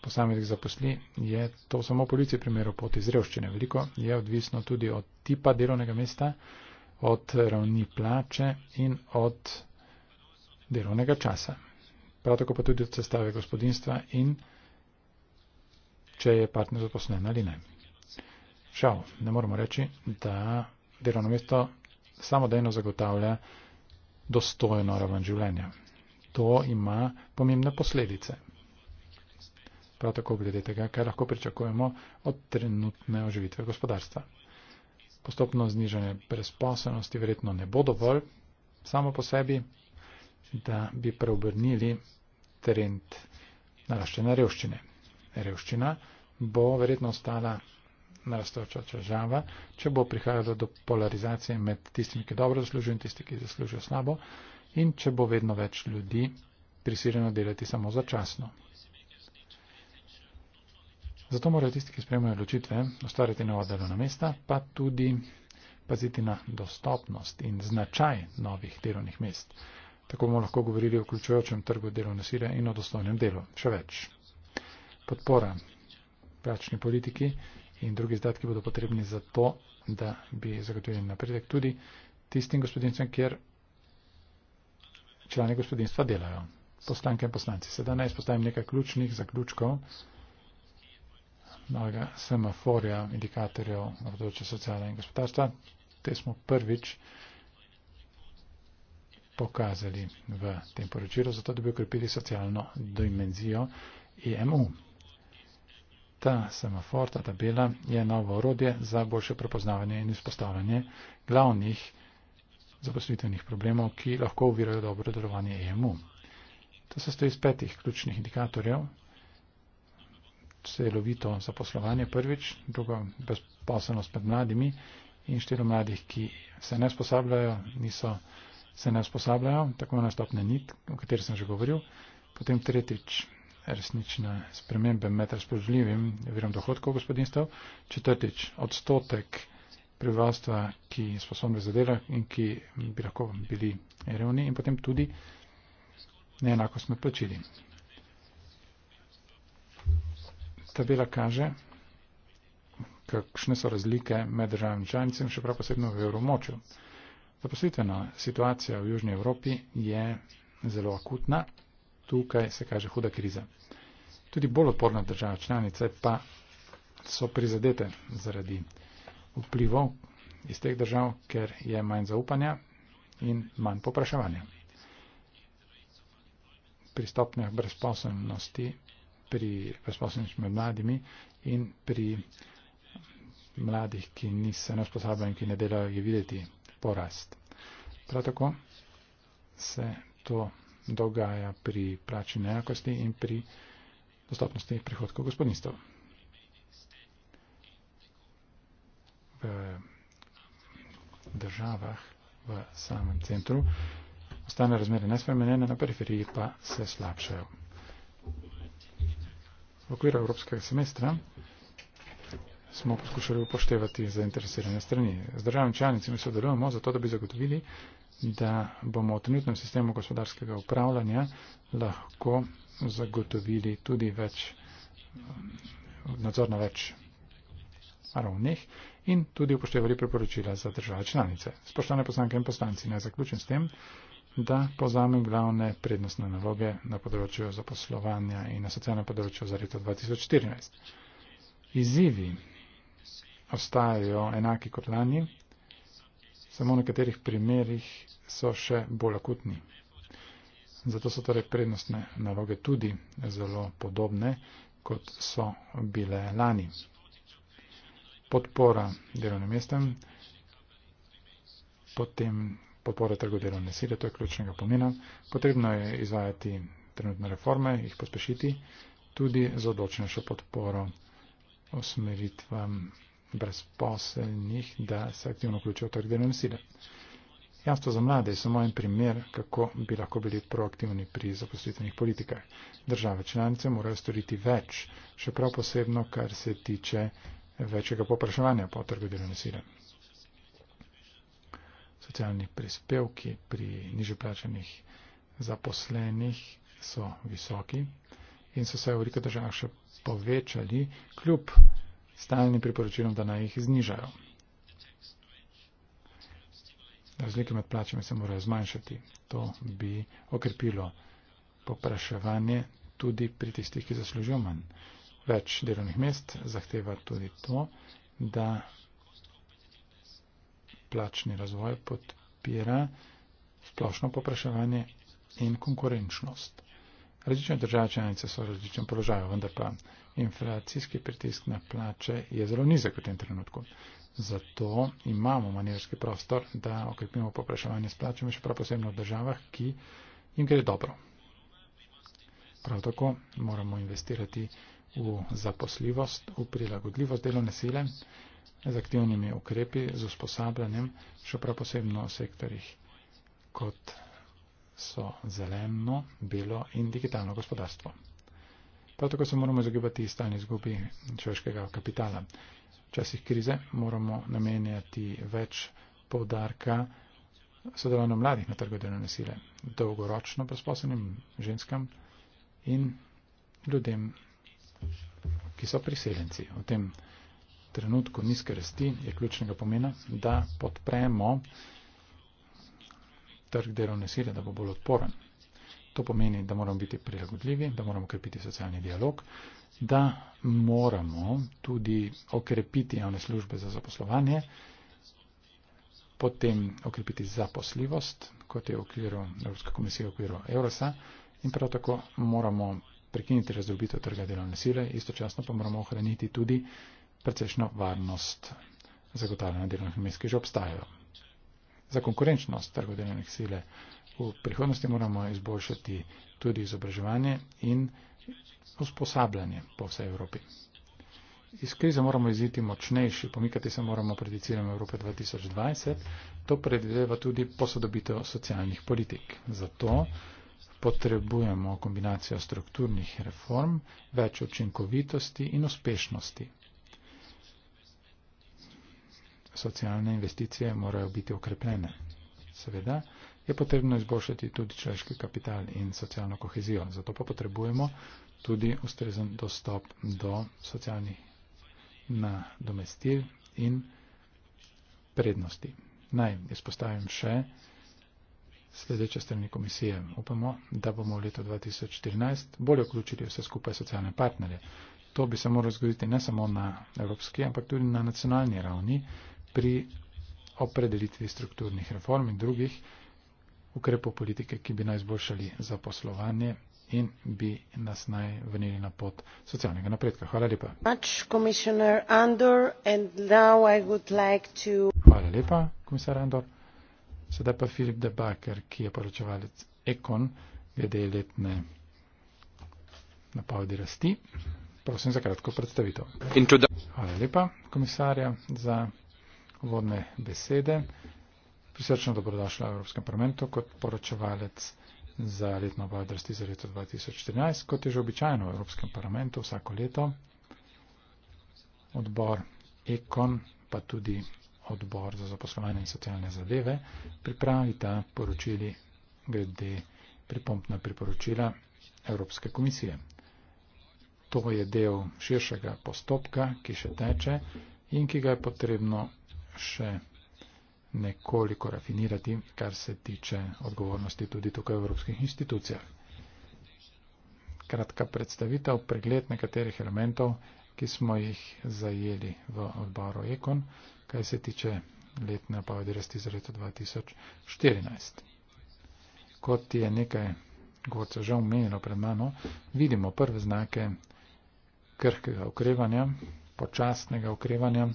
posameznik zaposli, je to samo policiji primeru pot iz revščine. Veliko je odvisno tudi od tipa delovnega mesta, od ravni plače in od delovnega časa. Prav tako pa tudi od sestave gospodinstva in če je partner zaposlen ali ne. Žal, ne moramo reči, da delovno mesto samodejno zagotavlja dostojno raven življenja. To ima pomembne posledice prav tako glede tega, kaj lahko pričakujemo od trenutne oživitve gospodarstva. Postopno znižanje brezposobnosti verjetno ne bo dovolj samo po sebi, da bi preobrnili trend naraščene revščine. Revščina bo verjetno ostala narastoča država, če bo prihajalo do polarizacije med tistimi, ki dobro zaslužijo in tistimi, ki zaslužijo slabo, in če bo vedno več ljudi prisiljeno delati samo začasno. Zato morajo tisti, ki spremljajo odločitve, ustvariti nova delovna mesta, pa tudi paziti na dostopnost in značaj novih delovnih mest. Tako bomo lahko govorili o vključujočem trgu delovne sile in o dostojnem delu. Še več. Podpora plačni politiki in drugi izdatki bodo potrebni za to, da bi zagotovili napredek tudi tistim gospodinstvem, kjer člani gospodinstva delajo. Poslanke in poslanci. Sedaj naj izpostavim nekaj ključnih zaključkov novega semaforja, indikatorjev na področju socialne in gospodarstva. Te smo prvič pokazali v tem poročilu, zato da bi ukrepili socialno dimenzijo EMU. Ta semafor, ta tabela je novo orodje za boljše prepoznavanje in izpostavljanje glavnih zaposlitevnih problemov, ki lahko uvirajo dobro delovanje EMU. To se stoji iz petih ključnih indikatorjev, celovito zaposlovanje prvič, drugo brezposelnost med mladimi in število mladih, ki se ne sposabljajo, niso se ne sposabljajo, tako na stopne nit, o kateri sem že govoril. Potem tretjič, resnične spremembe med razpoložljivim virom dohodkov gospodinstv. Četrtič, odstotek prebivalstva, ki je sposobno za delo in ki bi lahko bili revni. In potem tudi neenakost med plačili tabela kaže, kakšne so razlike med državami članicami, še prav posebno v evromočju. Zaposlitvena situacija v Južnji Evropi je zelo akutna, tukaj se kaže huda kriza. Tudi bolj odporne države članice pa so prizadete zaradi vplivov iz teh držav, ker je manj zaupanja in manj popraševanja. Pri stopnjah brezposobnosti pri brezposobnih med mladimi in pri mladih, ki niso nasposabljeni, ki ne delajo, je videti porast. Prav tako se to dogaja pri plači nejakosti in pri dostopnosti prihodkov gospodinstv. V državah v samem centru ostane razmere nespremenjene, na periferiji pa se slabšajo. V okviru evropskega semestra smo poskušali upoštevati zainteresirane strani. Z državami članicami sodelujemo zato, da bi zagotovili, da bomo v trenutnem sistemu gospodarskega upravljanja lahko zagotovili tudi več nadzor na več ravneh in tudi upoštevali priporočila za države članice. Spoštovane poslanke in poslanci, naj zaključim s tem da povzame glavne prednostne naloge na področju zaposlovanja in na socialnem področju za leto 2014. Izzivi ostajajo enaki kot lani, samo v nekaterih primerjih so še bolj akutni. Zato so torej prednostne naloge tudi zelo podobne, kot so bile lani. Podpora delovnim mestem, potem podpora trgu delovne sile, to je ključnega pomena. Potrebno je izvajati trenutne reforme, jih pospešiti, tudi z odločnejšo podporo usmeritvam brezposelnih, da se aktivno vključijo v trg delovne sile. Jamstvo za mlade je samo en primer, kako bi lahko bili proaktivni pri zaposlitvenih politikah. Države članice morajo storiti več, še prav posebno, kar se tiče večjega popraševanja po trgu delovne sile socialni prispevki pri nižoplačenih zaposlenih so visoki in so se v veliko državah še povečali, kljub stalnim priporočilom, da naj jih znižajo. Razlike med plačami se morajo zmanjšati. To bi okrepilo popraševanje tudi pri tistih, ki zaslužijo manj. Več delovnih mest zahteva tudi to, da plačni razvoj podpira splošno popraševanje in konkurenčnost. Različne države članice so v različnem položaju, vendar pa inflacijski pritisk na plače je zelo nizek v tem trenutku. Zato imamo manjerski prostor, da okrepimo popraševanje s plačami, še prav posebno v državah, ki jim gre dobro. Prav tako moramo investirati v zaposljivost, v prilagodljivost delovne sile z aktivnimi ukrepi, z usposabljanjem, še prav posebno v sektorjih, kot so zeleno, belo in digitalno gospodarstvo. Prav tako se moramo izogibati stalni izgubi človeškega kapitala. V časih krize moramo namenjati več povdarka sodelovanju mladih na trgu delovne sile, dolgoročno posposobnim ženskam in ljudem, ki so priseljenci. O tem trenutku nizke rasti je ključnega pomena, da podpremo trg delovne sile, da bo bolj odporen. To pomeni, da moramo biti prilagodljivi, da moramo krepiti socialni dialog, da moramo tudi okrepiti javne službe za zaposlovanje, potem okrepiti zaposljivost, kot je v okviru Evropske komisije, v okviru Eurosa in prav tako moramo prekiniti razdrobitev trga delovne sile, istočasno pa moramo ohraniti tudi precejšno varnost zagotavljanja delovnih mest, ki že obstajajo. Za konkurenčnost trgov delovnih sile v prihodnosti moramo izboljšati tudi izobraževanje in usposabljanje po vsej Evropi. Iz krize moramo iziti močnejši, pomikati se moramo pred ciljem Evrope 2020. To predvideva tudi posodobitev socialnih politik. Zato potrebujemo kombinacijo strukturnih reform, več učinkovitosti in uspešnosti socialne investicije morajo biti okrepljene. Seveda je potrebno izboljšati tudi človeški kapital in socialno kohezijo. Zato pa potrebujemo tudi ustrezen dostop do socialnih nadomestil in prednosti. Naj izpostavim še sledeče strani komisije. Upamo, da bomo v letu 2014 bolje vključili vse skupaj socialne partnerje. To bi se moralo zgoditi ne samo na evropski, ampak tudi na nacionalni ravni, pri opredelitvi strukturnih reform in drugih ukrepov politike, ki bi najzboljšali zaposlovanje in bi nas naj vrnili na pot socialnega napredka. Hvala lepa. Hvala lepa, komisar Andor. Sedaj pa Filip Debaker, ki je poročevalec Ekon, glede letne napovedi rasti. Prosim za kratko predstavitev. Hvala lepa, komisarja, za vodne besede. Prisrčno dobrodošla v Evropskem parlamentu kot poročevalec za letno obadrsti za leto 2014, kot je že običajno v Evropskem parlamentu vsako leto. Odbor Ekon, pa tudi odbor za zaposlovanje in socialne zadeve, pripravita poročili glede pripompna priporočila Evropske komisije. To je del širšega postopka, ki še teče in ki ga je potrebno še nekoliko rafinirati, kar se tiče odgovornosti tudi tukaj v evropskih institucijah. Kratka predstavitev, pregled nekaterih elementov, ki smo jih zajeli v odboru Ekon, kaj se tiče letne napovedi rasti za leto 2014. Kot je nekaj govorcev že omenilo pred mano, vidimo prve znake krhkega okrevanja, počasnega okrevanja.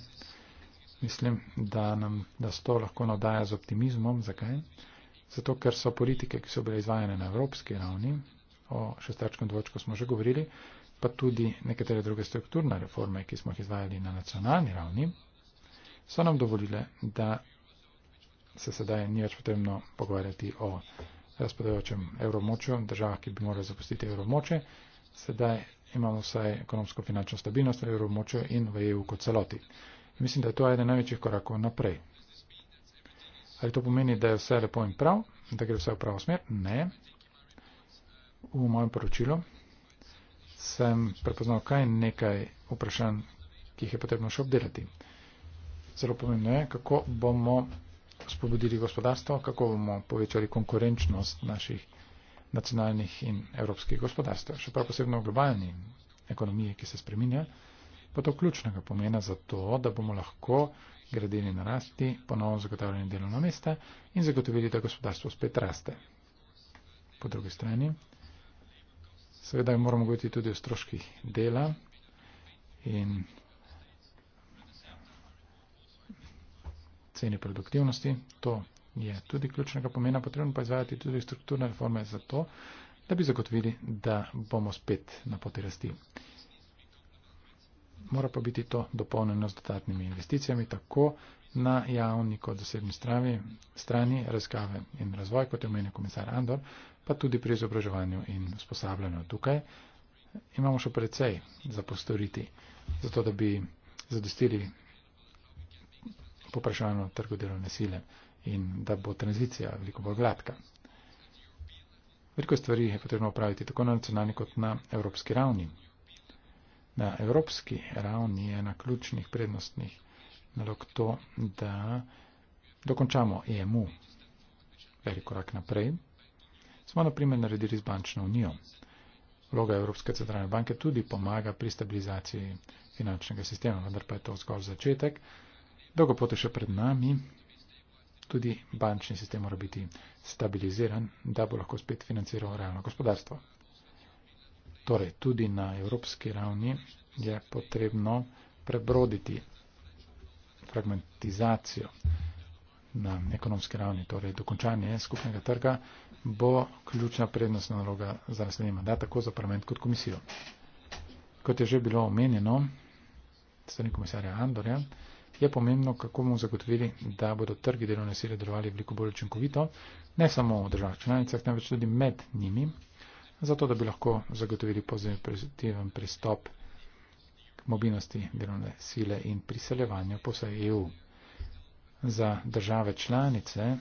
Mislim, da, nam, da se to lahko nadaja z optimizmom. Zakaj? Zato, ker so politike, ki so bile izvajane na evropski ravni, o šestačkem dvočku smo že govorili, pa tudi nekatere druge strukturne reforme, ki smo jih izvajali na nacionalni ravni, so nam dovolile, da se sedaj ni več potrebno pogovarjati o razpadajočem evromočju, državah, ki bi morali zapustiti evromoče. Sedaj imamo vsaj ekonomsko-finančno stabilnost v evromočju in v EU kot celoti. Mislim, da je to eden največjih korakov naprej. Ali to pomeni, da je vse lepo in prav, da gre vse v pravo smer? Ne. V mojem poročilu sem prepoznal kaj nekaj vprašanj, ki jih je potrebno še obdelati. Zelo pomembno je, kako bomo spodbudili gospodarstvo, kako bomo povečali konkurenčnost naših nacionalnih in evropskih gospodarstv, še prav posebno v globalni ekonomiji, ki se spreminja pa to ključnega pomena za to, da bomo lahko gradili na rasti, ponovno zagotavljali delovno mesta in zagotovili, da gospodarstvo spet raste. Po drugi strani, seveda moramo govoriti tudi o stroških dela in ceni produktivnosti. To je tudi ključnega pomena. Potrebno pa izvajati tudi strukturne reforme za to, da bi zagotovili, da bomo spet na poti rasti mora pa biti to dopolnjeno z dodatnimi investicijami, tako na javni kot zasebni strani, strani razkave in razvoj, kot je omenil komisar Andor, pa tudi pri izobraževanju in usposabljanju. Tukaj imamo še precej za postoriti, zato da bi zadostili poprašanju trgu delovne sile in da bo tranzicija veliko bolj gladka. Veliko stvari je potrebno upraviti tako na nacionalni kot na evropski ravni na evropski ravni je na ključnih prednostnih nalog to, da dokončamo EMU velik korak naprej. Smo naprimer naredili z bančno unijo. Vloga Evropske centralne banke tudi pomaga pri stabilizaciji finančnega sistema, vendar pa je to zgolj začetek. Dolgo pot je še pred nami. Tudi bančni sistem mora biti stabiliziran, da bo lahko spet financiral realno gospodarstvo. Torej, tudi na evropski ravni je potrebno prebroditi fragmentizacijo na ekonomski ravni, torej dokončanje skupnega trga bo ključna prednostna naloga za naslednji mandat, tako za parlament kot komisijo. Kot je že bilo omenjeno, strani komisarja Andorja, je pomembno, kako bomo zagotovili, da bodo trgi delovne sile delovali veliko bolj učinkovito, ne samo v državah članicah, temveč tudi med njimi, zato da bi lahko zagotovili pozitiven pristop k mobilnosti delovne sile in priseljevanju po vsej EU. Za države članice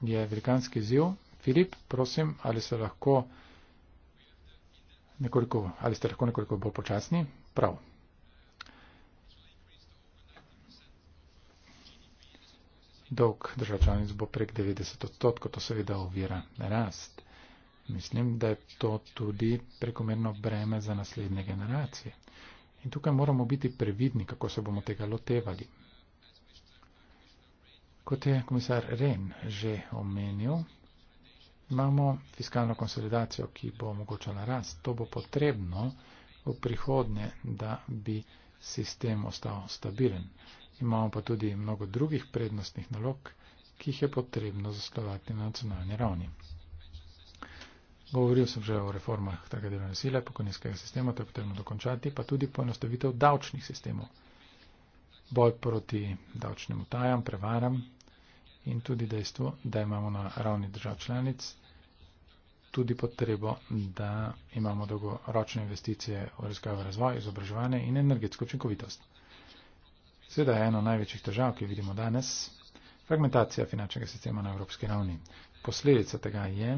je velikanski ziv. Filip, prosim, ali, lahko nekoliko, ali ste lahko nekoliko bolj počasni? Prav. Dolg držav članic bo prek 90 odstotkov, to seveda ovira rast. Mislim, da je to tudi prekomerno breme za naslednje generacije. In tukaj moramo biti previdni, kako se bomo tega lotevali. Kot je komisar Ren že omenil, imamo fiskalno konsolidacijo, ki bo omogočala rast. To bo potrebno v prihodnje, da bi sistem ostal stabilen. Imamo pa tudi mnogo drugih prednostnih nalog, ki jih je potrebno zaslovati na nacionalni ravni. Govoril sem že o reformah tega delovne sile, pokojninskega sistema, to je potrebno dokončati, pa tudi poenostavitev davčnih sistemov. Boj proti davčnim utajam, prevaram in tudi dejstvo, da imamo na ravni držav članic tudi potrebo, da imamo dolgoročne investicije v razkajo razvoj, izobraževanje in energetsko učinkovitost. Sveda je eno največjih težav, ki vidimo danes, fragmentacija finančnega sistema na evropski ravni. Posledica tega je,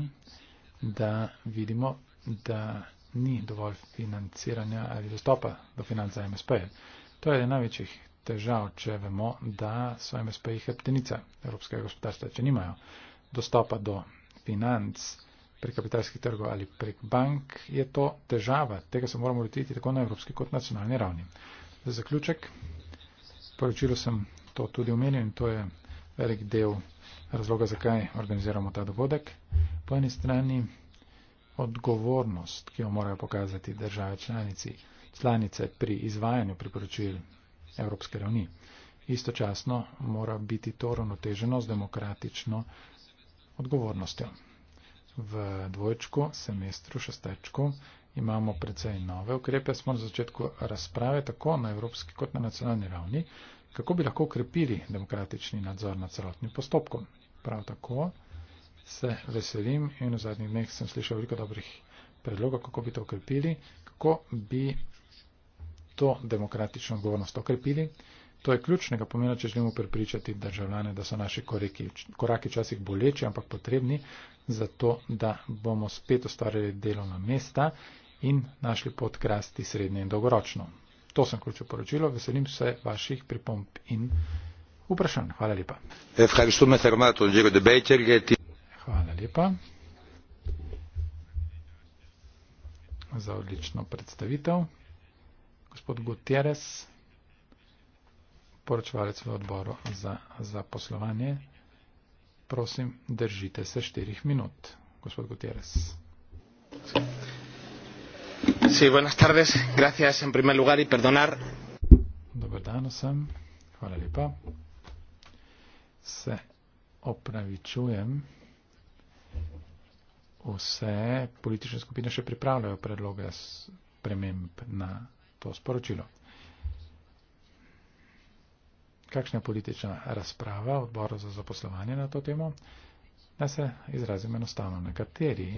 da vidimo, da ni dovolj financiranja ali dostopa do financa MSP-ja. To je največjih težav, če vemo, da so MSP-ji heptenica Evropskega gospodarstva, če nimajo dostopa do financ prek kapitalskih trgov ali prek bank, je to težava. Tega se moramo lotiti tako na evropski kot nacionalni ravni. Za zaključek, poročilo sem to tudi omenil in to je velik del razloga, zakaj organiziramo ta dogodek. Po eni strani odgovornost, ki jo morajo pokazati države članici, članice pri izvajanju priporočil Evropske ravni. Istočasno mora biti to ravnoteženo s demokratično odgovornostjo. V dvojčku, semestru, šestečku imamo precej nove ukrepe, smo na začetku razprave tako na evropski kot na nacionalni ravni, kako bi lahko ukrepili demokratični nadzor nad celotnim postopkom. Prav tako se veselim in v zadnjih dneh sem slišal veliko dobrih predlogov, kako bi to ukrepili, kako bi to demokratično odgovornost okrepili. To je ključnega pomena, če želimo prepričati državljane, da so naši koreki, koraki včasih boleči, ampak potrebni za to, da bomo spet ustvarjali delovna mesta in našli pot krasti srednje in dolgoročno. To sem ključno poročilo. Veselim se vaših pripomb in vprašanj. Hvala lepa. Hvala lepa za odlično predstavitev. Gospod Gutierrez, poročevalec v odboru za, za poslovanje, prosim, držite se štirih minut. Gospod Gutierrez. Buenas tardes. Gracias en primer lugar y perdonar. Dober dan vsem. Hvala lepa. Se opravičujem. Vse politične skupine še pripravljajo predloge sprememb na to sporočilo. Kakšna je politična razprava odbora za zaposlovanje na to temo? Naj se izrazim enostavno. Nekateri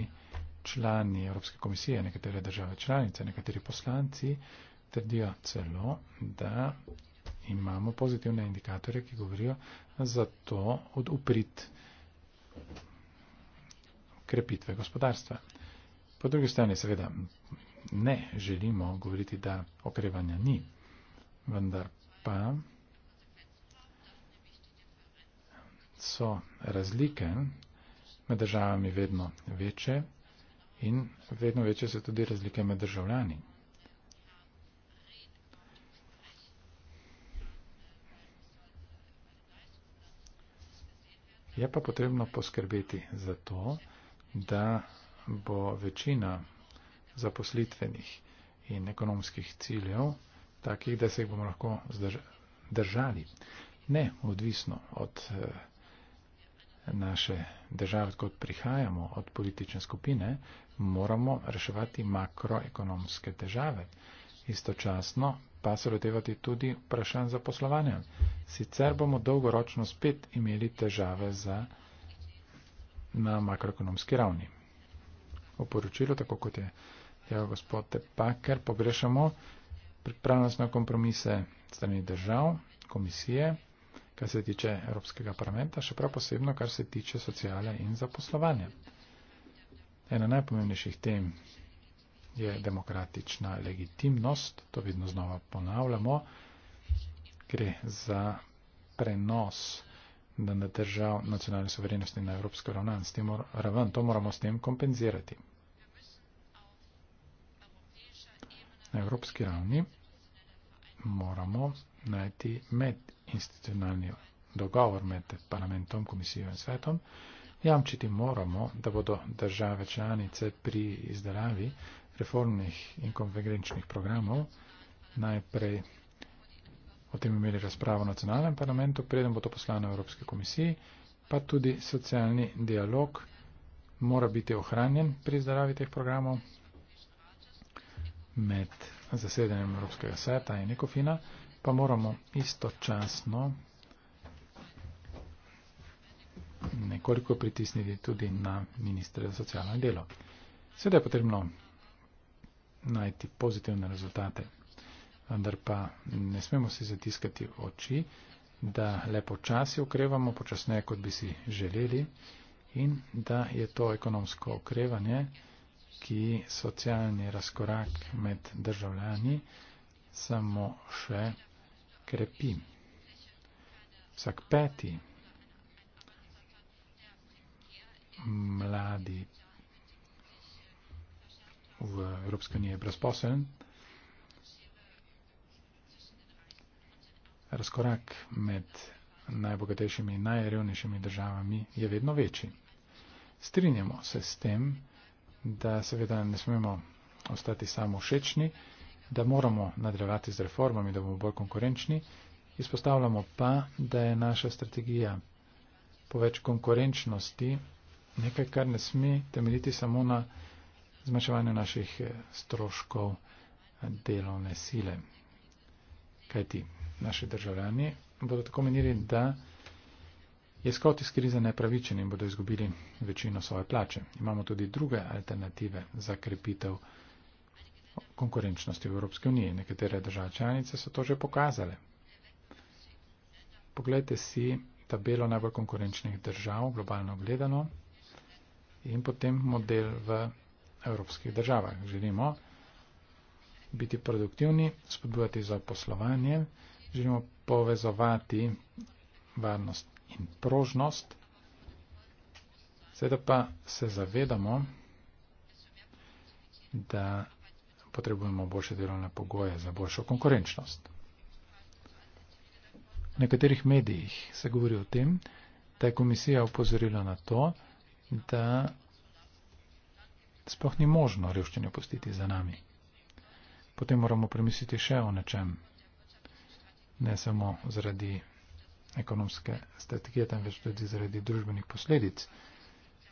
člani Evropske komisije, nekatere države članice, nekateri poslanci trdijo celo, da imamo pozitivne indikatorje, ki govorijo za to od uprit krepitve gospodarstva. Po drugi strani seveda ne želimo govoriti, da okrevanja ni, vendar pa so razlike med državami vedno večje in vedno večje so tudi razlike med državljani. Je pa potrebno poskrbeti za to, da bo večina zaposlitvenih in ekonomskih ciljev takih, da se jih bomo lahko zdržali. Ne, odvisno od. Eh, naše države, kot prihajamo od politične skupine, moramo reševati makroekonomske težave. Istočasno pa se lotevati tudi vprašanj za poslovanje. Sicer bomo dolgoročno spet imeli težave za, na makroekonomski ravni. V poročilu, tako kot je dejal gospod Tepaker, pogrešamo pripravljenost na kompromise strani držav, komisije, kar se tiče Evropskega parlamenta, še prav posebno, kar se tiče socijale in zaposlovanja. Ena najpomembnejših tem je demokratična legitimnost, to vedno znova ponavljamo, gre za prenos držav nacionalne soverenosti na evropsko ravnan. S tem raven, to moramo s tem kompenzirati. Na evropski ravni moramo najti medinstitucionalni dogovor med parlamentom, komisijo in svetom. Jamčiti moramo, da bodo države članice pri izdelavi reformnih in konvergenčnih programov najprej o tem imeli razpravo v nacionalnem parlamentu, preden bo to poslano Evropske komisiji, pa tudi socialni dialog mora biti ohranjen pri izdelavi teh programov, med zasedanjem Evropskega sveta in Ekofina, pa moramo istočasno nekoliko pritisniti tudi na ministre za socialno delo. Sedaj je potrebno najti pozitivne rezultate, vendar pa ne smemo si zatiskati oči, da le počasi ukrevamo, počasneje kot bi si želeli in da je to ekonomsko okrevanje ki socialni razkorak med državljani samo še krepi. Vsak peti mladi v Evropske unije je brezposeln. Razkorak med najbogatejšimi in najrevnejšimi državami je vedno večji. Strinjamo se s tem, da seveda ne smemo ostati samo všečni, da moramo nadaljevati z reformami, da bomo bolj konkurenčni. Izpostavljamo pa, da je naša strategija poveč konkurenčnosti nekaj, kar ne sme temeljiti samo na zmanjševanju naših eh, stroškov delovne sile. Kajti naši državljani bodo tako menili, da. Je skot iz krize nepravičen in bodo izgubili večino svoje plače. Imamo tudi druge alternative za krepitev konkurenčnosti v Evropske unije. Nekatere države članice so to že pokazale. Poglejte si tabelo najbolj konkurenčnih držav, globalno gledano, in potem model v evropskih državah. Želimo biti produktivni, spodbujati zaposlovanje, želimo povezovati varnost in prožnost. Sedaj pa se zavedamo, da potrebujemo boljše delovne pogoje za boljšo konkurenčnost. V nekaterih medijih se govori o tem, da je komisija upozorila na to, da sploh ni možno revščine pustiti za nami. Potem moramo premisliti še o nečem, ne samo zaradi ekonomske strategije, temveč tudi zaradi družbenih posledic,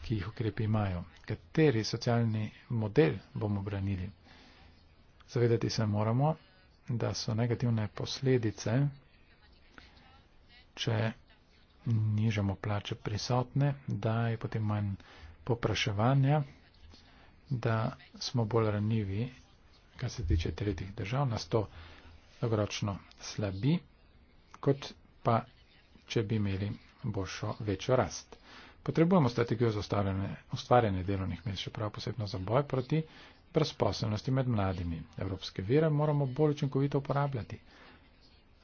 ki jih ukrepi imajo. Kateri socialni model bomo branili? Zavedati se moramo, da so negativne posledice, če nižamo plače prisotne, da je potem manj popraševanja, da smo bolj ranjivi, kar se tiče tretjih držav, nas to dolgoročno slabi, kot pa če bi imeli boljšo, večjo rast. Potrebujemo strategijo za ustvarjanje, ustvarjanje delovnih mest, še prav posebno za boj proti brezposobnosti med mladimi. Evropske vire moramo bolj učinkovito uporabljati.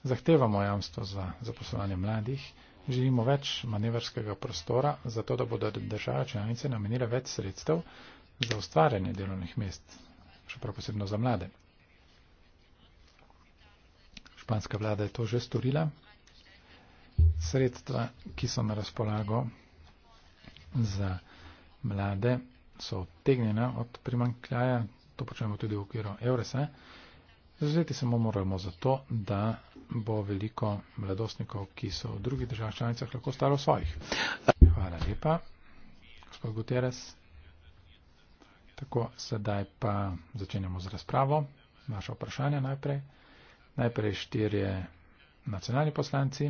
Zahtevamo jamstvo za zaposlovanje mladih, želimo več manevrskega prostora, zato da bodo države članice namenile več sredstev za ustvarjanje delovnih mest, še prav posebno za mlade. Španska vlada je to že storila. Sredstva, ki so na razpolago za mlade, so odtegnjena od primankljaja, to počnemo tudi v okviru Evresa. Zavzeti se moramo zato, da bo veliko mladostnikov, ki so v drugih državah članicah, lahko stalo svojih. Hvala lepa, gospod Guterres. Tako, sedaj pa začenjamo z razpravo. Naša vprašanja najprej. Najprej štirje nacionalni poslanci,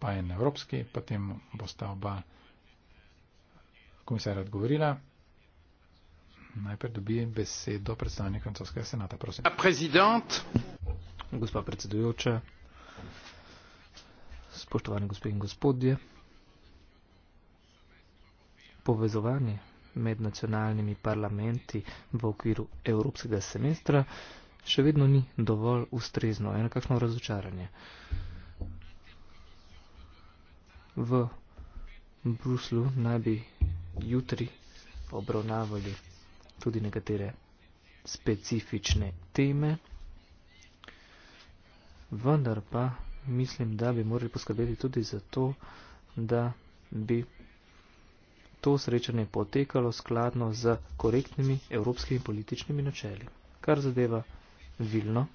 pa en evropski, potem bosta oba komisarja odgovorila. Najprej dobi besedo predstavnik francoskega senata, prosim. Gospa predsedujoča, spoštovani gospe in gospodje, povezovanje med nacionalnimi parlamenti v okviru evropskega semestra še vedno ni dovolj ustrezno, je nekakšno razočaranje v Bruslu naj bi jutri obravnavali tudi nekatere specifične teme, vendar pa mislim, da bi morali poskrbeti tudi za to, da bi to srečanje potekalo skladno z korektnimi evropskimi političnimi načeli. Kar zadeva Vilno,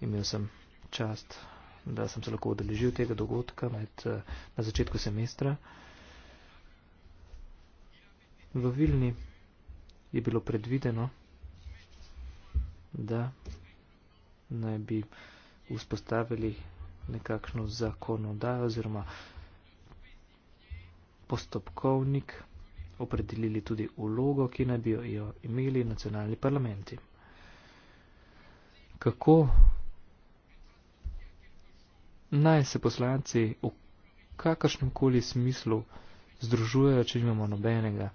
imel sem čast da sem se lahko odeležil tega dogodka med, eh, na začetku semestra. V Vilni je bilo predvideno, da naj bi vzpostavili nekakšno zakonodajo oziroma postopkovnik, opredelili tudi ulogo, ki naj bi jo imeli nacionalni parlamenti. Kako naj se poslanci v kakršnem koli smislu združujejo, če nimamo nobenega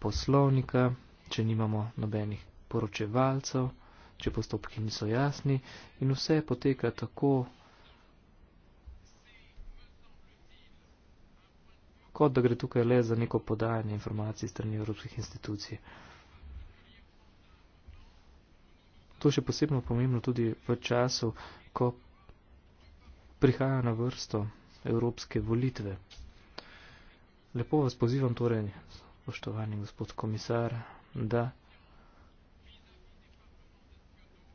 poslovnika, če nimamo nobenih poročevalcev, če postopki niso jasni in vse poteka tako, kot da gre tukaj le za neko podajanje informacij strani evropskih institucij. To še posebno pomembno tudi v času, ko prihaja na vrsto evropske volitve. Lepo vas pozivam torej, poštovani gospod komisar, da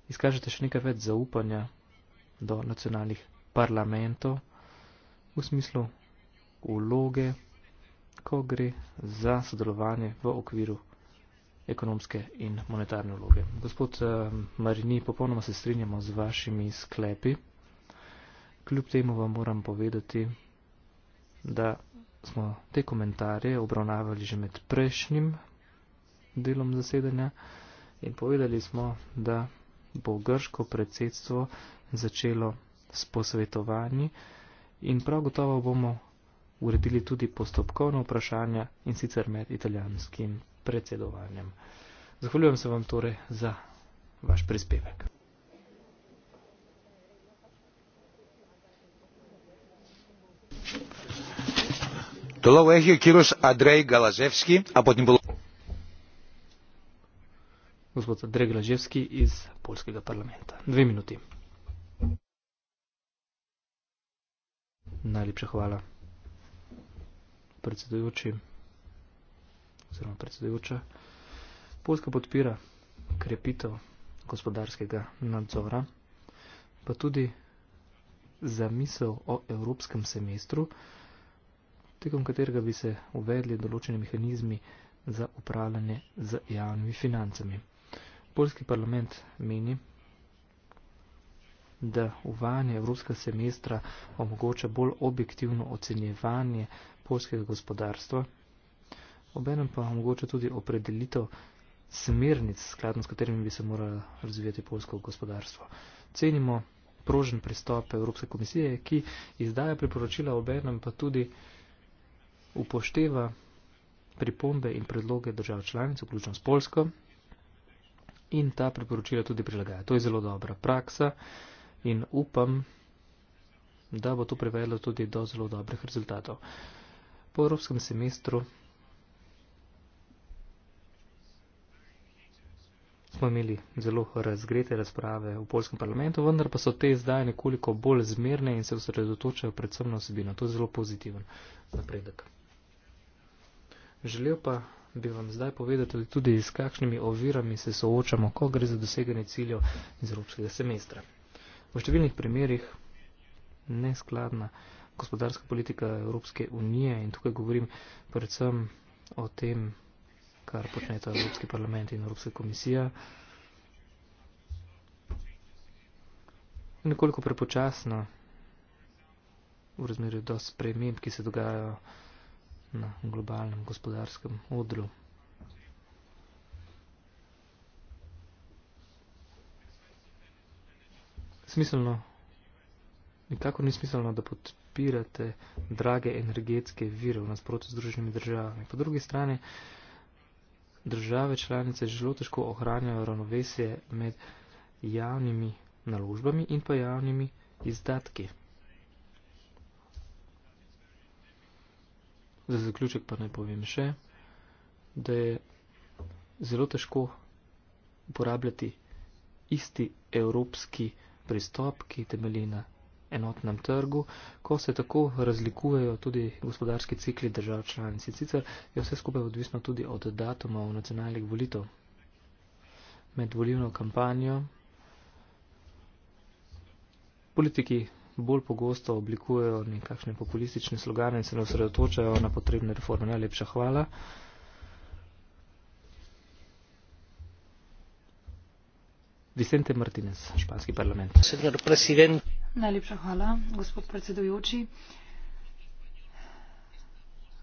izkažete še nekaj več zaupanja do nacionalnih parlamentov v smislu vloge, ko gre za sodelovanje v okviru ekonomske in monetarne vloge. Gospod eh, Marini, popolnoma se strinjamo z vašimi sklepi. Kljub temu vam moram povedati, da smo te komentarje obravnavali že med prejšnjim delom zasedanja in povedali smo, da bo grško predsedstvo začelo s posvetovanji in prav gotovo bomo uredili tudi postopkovno vprašanje in sicer med italijanskim predsedovanjem. Zahvaljujem se vam torej za vaš prispevek. Najlepša hvala, predsedujoči oziroma predsedujoča. Polska podpira krepitev gospodarskega nadzora, pa tudi zamisel o evropskem semestru, tekom katerega bi se uvedli določeni mehanizmi za upravljanje z javnimi financami. Polski parlament meni, da uvajanje evropskega semestra omogoča bolj objektivno ocenjevanje polskega gospodarstva, obenem pa omogoča tudi opredelitev smernic, skladno s katerimi bi se moralo razvijati polsko gospodarstvo. Cenimo prožen pristop Evropske komisije, ki izdaja priporočila obenem pa tudi uh, upošteva pripombe in predloge držav članic, vključno s Polsko, in ta priporočila tudi prilagaja. To je zelo dobra praksa in upam, da bo to privedlo tudi do zelo dobrih rezultatov. Po evropskem semestru smo imeli zelo razgrete razprave v polskem parlamentu, vendar pa so te zdaj nekoliko bolj zmerne in se osredotočajo predvsem na osebino. To je zelo pozitiven napredek. Želel pa bi vam zdaj povedati tudi, s kakšnimi ovirami se soočamo, ko gre za doseganje ciljev iz evropskega semestra. V številnih primerih neskladna gospodarska politika Evropske unije in tukaj govorim predvsem o tem, kar počnete Evropski parlament in Evropska komisija. Nekoliko prepočasno v razmerju do sprememb, ki se dogajajo na globalnem gospodarskem odru. Smiselno, nikako ni smiselno, da podpirate drage energetske vire v nasprotju z družnimi državami. Po drugi strani, države članice zelo težko ohranjajo ravnovesje med javnimi naložbami in pa javnimi izdatki. Za zaključek pa naj povem še, da je zelo težko uporabljati isti evropski pristop, ki temelji na enotnem trgu, ko se tako razlikujejo tudi gospodarski cikli držav članic. Sicer je vse skupaj odvisno tudi od datuma v nacionalnih volitev. Med volivno kampanjo politiki bolj pogosto oblikujejo nekakšne populistične slogane in se ne osredotočajo na potrebne reforme. Najlepša hvala. Vicente Martinez, španski parlament. Najlepša hvala, gospod predsedujoči.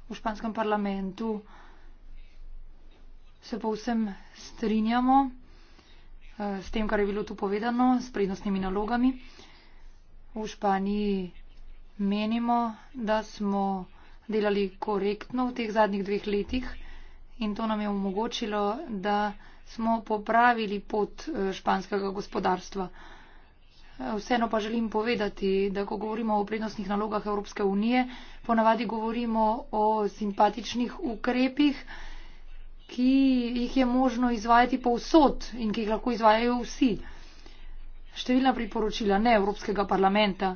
V španskem parlamentu se povsem strinjamo eh, s tem, kar je bilo tu povedano, s prednostnimi nalogami v Španiji menimo, da smo delali korektno v teh zadnjih dveh letih in to nam je omogočilo, da smo popravili pot eh, španskega gospodarstva. Eh, vseeno pa želim povedati, da ko govorimo o prednostnih nalogah Evropske unije, ponavadi govorimo o simpatičnih ukrepih, ki jih je možno izvajati povsod in ki jih lahko izvajajo vsi številna priporočila ne Evropskega parlamenta,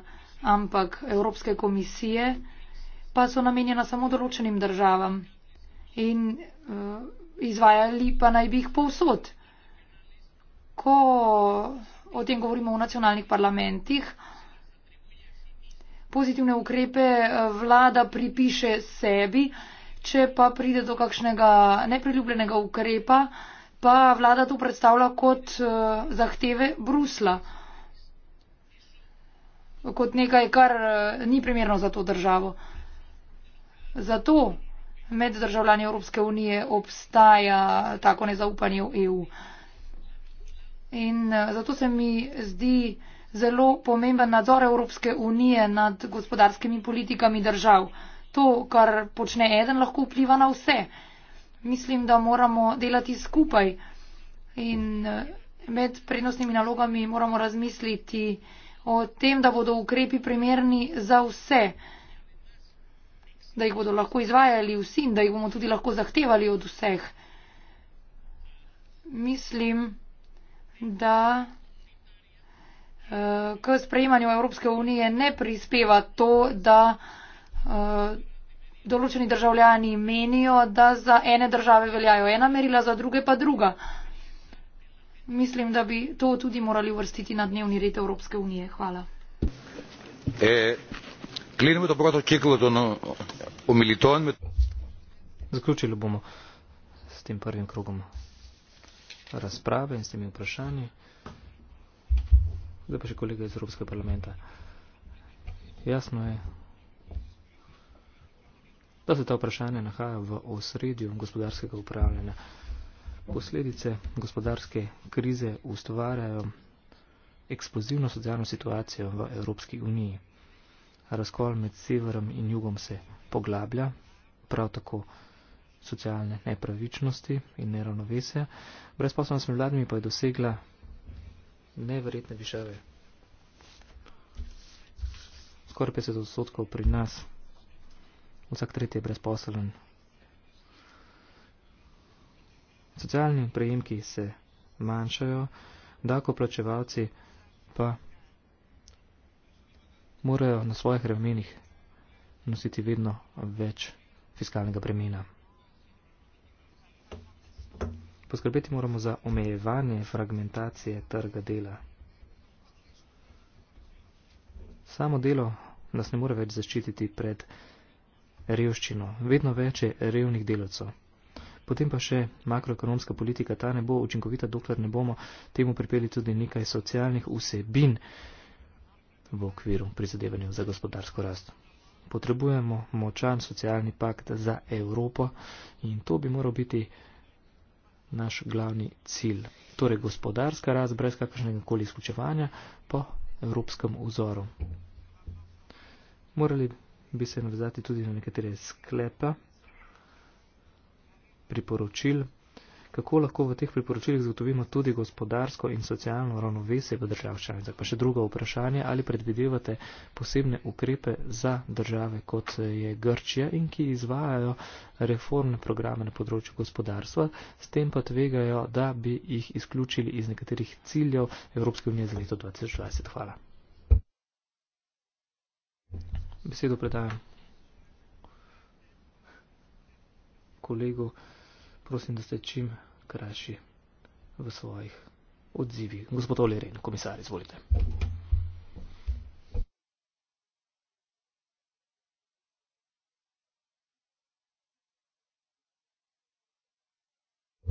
ampak Evropske komisije, pa so namenjena samo določenim državam in uh, izvajali pa naj bi jih povsod. Ko o tem govorimo v nacionalnih parlamentih, pozitivne ukrepe eh, vlada pripiše sebi, če pa pride do kakšnega nepriljubljenega ukrepa, uh, pa vlada to predstavlja kot eh, zahteve Brusla, kot nekaj, kar eh, ni primerno za to državo. Zato med državljani Evropske unije obstaja tako nezaupanje v EU. In eh, zato se mi zdi zelo pomemben nadzor Evropske unije nad gospodarskimi politikami držav. To, kar počne eden, lahko vpliva na vse. Uh, mislim, da moramo delati skupaj in eh, med prednostnimi nalogami moramo razmisliti o tem, da bodo ukrepi primerni za vse, da jih bodo lahko izvajali vsi in da jih bomo tudi lahko zahtevali od vseh. Mislim, da eh, k sprejemanju Evropske unije ne prispeva to, da eh, določeni državljani menijo, da za ene države veljajo ena merila, za druge pa druga. Mislim, da bi to tudi morali uvrstiti na dnevni red Evropske unije. Hvala. E, no, Zaključili bomo s tem prvim krogom razprave in s temi vprašanji. Zdaj pa še kolega iz Evropskega parlamenta. Jasno je, da se ta vprašanja nahaja v osredju gospodarskega upravljanja. Posledice gospodarske krize ustvarjajo eksplozivno socialno situacijo v Evropski uniji. Razkol med severom in jugom se poglablja, prav tako socialne nepravičnosti in neravnovesja. Brezposobnost med vladami pa je dosegla neverjetne višave. Skoraj 50 odstotkov pri nas vsak tretji je brezposelen. Socialni prejemki se manjšajo, dakoplačevalci pa morajo na svojih ramenih nositi vedno več fiskalnega bremena. Poskrbeti moramo za omejevanje fragmentacije trga dela. Samo delo nas ne more več zaščititi pred revščino, vedno več revnih delavcev. Potem pa še makroekonomska politika, ta ne bo učinkovita, dokler ne bomo temu pripeli tudi nekaj socialnih vsebin v okviru prizadevanja za gospodarsko rast. Potrebujemo močan socialni pakt za Evropo in to bi moral biti naš glavni cilj. Torej gospodarska rast brez kakršnega koli izključevanja po evropskem vzoru. Morali bi se navzati tudi na nekatere sklepe, priporočil, kako lahko v teh priporočilih zagotovimo tudi gospodarsko in socialno ravnovesje v državah članicah. Pa še drugo vprašanje, ali predvidevate posebne ukrepe za države, kot je Grčija in ki izvajajo reformne programe na področju gospodarstva, s tem pa tvegajo, da bi jih izključili iz nekaterih ciljev Evropske unije za leto 2020. Hvala besedo predajam. Kolego, prosim, da ste čim krajši v svojih odzivih. Gospod Oleren, komisar, izvolite.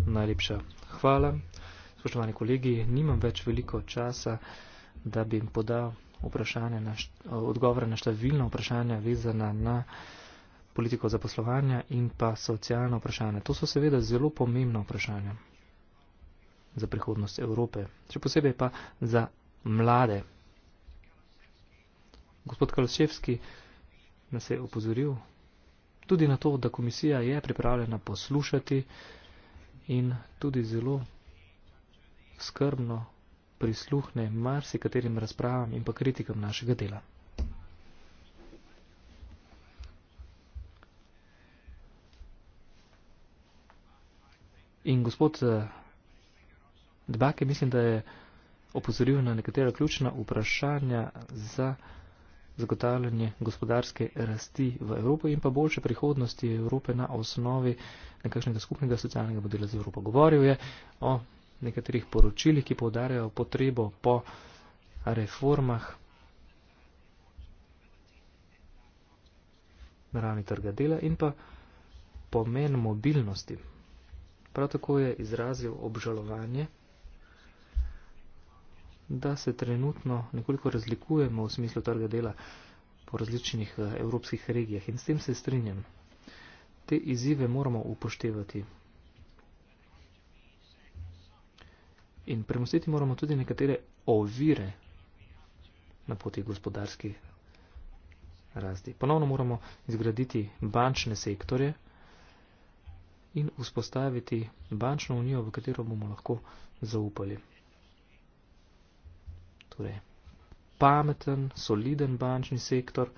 Najlepša hvala. Spoštovani kolegi, nimam več veliko časa, da bi jim podal vprašanje, na odgovore na številna vprašanja vezana na politiko zaposlovanja in pa socialna vprašanja. To so seveda zelo pomembna vprašanja za prihodnost Evrope, še posebej pa za mlade. Gospod Kalševski nas je opozoril tudi na to, da komisija je pripravljena poslušati in tudi zelo skrbno prisluhne marsikaterim razpravam in pa kritikam našega dela. In gospod eh, Dbake, mislim, da je opozoril na nekatera ključna vprašanja za zagotavljanje gospodarske rasti v Evropo in pa boljše prihodnosti Evrope na osnovi nekakšnega skupnega socialnega modela za Evropo. Govoril je o nekaterih poročilih, ki povdarjajo potrebo po reformah na ravni trga dela in pa pomen mobilnosti. Prav tako je izrazil obžalovanje, da se trenutno nekoliko razlikujemo v smislu trga dela po različnih eh, evropskih regijah in s tem se strinjam. Te izzive moramo upoštevati In premostiti moramo tudi nekatere ovire na poti gospodarski rasti. Ponovno moramo izgraditi bančne sektorje in vzpostaviti bančno unijo, v katero bomo lahko zaupali. Torej, pameten, soliden bančni sektor,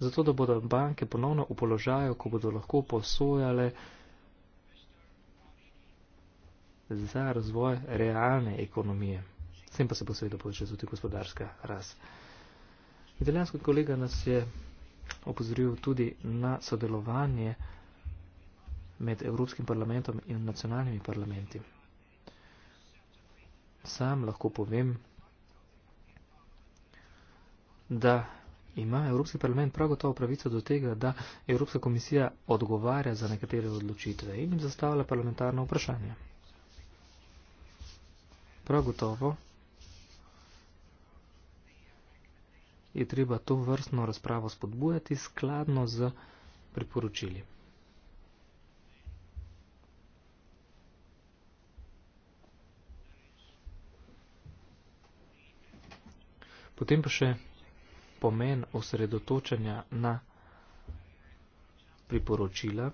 zato da bodo banke ponovno v položaju, ko bodo lahko posojale za razvoj realne ekonomije. Sem pa se posvetil povečal tudi gospodarska rast. Italijanski kolega nas je opozoril tudi na sodelovanje med Evropskim parlamentom in nacionalnimi parlamenti. Sam lahko povem, da ima Evropski parlament prav gotovo pravico do tega, da Evropska komisija odgovarja za nekatere odločitve in jim zastavlja parlamentarno vprašanje. Prav gotovo je treba to vrstno razpravo spodbujati skladno z priporočili. Potem pa še pomen osredotočanja na priporočila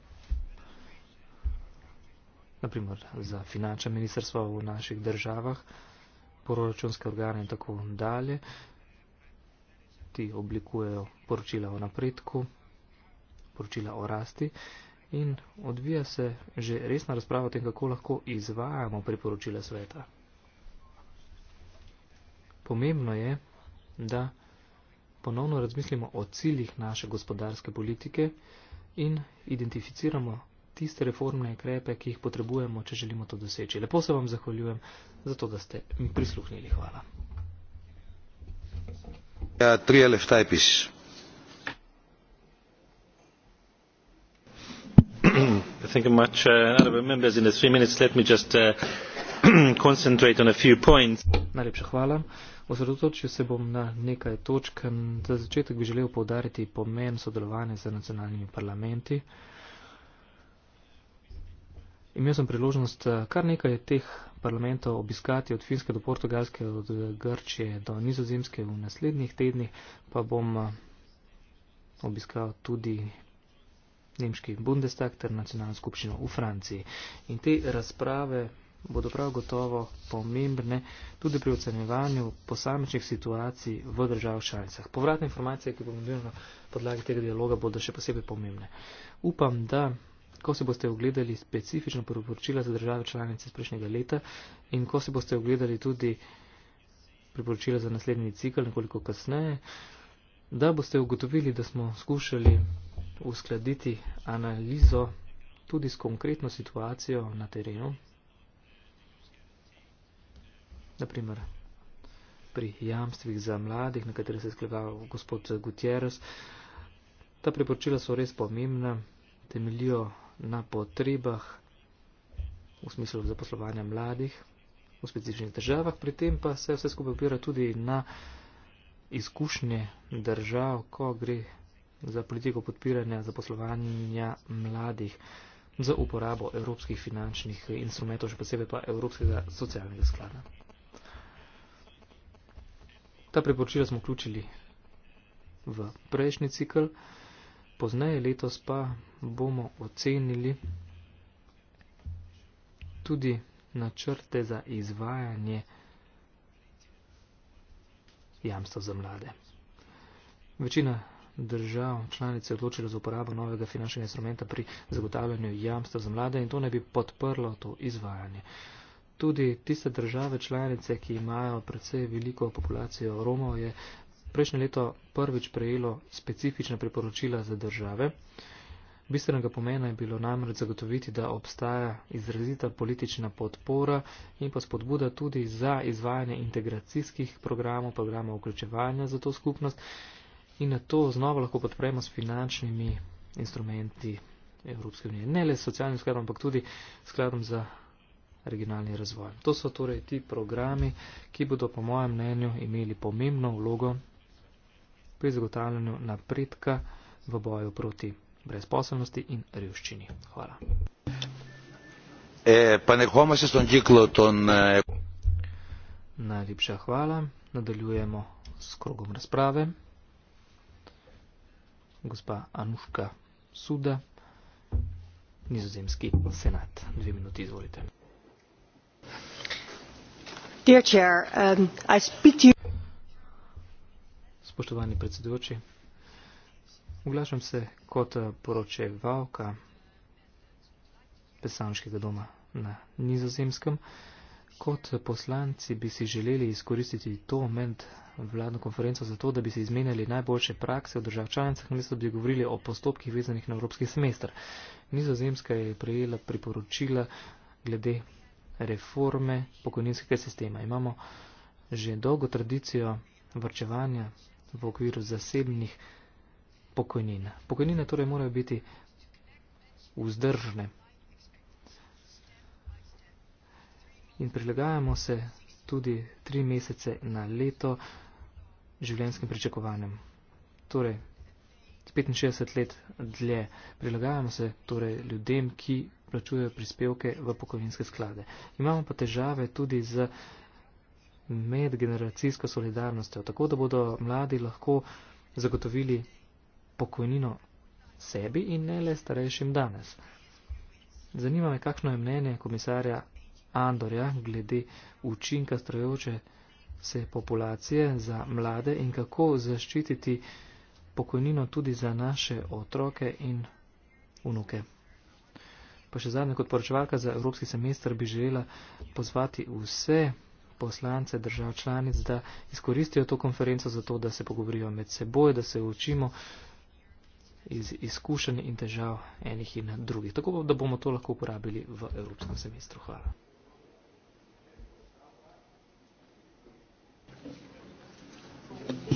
naprimer za finančna ministrstva v naših državah, proračunske organe in tako dalje. Ti oblikujejo poročila o napredku, poročila o rasti in odvija se že resna razprava o tem, kako lahko izvajamo priporočila sveta. Pomembno je, da ponovno razmislimo o ciljih naše gospodarske politike in identificiramo tiste reformne krepe, ki jih potrebujemo, če želimo to doseči. Lepo se vam zahvaljujem za to, da ste mi prisluhnili. Hvala. Ja, Trijele Štajpiš. Thank you much, uh, honourable members. In the three minutes, let me just uh, concentrate on a few points. Najlepša hvala. Osredotočil se bom na nekaj točk. Za začetek bi želel povdariti pomen sodelovanja z nacionalnimi parlamenti. Uh, Imel sem priložnost eh, kar nekaj teh parlamentov obiskati, od Finske do Portugalske, od eh, Grčije do Nizozemske v naslednjih tednih, pa bom eh, obiskal tudi Nemški Bundestag ter nacionalno skupščino v Franciji. In te razprave bodo prav gotovo pomembne tudi pri ocenjevanju posamečnih situacij v državah članicah. Povratne informacije, ki bom dobil na podlagi tega dialoga, bodo še posebej pomembne. Upam, da ko si boste ogledali specifično priporočila za države članice z prejšnjega leta in ko si boste ogledali tudi priporočila za naslednji cikl nekoliko kasneje, da boste ugotovili, da smo skušali uskladiti analizo tudi s konkretno situacijo na terenu, naprimer pri jamstvih za mladih, na katere se je skleval gospod Gutierrez. Ta priporočila so res pomembna, temeljijo na potrebah v smislu zaposlovanja mladih v specifičnih državah, pri tem pa se vse skupaj opira tudi na izkušnje držav, ko gre za politiko podpiranja zaposlovanja mladih za uporabo evropskih finančnih instrumentov, še posebej pa Evropskega socialnega sklada. Ta priporočila smo vključili v prejšnji cikl pozneje letos pa bomo ocenili tudi načrte za izvajanje jamstva za mlade. Večina držav članic je odločila za uporabo novega finančnega instrumenta pri zagotavljanju jamstva za mlade in to ne bi podprlo to izvajanje. Tudi tiste države članice, ki imajo predvsej veliko populacijo Romov, je prejšnje leto prvič prejelo specifična priporočila za države. Bistvenega pomena je bilo namreč zagotoviti, da obstaja izrazita politična podpora in pa spodbuda tudi za izvajanje integracijskih programov, programov vključevanja za to skupnost in na to znova lahko podpremo s finančnimi instrumenti Evropske unije. Ne le s socialnim skladom, ampak tudi skladom za regionalni razvoj. To so torej ti programi, ki bodo po mojem mnenju imeli pomembno vlogo pri zagotavljanju napredka v boju proti brezposobnosti in revščini. Hvala. E, e, Najlepša hvala. Nadaljujemo s krogom razprave. Gospa Anuška Suda, nizozemski senat. Dve minuti izvolite. Dear chair, um, I speak to you spoštovani predsedujoči. Oglašam se kot eh, poročevalka pesanskega doma na nizozemskem. Kot poslanci bi si želeli izkoristiti to moment vladno konferenco za to, da bi se izmenjali najboljše prakse v držav članicah, namesto da bi govorili o postopkih vezanih na evropski semester. Nizozemska je prejela priporočila glede reforme pokojninskega sistema. Imamo že dolgo tradicijo vrčevanja v okviru zasebnih pokojnin. Pokojnine torej morajo biti vzdržne. In prilagajamo se tudi tri mesece na leto življenjskim pričakovanjem. Torej, 65 let dlje prilagajamo se torej, ljudem, ki plačujejo prispevke v pokojninske sklade. Imamo pa težave tudi z medgeneracijsko solidarnostjo, tako da bodo mladi lahko zagotovili pokojnino sebi in ne le starejšim danes. Zanima me, kakšno je mnenje komisarja Andorja glede učinka strojoče se populacije za mlade in kako zaščititi pokojnino tudi za naše otroke in unuke. Pa še zadnje, kot poročevalka za evropski semester bi želela pozvati vse poslance držav članic, da izkoristijo to konferenco za to, da se pogovorijo med seboj, da se učimo iz izkušenj in težav enih in drugih. Tako da bomo to lahko uporabili v evropskem semestru. Hvala.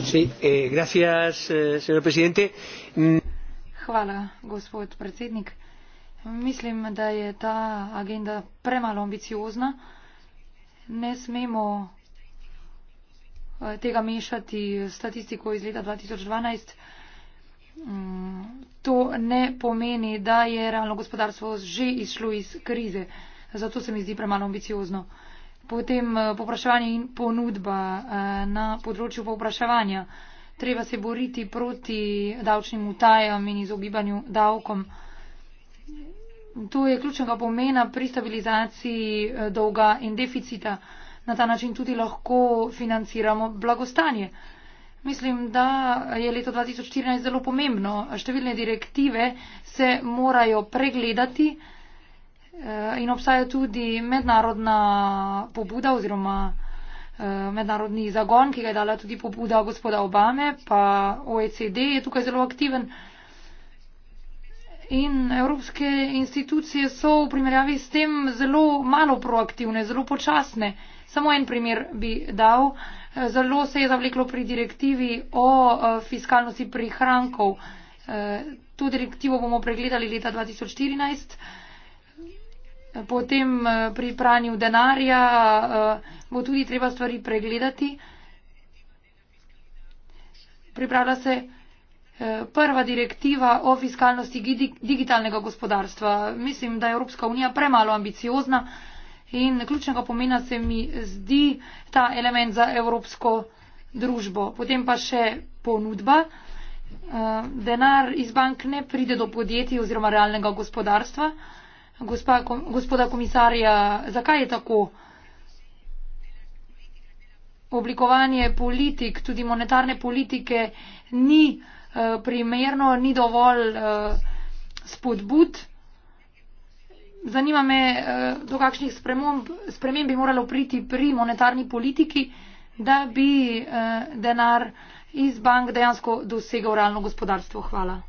Sí, eh, gracias, eh, señor presidente. Mm. Hvala, gospod predsednik. Mislim, da je ta agenda premalo ambiciozna ne smemo eh, tega mešati statistiko iz leta 2012. Mm, to ne pomeni, da je realno gospodarstvo že izšlo iz krize. Zato se mi zdi premalo ambiciozno. Potem eh, popraševanje in ponudba eh, na področju popraševanja. Treba se boriti proti davčnim utajam in izogibanju davkom. To je ključnega pomena pri stabilizaciji eh, dolga in deficita. Na ta način tudi lahko financiramo blagostanje. Mislim, da je leto 2014 zelo pomembno. Številne direktive se morajo pregledati eh, in obstaja tudi mednarodna pobuda oziroma eh, mednarodni zagon, ki ga je dala tudi pobuda gospoda Obame, pa OECD je tukaj zelo aktiven. In evropske institucije so v primerjavi s tem zelo malo proaktivne, zelo počasne. Samo en primer bi dal. Zelo se je zavleklo pri direktivi o eh, fiskalnosti prihrankov. Eh, to direktivo bomo pregledali leta 2014. Potem eh, pri pranju denarja bo tudi treba stvari pregledati. Pripravlja se prva direktiva o fiskalnosti digitalnega gospodarstva. Mislim, da je Evropska unija premalo ambiciozna in ključnega pomena se mi zdi ta element za evropsko družbo. Potem pa še ponudba. Eh, denar iz bank ne pride do podjetij oziroma realnega gospodarstva. Gospa, gospoda komisarja, zakaj je tako? Oblikovanje politik, tudi monetarne politike, ni Eh, primerno ni dovolj eh, spodbud. Zanima me, eh, do kakšnih sprememb bi moralo priti pri monetarni politiki, da bi denar iz bank dejansko dosegal realno gospodarstvo. Hvala.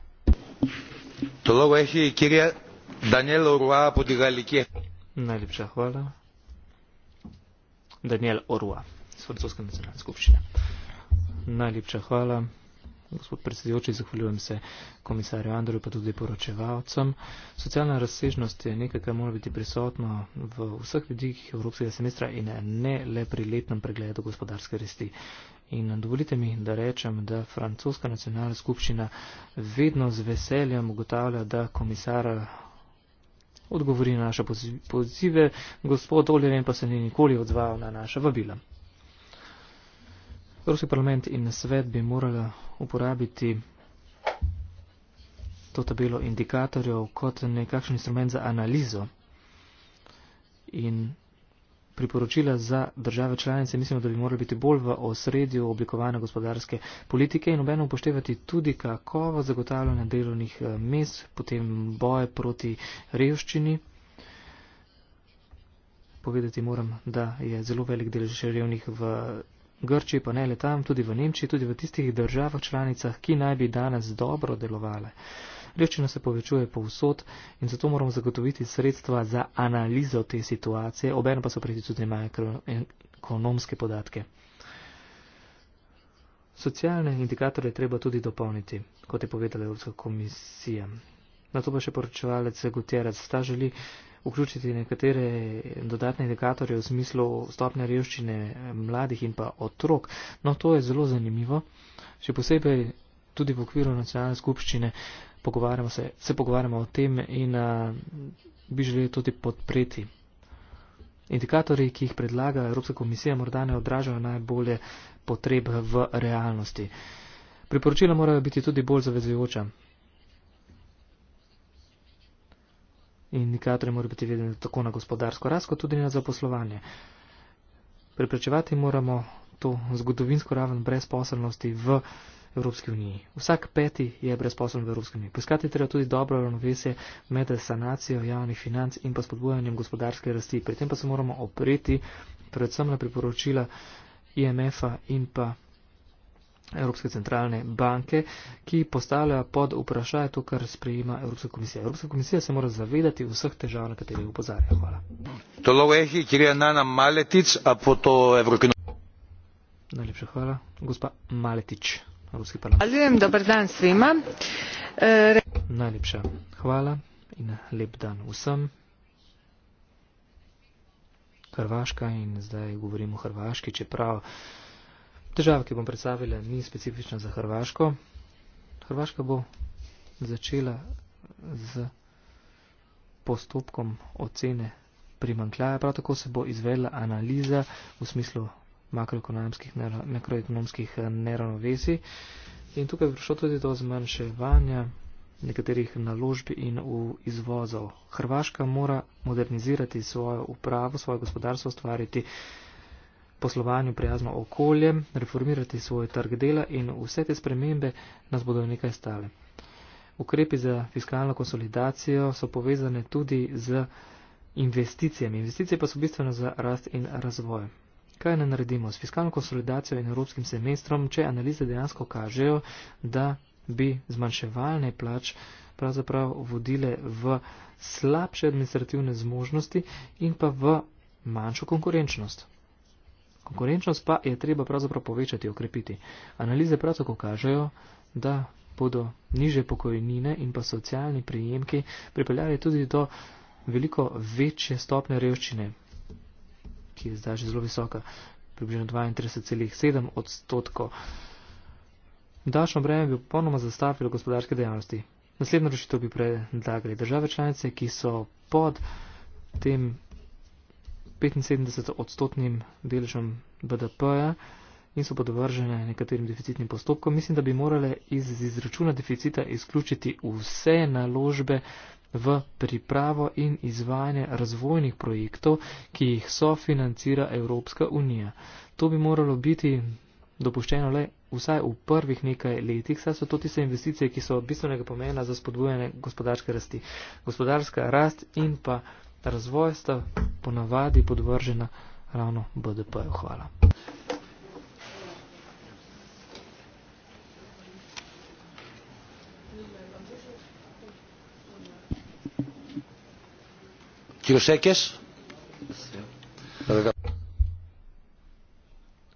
Najlepša hvala. Daniel Orua, Svrcovska nacionalna skupščina. Najlepša hvala gospod predsedujoči, zahvaljujem se komisarju Andorju, pa tudi poročevalcem. Socialna razsežnost je nekaj, kar mora biti prisotno v vseh vidikih Evropskega semestra in ne le pri letnem pregledu gospodarske resti. In dovolite mi, da rečem, da francoska nacionalna skupščina vedno z veseljem ugotavlja, da komisar odgovori na naše pozive, gospod Oljen pa se ni nikoli odzval na naše vabila. Evropski parlament in svet bi morali uporabiti to tabelo indikatorjev kot nekakšen instrument za analizo in priporočila za države članice. Mislim, da bi morali biti bolj v osredju oblikovane gospodarske politike in obenem upoštevati tudi kakovo zagotavljanje delovnih eh, mest, potem boje proti revščini. Povedati moram, da je zelo velik delež revnih v Grčiji, pa ne le tam, tudi v Nemčiji, tudi v tistih državah članicah, ki naj bi danes dobro delovale. Revščina se povečuje povsod in zato moramo zagotoviti sredstva za analizo te situacije, obenem pa so priti tudi makroekonomske podatke. Socialne indikatorje treba tudi dopolniti, kot je povedala Evropska komisija. Na to pa še poročevalec Gutierrez, ta želi vključiti nekatere dodatne indikatorje v smislu stopnja revščine eh, mladih in pa otrok. No, to je zelo zanimivo. Še posebej tudi v okviru nacionalne skupščine pogovarjamo se, se pogovarjamo o tem in a, eh, bi želeli tudi podpreti. Indikatorji, ki jih predlaga Evropska komisija, morda ne odražajo najbolje potreb v realnosti. Priporočila morajo biti tudi bolj zavezujoča. Indikatorji morajo biti vedeni tako na gospodarsko rast, kot tudi na zaposlovanje. Preprečevati moramo to zgodovinsko raven brezposobnosti v Evropski uniji. Vsak peti je brezposobn v Evropski uniji. Poiskati treba tudi dobro ravnovesje med sanacijo javnih financ in pa spodbujanjem gospodarske rasti. Pri tem pa se moramo opreti predvsem na priporočila IMF-a in pa. Evropske centralne banke, ki postavlja pod vprašaj to, kar sprejema Evropska komisija. Evropska komisija se mora zavedati vseh težav, na katere upozarja. Hvala. Najlepša hvala. Gospa Maletič, Evropski parlament. Dobar dan svima. E, Najlepša hvala in lep dan vsem. Hrvaška in zdaj govorimo o Hrvaški, čeprav. Država, ki bom predstavila, ni specifična za Hrvaško. Hrvaška bo začela z postopkom ocene primankljaja. Prav tako se bo izvela analiza v smislu makroekonomskih, makroekonomskih eh, neravnovesij. In tukaj je prišlo tudi do zmanjševanja nekaterih naložb in izvozov. Hrvaška mora modernizirati svojo upravo, svoje gospodarstvo, stvariti poslovanju prijazno okolje, reformirati svoj trg dela in vse te spremembe nas bodo nekaj stale. Ukrepi za fiskalno konsolidacijo so povezane tudi z investicijami. Investicije pa so bistvene za rast in razvoj. Kaj ne naredimo s fiskalno konsolidacijo in evropskim semestrom, če analize dejansko kažejo, da bi zmanjševalne plač pravzaprav vodile v slabše administrativne zmožnosti in pa v manjšo konkurenčnost. Konkurenčnost pa je treba pravzaprav povečati, okrepiti. Analize prav tako kažejo, da bodo niže pokojnine in pa socialni prijemki pripeljali tudi do veliko večje stopne revščine, ki je zdaj že zelo visoka, približno 32,7 odstotkov. Dačno breme bi ponoma zastavilo gospodarske dejavnosti. Naslednjo rešitev bi predlagali države članice, ki so pod tem 75-odstotnim deležem BDP-ja in so podvržene nekaterim deficitnim postopkom. Mislim, da bi morale iz izračuna deficita izključiti vse naložbe v pripravo in izvajanje razvojnih projektov, ki jih sofinancira Evropska unija. To bi moralo biti dopuščeno le vsaj v prvih nekaj letih, saj so to tiste investicije, ki so bistvenega pomena za spodbujanje gospodarske rasti. Gospodarska rast in pa razvoj sta ponavadi podvržena ravno BDP-ju. Hvala. Kirošekes?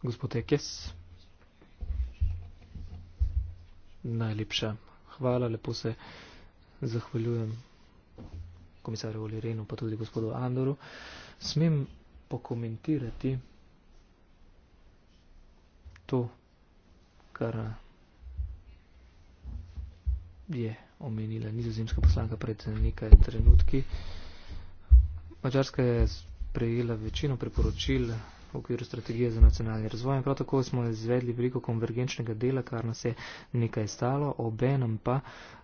Gospod Ekes, najlepša hvala, lepo se zahvaljujem komisarju Olirenu, pa tudi gospodu Andoru, smem pokomentirati to, kar je omenila nizozemska poslanka pred nekaj trenutki. Mačarska je prejela večino priporočil v okviru strategije za nacionalni razvoj. Prav tako smo izvedli veliko konvergenčnega dela, kar nas je nekaj stalo, obenem pa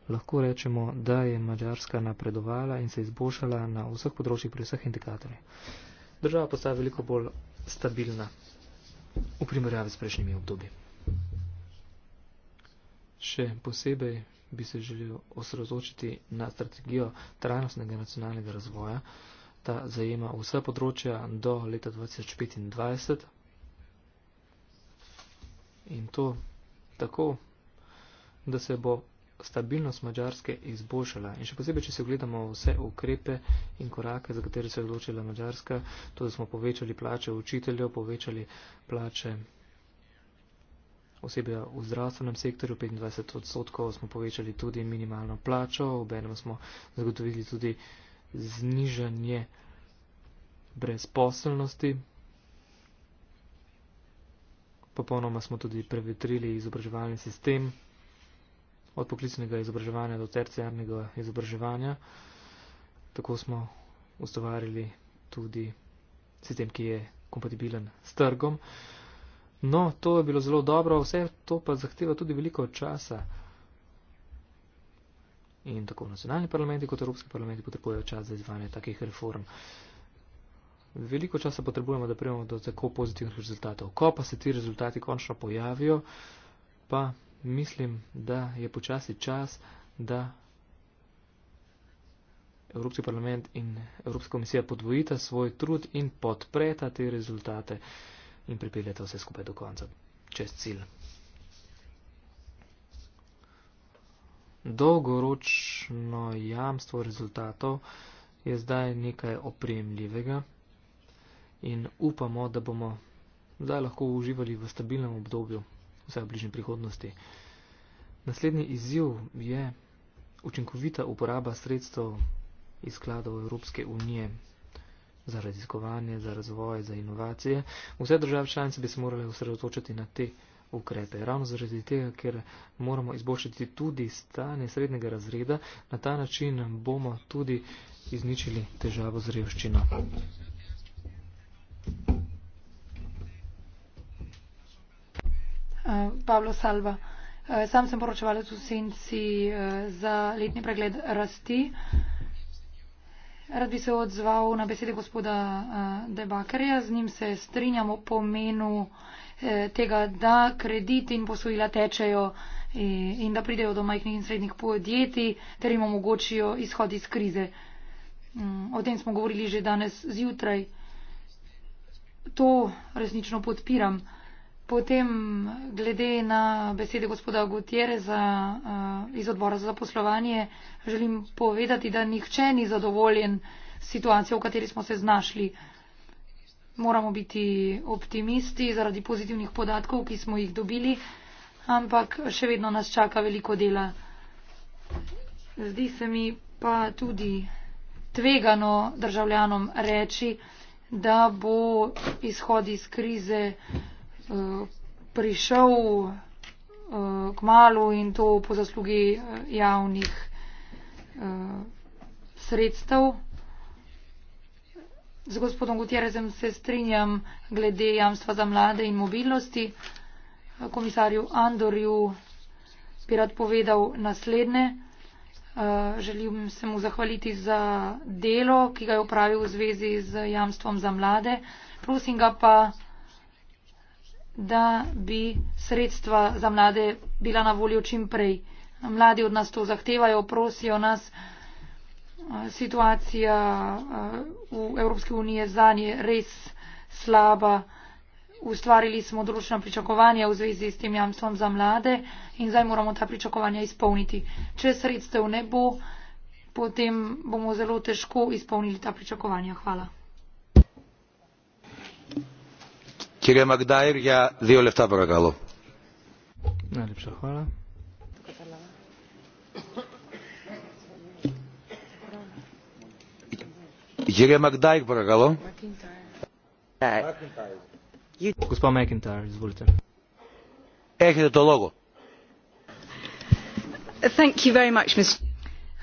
lahko rečemo, da je Mačarska napredovala in se izboljšala na vseh področjih pri vseh indikatorjih. Država postaja veliko bolj stabilna v primerjavi s prejšnjimi obdobji. Še posebej bi se želel osredotočiti na strategijo trajnostnega nacionalnega razvoja. Ta zajema vse področja do leta 2025 in to tako, da se bo stabilnost Mačarske izboljšala. In še posebej, če se ogledamo vse ukrepe in korake, za katere se je odločila Mačarska, to, da smo povečali plače učiteljev, povečali plače osebja v zdravstvenem sektorju, 25 odstotkov smo povečali tudi minimalno plačo, obenem smo zagotovili tudi znižanje brezposelnosti. Popolnoma smo tudi prevetrili izobraževalni sistem, od poklicnega izobraževanja do tercijarnega izobraževanja. Tako smo ustvarili tudi sistem, ki je kompatibilen s trgom. No, to je bilo zelo dobro, vse to pa zahteva tudi veliko časa in tako nacionalni parlamenti kot evropski parlamenti potrebujejo čas za izvajanje takih reform. Veliko časa potrebujemo, da prijemo do tako pozitivnih rezultatov. Ko pa se ti rezultati končno pojavijo, pa mislim, da je počasi čas, da Evropski parlament in Evropska komisija podvojita svoj trud in podpreta te rezultate in pripeljeta vse skupaj do konca. Čest cilj. dolgoročno jamstvo rezultatov je zdaj nekaj opremljivega in upamo, da bomo zdaj lahko uživali v stabilnem obdobju, vsaj v bližnji prihodnosti. Naslednji izziv je učinkovita uporaba sredstev iz skladov Evropske unije za raziskovanje, za razvoj, za inovacije. Vse države članice bi se morale osredotočiti na te ukrepe. Ravno zaradi tega, ker moramo izboljšati tudi stanje srednjega razreda, na ta način bomo tudi izničili težavo z revščino. Eh, Pablo Salva, eh, sam sem poročevalec v Senci eh, za letni pregled rasti. Rad bi se odzval na besede gospoda Debakarja, z njim se strinjamo o pomenu Eh, tega, da kredit in posojila tečejo eh, in da pridejo do majhnih in srednjih podjetij ter jim omogočijo izhod iz krize. Mm, o tem smo govorili že danes zjutraj. To resnično podpiram. Potem glede na besede gospoda Gutjereza eh, iz odbora za zaposlovanje želim povedati, da nihče ni zadovoljen situacijo, v kateri smo se znašli moramo biti optimisti zaradi pozitivnih podatkov, ki smo jih dobili, ampak še vedno nas čaka veliko dela. Zdi se mi pa tudi tvegano državljanom reči, da bo izhod iz krize uh, prišel uh, k malu in to po zaslugi eh, javnih uh, sredstev. Z gospodom Gutjerezem se strinjam glede jamstva za mlade in mobilnosti. Komisarju Andorju bi rad povedal naslednje. Eh, želim se mu zahvaliti za delo, ki ga je upravil v zvezi z jamstvom za mlade. Prosim ga pa, da bi sredstva za mlade bila na voljo čim prej. Mladi od nas to zahtevajo, prosijo nas situacija v Evropski uniji je zanje res slaba. Ustvarili smo določena pričakovanja v zvezi s tem jamstvom za mlade in zdaj moramo ta pričakovanja izpolniti. Če sredstev ne bo, potem bomo zelo težko izpolnili ta pričakovanja. Hvala. Ja, Najlepša hvala. gospa mcintyre izvolite egiptologu eh,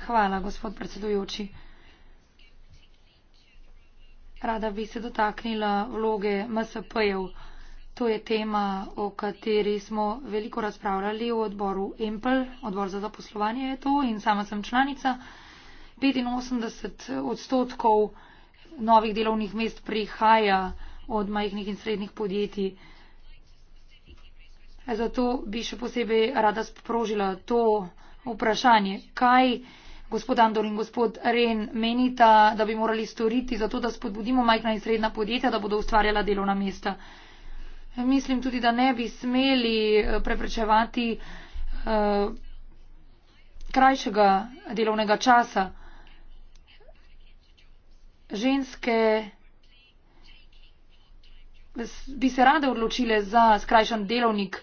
hvala gospod predsedujoči rada bi se dotaknila vloge msp-jev to je tema o kateri smo veliko razpravljali v odboru empl odbor za zaposlovanje je to in sama sem članica petinosemdeset odstotkov novih delovnih mest prihaja od majhnih in srednjih podjetij. Zato bi še posebej rada sprožila to vprašanje, kaj gospod Andor in gospod Ren menita, da bi morali storiti za to, da spodbudimo majhna in srednja podjetja, da bodo ustvarjala delovna mesta. Mislim tudi, da ne bi smeli eh, preprečevati uh, krajšega delovnega časa ženske bi se rade odločile za skrajšan delovnik.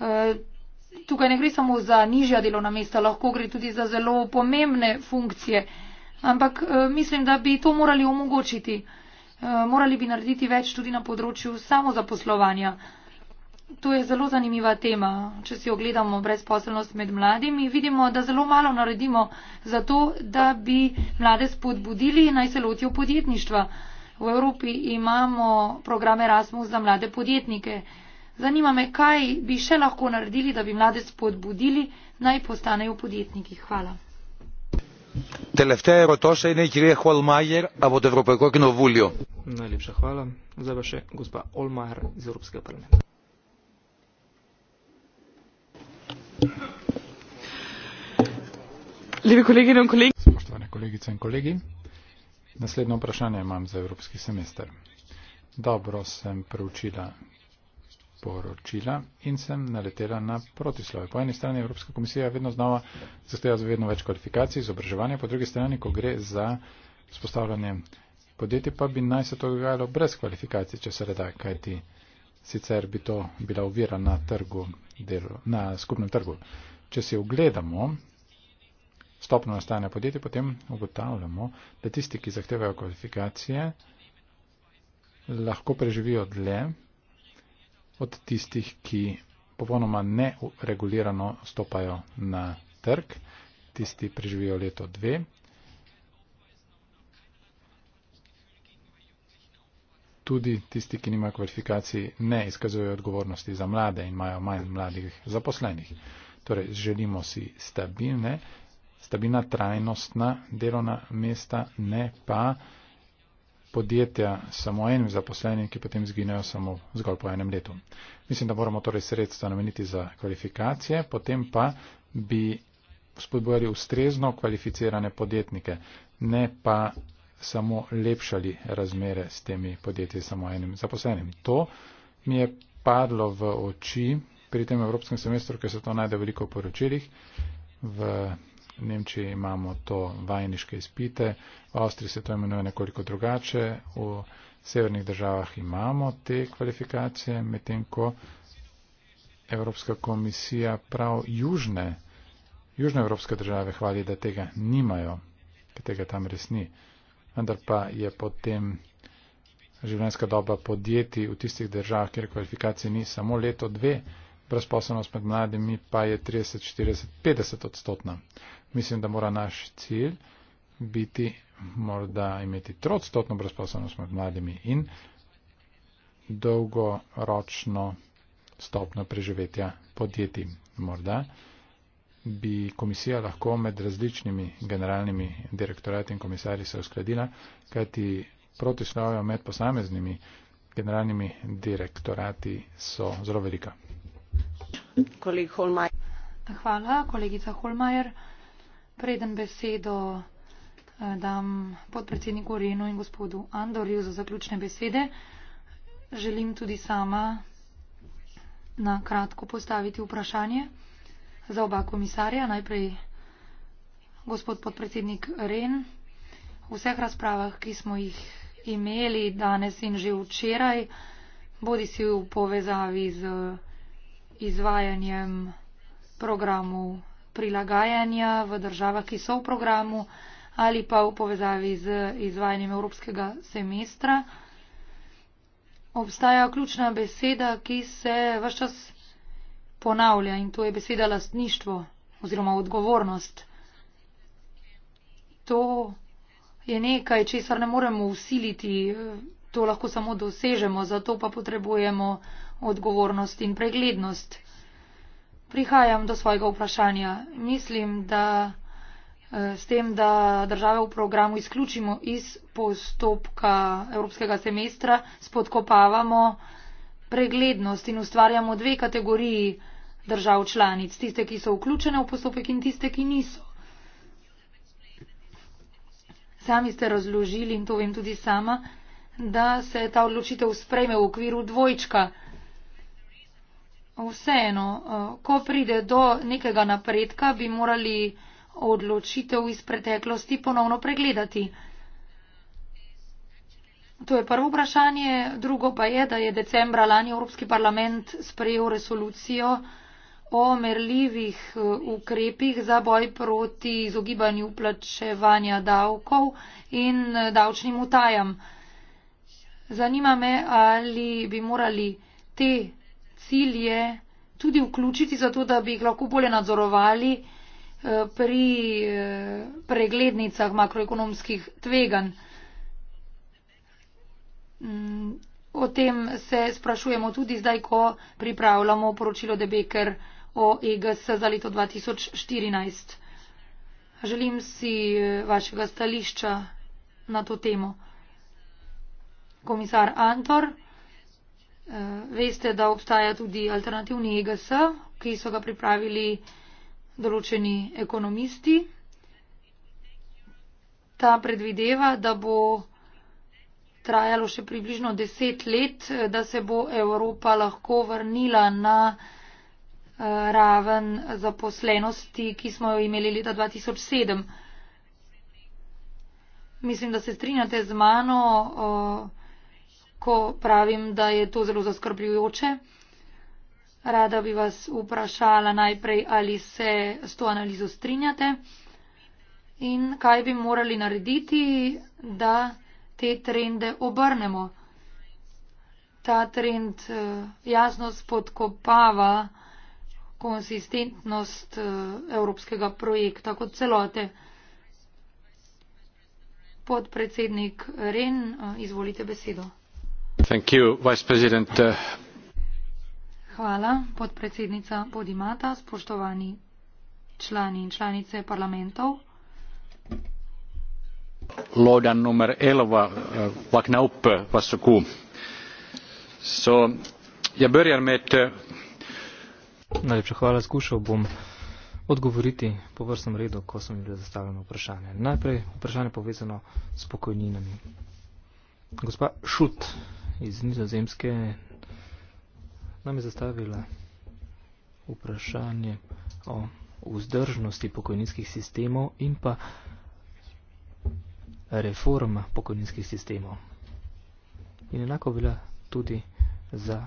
Eh, tukaj ne gre samo za nižja delovna mesta, lahko gre tudi za zelo pomembne funkcije, ampak eh, mislim, da bi to morali omogočiti. Eh, morali bi narediti več tudi na področju samozaposlovanja. To je zelo zanimiva tema. Če si ogledamo brezposelnost med mladimi, vidimo, da zelo malo naredimo za to, da bi mlade spodbudili naj se lotijo podjetništva. V Evropi imamo program Erasmus za mlade podjetnike. Zanima me, kaj bi še lahko naredili, da bi mlade spodbudili naj postanejo podjetniki. Hvala. Telefteja Rotoša in Kirija Holmajer, a bodo Evropsko kinovuljo. Najlepša hvala. Zdaj pa še gospa Olmar iz Evropskega parlamenta. Liebe Kolleginnen und Kollegen, Spoštovane kolegice in kolegi, naslednje vprašanje imam za evropski semester. Dobro sem preučila poročila in sem naletela na protislove. Po eni strani Evropska komisija vedno znova zahteva za vedno več kvalifikacij, izobraževanja, po drugi strani, ko gre za spostavljanje podjetij, pa bi naj se to dogajalo brez kvalifikacij, če se reda, kaj ti sicer bi to bila uvira na, trgu, na skupnem trgu. Če si ogledamo stopno nastajanja podjetja, potem ugotavljamo, da tisti, ki zahtevajo kvalifikacije, lahko preživijo dlje od tistih, ki popolnoma neregulirano stopajo na trg. Tisti preživijo leto dve, tudi tisti, ki nimajo kvalifikacij, ne izkazujejo odgovornosti za mlade in imajo manj mladih zaposlenih. Torej, želimo si stabilne, stabilna trajnostna delovna mesta, ne pa podjetja samo enim zaposlenim, ki potem zginejo samo zgolj po enem letu. Mislim, da moramo torej sredstva nameniti za kvalifikacije, potem pa bi spodbojali ustrezno kvalificirane podjetnike, ne pa samo lepšali razmere s temi podjetji, samo enim zaposlenim. To mi je padlo v oči pri tem evropskem semestru, ker se to najde veliko v poročilih. V Nemčiji imamo to vajniške izpite, v Avstriji se to imenuje nekoliko drugače, v severnih državah imamo te kvalifikacije, medtem ko Evropska komisija prav južne, južne evropske države hvali, da tega nimajo, ker tega tam res ni vendar pa je potem življenjska doba podjetij v tistih državah, kjer kvalifikacije ni samo leto, dve, brezposobnost med mladimi pa je 30, 40, 50 odstotna. Mislim, da mora naš cilj biti morda imeti trodstotno brezposobnost med mladimi in dolgoročno stopno preživetja podjetij. Morda bi komisija lahko med različnimi generalnimi direktorati in komisarji se uskladila, kajti protislovja med posameznimi generalnimi direktorati so zelo velika. Kolega Holmajer. Hvala, kolegica Holmajer. Preden besedo eh, dam podpredsedniku Renu in gospodu Andorju za zaključne besede, želim tudi sama na kratko postaviti vprašanje za oba komisarja. Najprej gospod podpredsednik Ren. V vseh razpravah, ki smo jih imeli danes in že včeraj, bodi si v povezavi z izvajanjem programu prilagajanja v državah, ki so v programu ali pa v povezavi z izvajanjem evropskega semestra. Obstaja ključna beseda, ki se vse čas ponavlja in to je beseda lastništvo oziroma odgovornost. To je nekaj, česar ne moremo usiliti, to lahko samo dosežemo, zato pa potrebujemo odgovornost in preglednost. Prihajam do svojega vprašanja. Mislim, da eh, s tem, da države v programu izključimo iz postopka evropskega semestra, spodkopavamo preglednost in ustvarjamo dve kategoriji držav članic, tiste, ki so vključene v postopek in tiste, ki niso. Sami ste razložili, in to vem tudi sama, da se ta odločitev sprejme v okviru dvojčka. Vseeno, eh, ko pride do nekega napredka, bi morali odločitev iz preteklosti ponovno pregledati. To je prvo vprašanje. Drugo pa je, da je decembra lani Evropski parlament sprejel resolucijo, o merljivih eh, ukrepih za boj proti izogibanju plačevanja davkov in eh, davčnim utajam. Zanima me, ali bi morali te cilje tudi vključiti, zato da bi jih lahko bolje nadzorovali eh, pri preglednicah makroekonomskih tveganj. Mm, o tem se sprašujemo tudi zdaj, ko pripravljamo poročilo Debeker o EGS za leto 2014. Želim si eh, vašega stališča na to temo. Komisar Antor, eh, veste, da obstaja tudi alternativni EGS, ki so ga pripravili določeni ekonomisti. Ta predvideva, da bo trajalo še približno deset let, eh, da se bo Evropa lahko vrnila na raven zaposlenosti, ki smo jo imeli leta 2007. Mislim, da se strinjate z mano, ko pravim, da je to zelo zaskrbljujoče. Rada bi vas vprašala najprej, ali se s to analizo strinjate in kaj bi morali narediti, da te trende obrnemo. Ta trend eh, jasno spodkopava konsistentnost eh, evropskega projekta kot celote. Podpredsednik Ren, eh, izvolite besedo. Thank you, vice eh. Hvala, podpredsednica Podimata, spoštovani člani in članice parlamentov. Lodan numer 11, vakna up, vas oku. So, ja börjar med Najlepša hvala, skušal bom odgovoriti po vrstnem redu, ko so mi bile zastavljene vprašanje. Najprej vprašanje povezano s pokojninami. Gospa Šut iz Nizozemske nam je zastavila vprašanje o vzdržnosti pokojninskih sistemov in pa reforma pokojninskih sistemov. In enako velja tudi za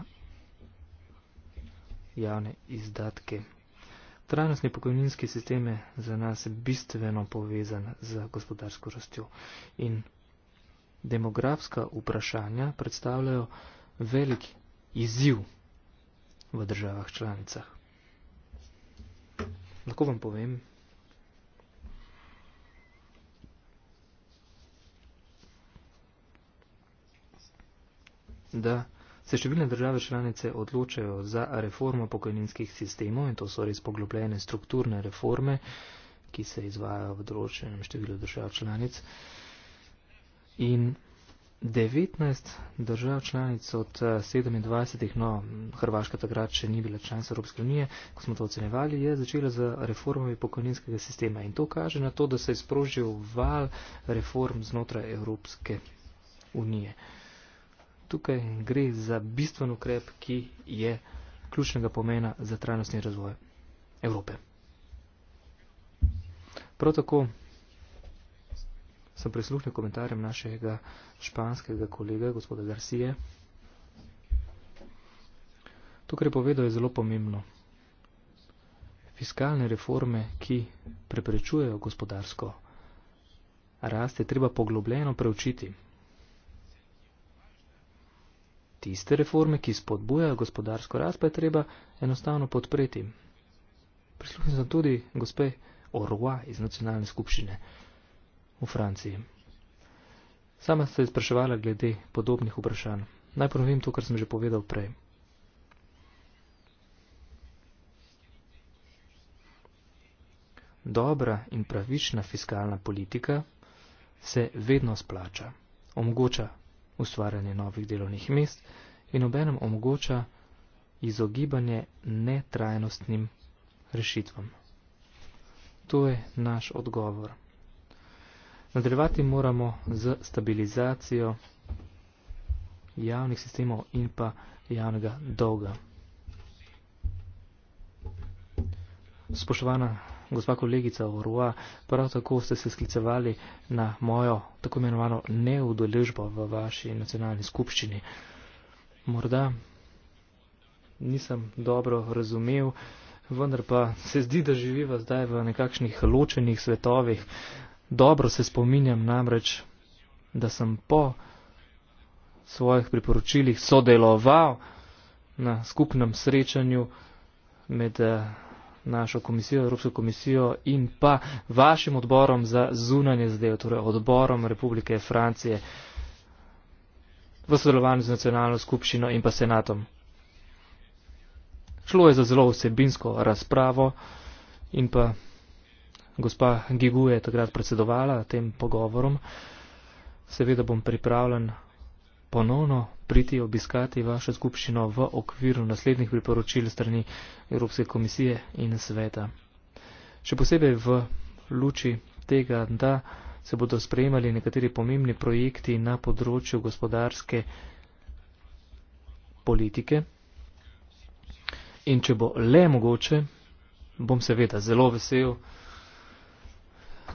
javne izdatke. Trajnostni pokojninski sistem je za nas bistveno povezan z gospodarsko rastjo in demografska vprašanja predstavljajo velik izziv v državah članicah. Lahko vam povem, da se številne države članice odločajo za reformo pokojninskih sistemov in to so res poglobljene strukturne reforme, ki se izvajajo v določenem številu držav članic. In 19 držav članic od 27, eh, no, Hrvaška takrat še ni bila članica Evropske unije, ko smo to ocenjevali, je začela z reformami pokojninskega sistema. In to kaže na to, da se je sprožil val reform znotraj Evropske unije tukaj gre za bistven ukrep, ki je ključnega pomena za trajnostni razvoj Evrope. Prav tako sem prisluhnil komentarjem našega španskega kolega, gospoda Garcije. To, kar je povedal, je zelo pomembno. Fiskalne reforme, ki preprečujejo gospodarsko rast, je treba poglobljeno preučiti. Tiste reforme, ki spodbujajo gospodarsko rast, pa je treba enostavno podpreti. Prisluhnil sem tudi gospe Orwa iz nacionalne skupščine v Franciji. Sama se je spraševala glede podobnih vprašanj. Naj ponovim to, kar sem že povedal prej. Dobra in pravična fiskalna politika se vedno splača, omogoča ustvarjanje novih delovnih mest in obenem omogoča izogibanje netrajnostnim rešitvam. To je naš odgovor. Nadaljevati moramo z stabilizacijo javnih sistemov in pa javnega dolga. Spoštovana gospa kolegica Orua, prav tako ste se sklicevali na mojo tako imenovano neudeležbo v vaši nacionalni skupščini. Morda nisem dobro razumev, vendar pa se zdi, da živiva zdaj v nekakšnih ločenih svetovih. Dobro se spominjam namreč, da sem po svojih priporočilih sodeloval na skupnem srečanju med eh, našo komisijo, Evropsko komisijo in pa vašim odborom za zunanje zadeve, torej odborom Republike Francije v sodelovanju z nacionalno skupščino in pa senatom. Šlo je za zelo vsebinsko razpravo in pa gospa Gigu je takrat predsedovala tem pogovorom. Seveda bom pripravljen ponovno priti obiskati vašo skupščino v okviru naslednjih priporočil strani Evropske komisije in sveta. Še posebej v luči tega, da se bodo sprejemali nekateri pomembni projekti na področju gospodarske politike. In če bo le mogoče, bom seveda zelo vesel,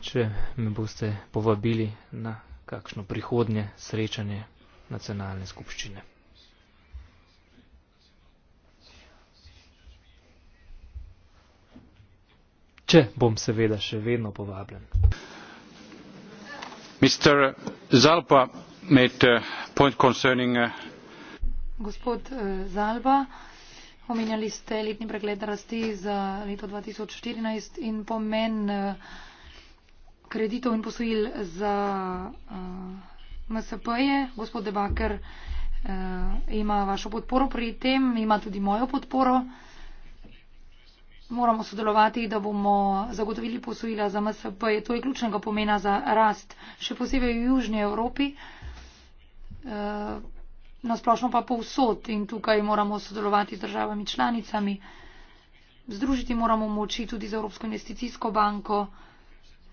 če me boste povabili na kakšno prihodnje srečanje nacionalne skupščine. Če bom seveda še vedno povabljen. Mr. Zalpa, made uh, point concerning... Uh, Gospod eh, Zalba, omenjali ste letni pregled rasti za leto 2014 in pomen eh, kreditov in posojil za uh, MSP-je. Gospod Debaker eh, ima vašo podporo pri tem, ima tudi mojo podporo. Moramo sodelovati, da bomo zagotovili posojila za MSP. -je. To je ključnega pomena za rast, še posebej v Južnji Evropi. Eh, nasplošno pa povsod in tukaj moramo sodelovati z državami članicami. Združiti moramo moči tudi z Evropsko investicijsko banko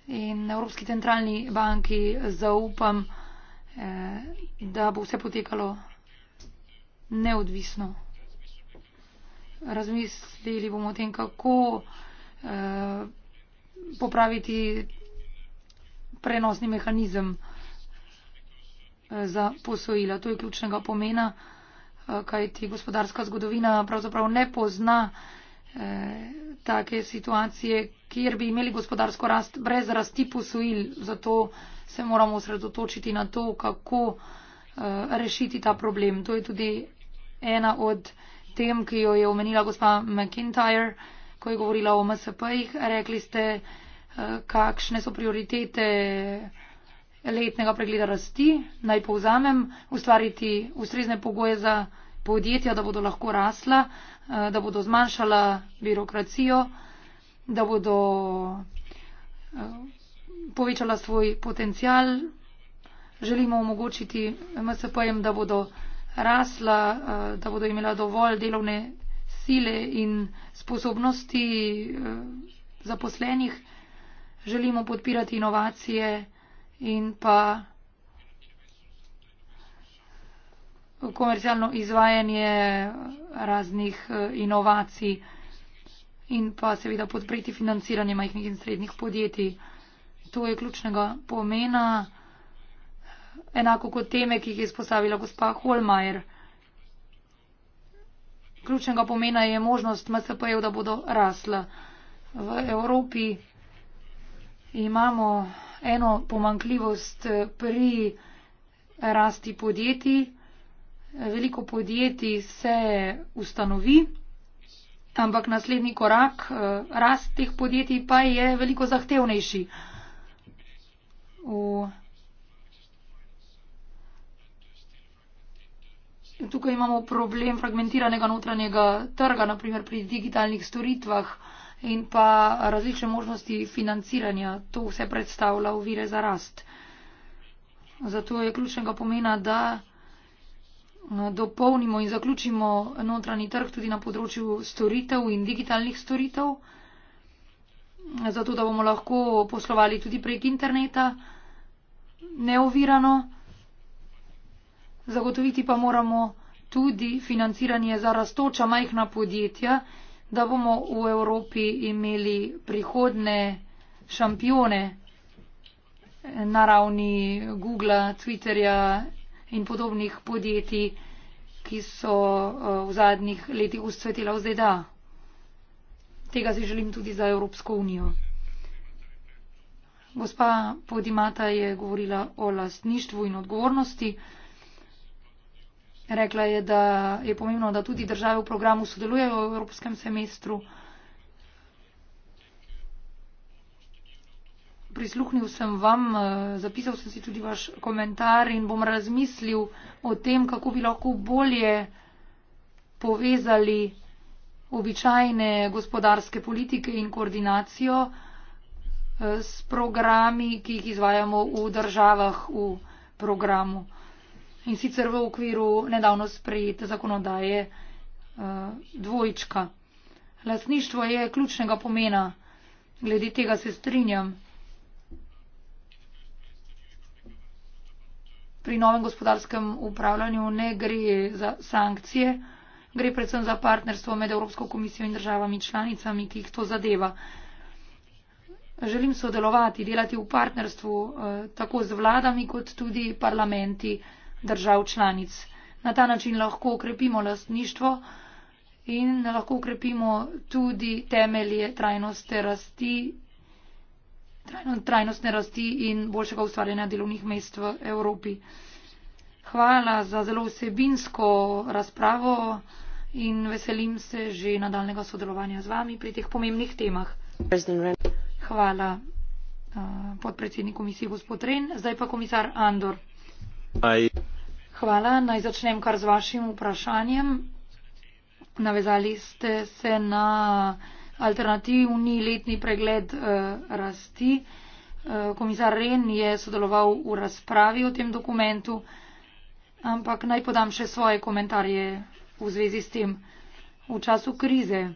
in Evropski centralni banki zaupam da bo vse potekalo neodvisno. Razmislili bomo o tem, kako eh, popraviti prenosni mehanizem eh, za posojila. To je ključnega pomena, eh, kajti gospodarska zgodovina pravzaprav ne pozna take situacije, kjer bi imeli gospodarsko rast brez rasti posojil. Zato se moramo osredotočiti na to, kako eh, rešiti ta problem. To je tudi ena od tem, ki jo je omenila gospa McIntyre, ko je govorila o MSP-jih. Rekli ste, eh, kakšne so prioritete letnega pregleda rasti. Naj povzamem, ustvariti ustrezne pogoje za podjetja, da bodo lahko rasla, eh, da bodo zmanjšala birokracijo, da bodo povečala svoj potencial. Želimo omogočiti MSP-jem, da bodo rasla, eh, da bodo imela dovolj delovne sile in sposobnosti eh, zaposlenih. Želimo podpirati inovacije in pa komercialno izvajanje raznih eh, inovacij in pa seveda podpreti financiranje majhnih in srednjih podjetij. To je ključnega pomena, enako kot teme, ki jih je izpostavila gospa Holmajer. Ključnega pomena je možnost MSP-jev, da bodo rasla. V Evropi imamo eno pomankljivost pri rasti podjetij. Veliko podjetij se ustanovi, ampak naslednji korak eh, rast teh podjetij pa je veliko zahtevnejši v Tukaj imamo problem fragmentiranega notranjega trga, naprimer pri digitalnih storitvah in pa različne možnosti financiranja. To vse predstavlja ovire za rast. Zato je ključnega pomena, da no, dopolnimo in zaključimo notranji trg tudi na področju storitev in digitalnih storitev zato da bomo lahko poslovali tudi prek interneta, neovirano. Zagotoviti pa moramo tudi financiranje za rastoča majhna podjetja, da bomo v Evropi imeli prihodne šampione na ravni Google, Twitterja in podobnih podjetij, ki so eh, v zadnjih letih ustvetila v ZDA. Tega si želim tudi za Evropsko unijo. Gospa Podimata je govorila o lastništvu in odgovornosti. Rekla je, da je pomembno, da tudi države v programu sodelujejo v Evropskem semestru. Prisluhnil sem vam, eh, zapisal sem si tudi vaš komentar in bom razmislil o tem, kako bi lahko bolje povezali običajne gospodarske politike in koordinacijo eh, s programi, ki jih izvajamo v državah v programu. In sicer v okviru nedavno sprejete zakonodaje eh, dvojčka. Lasništvo je ključnega pomena, glede tega se strinjam. Pri novem gospodarskem upravljanju ne gre za sankcije, gre predvsem za partnerstvo med Evropsko komisijo in državami članicami, ki jih to zadeva. Želim sodelovati, delati v partnerstvu eh, tako z vladami kot tudi parlamenti držav članic. Na ta način lahko ukrepimo lastništvo in lahko ukrepimo tudi temelje trajnostne rasti, trajnostne rasti in boljšega ustvarjanja delovnih mest v Evropi hvala za zelo vsebinsko razpravo in veselim se že nadaljnega sodelovanja z vami pri teh pomembnih temah. Hvala eh, podpredsednik komisije gospod Ren. Zdaj pa komisar Andor. Hvala. Naj začnem kar z vašim vprašanjem. Navezali ste se na alternativni letni pregled eh, rasti. Eh, komisar Ren je sodeloval v razpravi o tem dokumentu. Ampak naj podam še svoje komentarje v zvezi s tem. V času krize,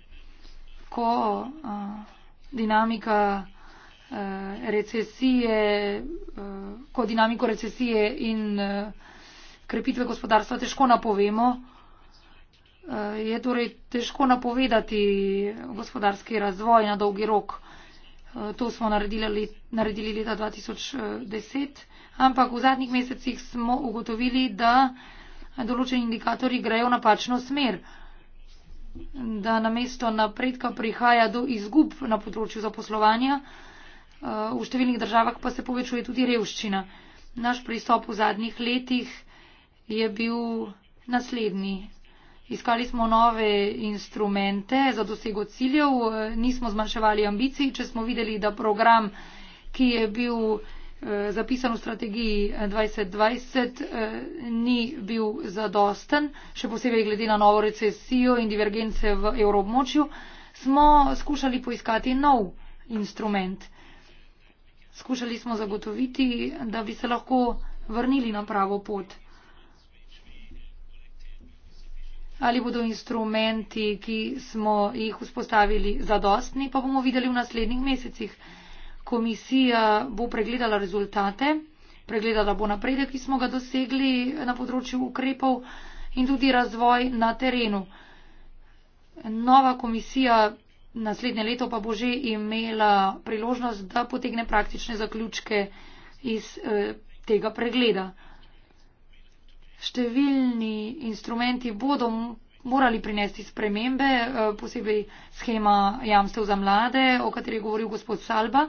ko a, dinamika recesije, ko dinamiko recesije in krepitve gospodarstva težko napovemo, je torej težko napovedati gospodarski razvoj na dolgi rok. To smo naredili, naredili leta 2010 ampak v zadnjih mesecih smo ugotovili, da določeni indikatori grejo v napačno smer, da namesto napredka prihaja do izgub na področju zaposlovanja, eh, v številnih državah pa se povečuje tudi revščina. Naš pristop v zadnjih letih je bil naslednji. Iskali smo nove instrumente za dosego ciljev, eh, nismo zmanjševali ambicij, če smo videli, da program, ki je bil Eh, zapisan v strategiji 2020, eh, eh, ni bil zadosten, še posebej glede na novo recesijo in divergence v evroobmočju, smo skušali poiskati nov instrument. Skušali smo zagotoviti, da bi se lahko vrnili na pravo pot. Ali bodo instrumenti, ki smo jih vzpostavili, zadostni, pa bomo videli v naslednjih mesecih komisija bo pregledala rezultate, pregledala bo napredek, ki smo ga dosegli na področju ukrepov in tudi razvoj na terenu. Nova komisija naslednje leto pa bo že imela priložnost, da potegne praktične zaključke iz eh, tega pregleda. Številni instrumenti bodo morali prinesti spremembe, eh, posebej schema jamstev za mlade, o kateri je govoril gospod Salba.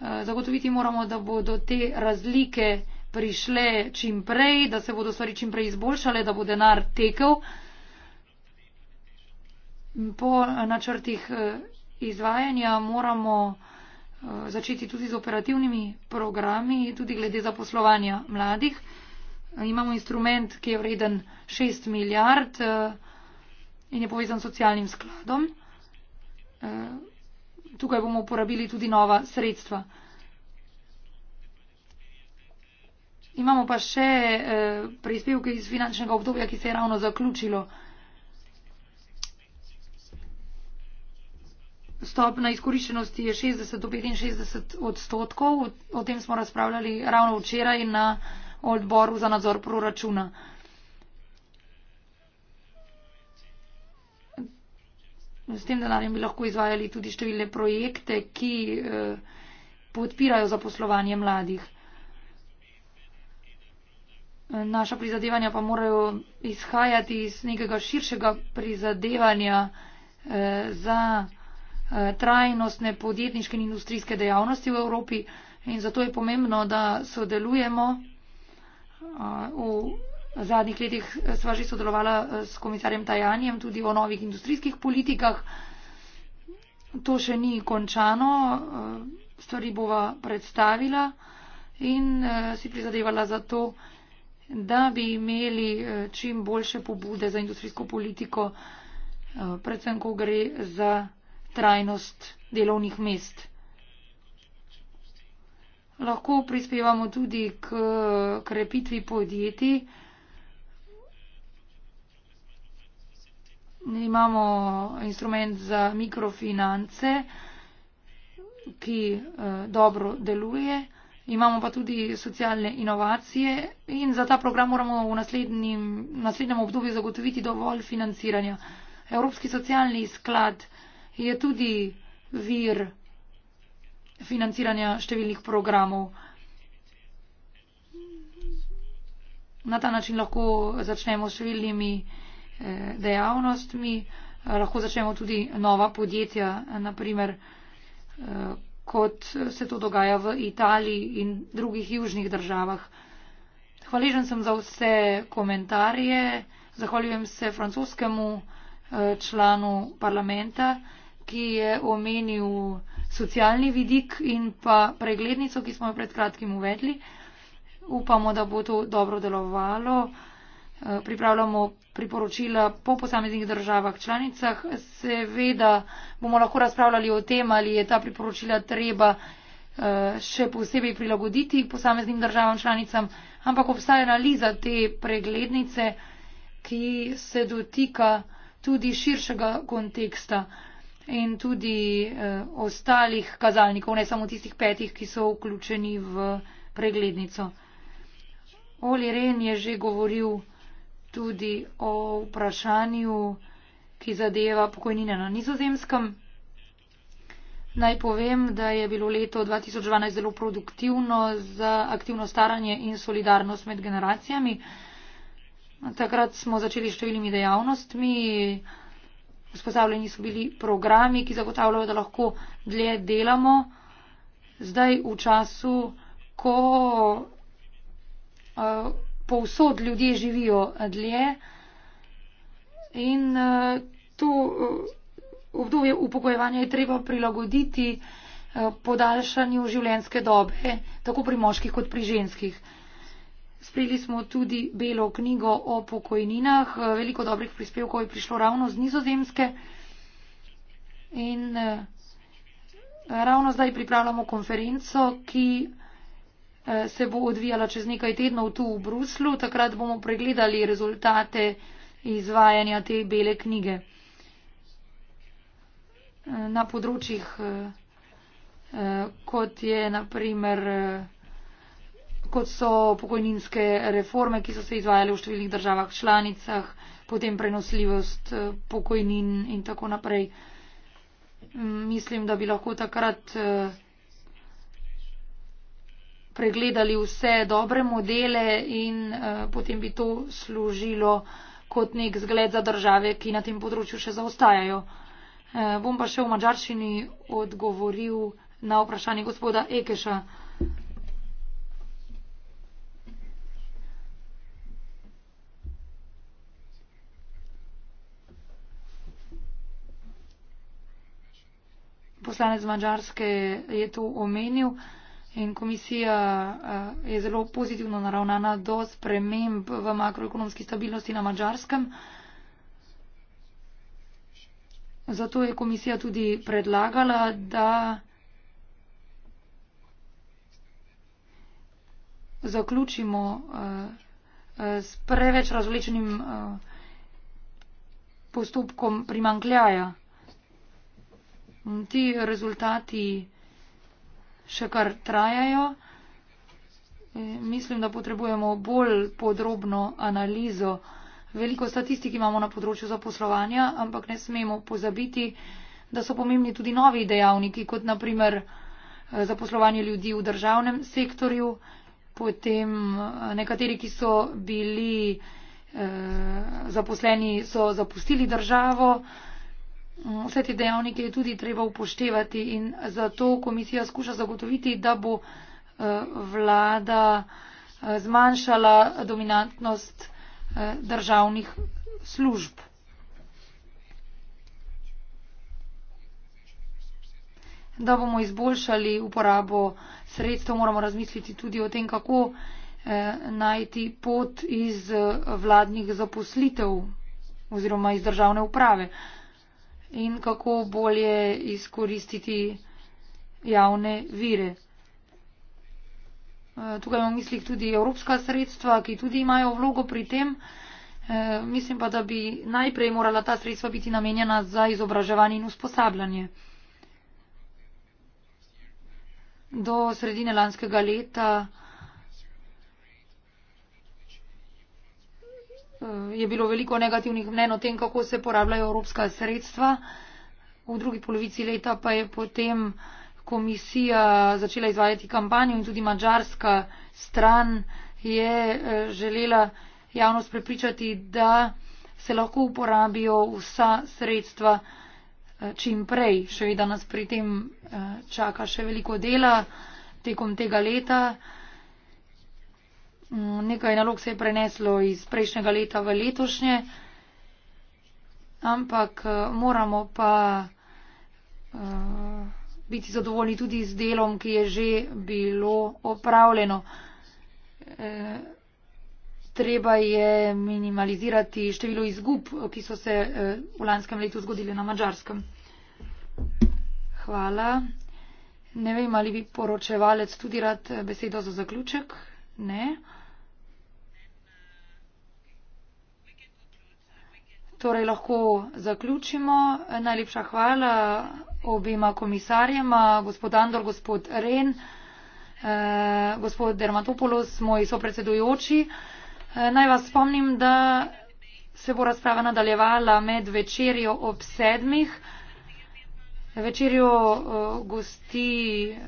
Eh, zagotoviti moramo, da bodo te razlike prišle čim prej, da se bodo stvari čim prej izboljšale, da bo denar tekel. Po načrtih eh, izvajanja moramo začeti tudi z operativnimi programi, tudi glede zaposlovanja mladih. Eh, imamo instrument, ki je vreden 6 milijard eh, in je povezan s socialnim skladom. Eh, tukaj bomo uporabili tudi nova sredstva. Imamo pa še prispevke iz finančnega obdobja, ki se je ravno zaključilo. Stopna izkoriščenosti je 60 do 65 odstotkov. O tem smo razpravljali ravno včeraj na o odboru za nadzor proračuna. S tem denarjem bi lahko izvajali tudi številne projekte, ki eh, podpirajo zaposlovanje mladih. Naša prizadevanja pa morajo izhajati iz nekega širšega prizadevanja eh, za eh, trajnostne podjetniške in industrijske dejavnosti v Evropi in zato je pomembno, da sodelujemo. V zadnjih letih sva že sodelovala eh, s komisarjem Tajanjem tudi o novih industrijskih politikah. To še ni končano, eh, stvari bova predstavila in eh, si prizadevala za to, da bi imeli čim boljše pobude za industrijsko politiko, predvsem ko gre za trajnost delovnih mest lahko prispevamo tudi k krepitvi podjetij. Imamo instrument za mikrofinance, ki eh, dobro deluje. Imamo pa tudi socialne inovacije in za ta program moramo v naslednjem, naslednjem obdobju zagotoviti dovolj financiranja. Evropski socialni sklad je tudi vir financiranja številnih programov. Na ta način lahko začnemo s številnimi eh, dejavnostmi, eh, lahko začnemo tudi nova podjetja, naprimer eh, kot se to dogaja v Italiji in drugih južnih državah. Hvaležen sem za vse komentarje, zahvaljujem se francoskemu članu parlamenta, ki je omenil socialni vidik in pa preglednico, ki smo jo pred kratkim uvedli. Upamo, da bo to dobro delovalo. Eh, pripravljamo priporočila po posameznih državah članicah. Seveda bomo lahko razpravljali o tem, ali je ta priporočila treba eh, še posebej prilagoditi posameznim državam članicam, ampak obstaja analiza te preglednice, ki se dotika tudi širšega konteksta in tudi uh, ostalih kazalnikov, ne samo tistih petih, ki so vključeni v preglednico. Oli Ren je že govoril tudi o vprašanju, ki zadeva pokojnine na nizozemskem. Naj povem, da je bilo leto 2012 zelo produktivno za aktivno staranje in solidarnost med generacijami. Takrat smo začeli s številnimi dejavnostmi, Vzpostavljeni so bili programi, ki zagotavljajo, da lahko dlje delamo. Zdaj v času, ko uh, povsod ljudje živijo dlje in uh, to uh, obdobje upokojevanja je treba prilagoditi uh, podaljšanju življenjske dobe, tako pri moških kot pri ženskih. Uh, Sprejeli smo tudi belo knjigo o pokojninah. Eh, veliko dobrih prispevkov je prišlo ravno z nizozemske. In eh, ravno zdaj pripravljamo konferenco, ki eh, se bo odvijala čez nekaj tednov tu v Bruslu. Takrat bomo pregledali rezultate izvajanja te bele knjige na področjih, kot je naprimer kot so pokojninske reforme, ki so se izvajale v številnih državah članicah, potem prenosljivost eh, pokojnin in tako naprej. Mm, mislim, da bi lahko takrat eh, pregledali vse dobre modele in eh, potem bi to služilo kot nek zgled za države, ki na tem področju še zaostajajo. Bom pa še v mačarščini odgovoril na vprašanje gospoda Ekeša. poslanec Mačarske je to omenil in komisija eh, je zelo pozitivno naravnana do sprememb v makroekonomski stabilnosti na Mačarskem. Zato je komisija tudi predlagala, da zaključimo eh, eh, s preveč razvlečenim postopkom primankljaja. Ti rezultati še kar trajajo. E, mislim, da potrebujemo bolj podrobno analizo. Veliko statistik imamo na področju zaposlovanja, ampak ne smemo pozabiti, da so pomembni tudi novi dejavniki, kot naprimer e, zaposlovanje ljudi v državnem sektorju, potem e, nekateri, ki so bili eh, zaposleni, so zapustili državo. Eh, Mm, vse te dejavnike je tudi treba upoštevati in zato komisija skuša zagotoviti, da bo eh, vlada eh, zmanjšala dominantnost eh, državnih služb. Da bomo izboljšali uporabo sredstev, moramo razmisliti tudi o tem, kako najti pot iz vladnih zaposlitev oziroma iz državne uprave in kako bolje izkoristiti javne vire. Eh, tukaj imam v mislih tudi evropska sredstva, ki tudi imajo vlogo pri tem. Eh, mislim pa, da bi najprej morala ta sredstva biti namenjena za izobraževanje in usposabljanje. Do sredine lanskega leta je bilo veliko negativnih mnen o tem, kako se porabljajo evropska sredstva. V drugi polovici leta pa je potem komisija začela izvajati kampanjo in tudi mađarska stran je eh, želela javnost prepričati, da se lahko uporabijo vsa sredstva eh, čim prej. Še vedno nas pri tem eh, čaka še veliko dela tekom tega leta. Mm, nekaj nalog se je preneslo iz prejšnjega leta v letošnje, ampak eh, moramo pa eh, biti zadovoljni tudi z delom, ki je že bilo opravljeno. Eh, treba je minimalizirati število izgub, ki so se v lanskem letu zgodili na Mačarskem. Hvala. Ne vem, ali bi poročevalec tudi rad besedo za zaključek. Ne. Uh, torej lahko zaključimo. Najlepša hvala obima komisarjema, gospod Andor, gospod Ren, eh, gospod Dermatopoulos, moji sopredsedujoči. Eh, naj vas spomnim, da se bo razprava nadaljevala med večerjo ob sedmih. Večerjo eh, gosti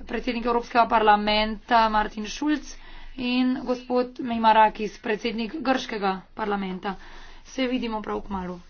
predsednik Evropskega parlamenta Martin Šulc in gospod Mejmarakis, predsednik Grškega parlamenta se vidimo prav k malu.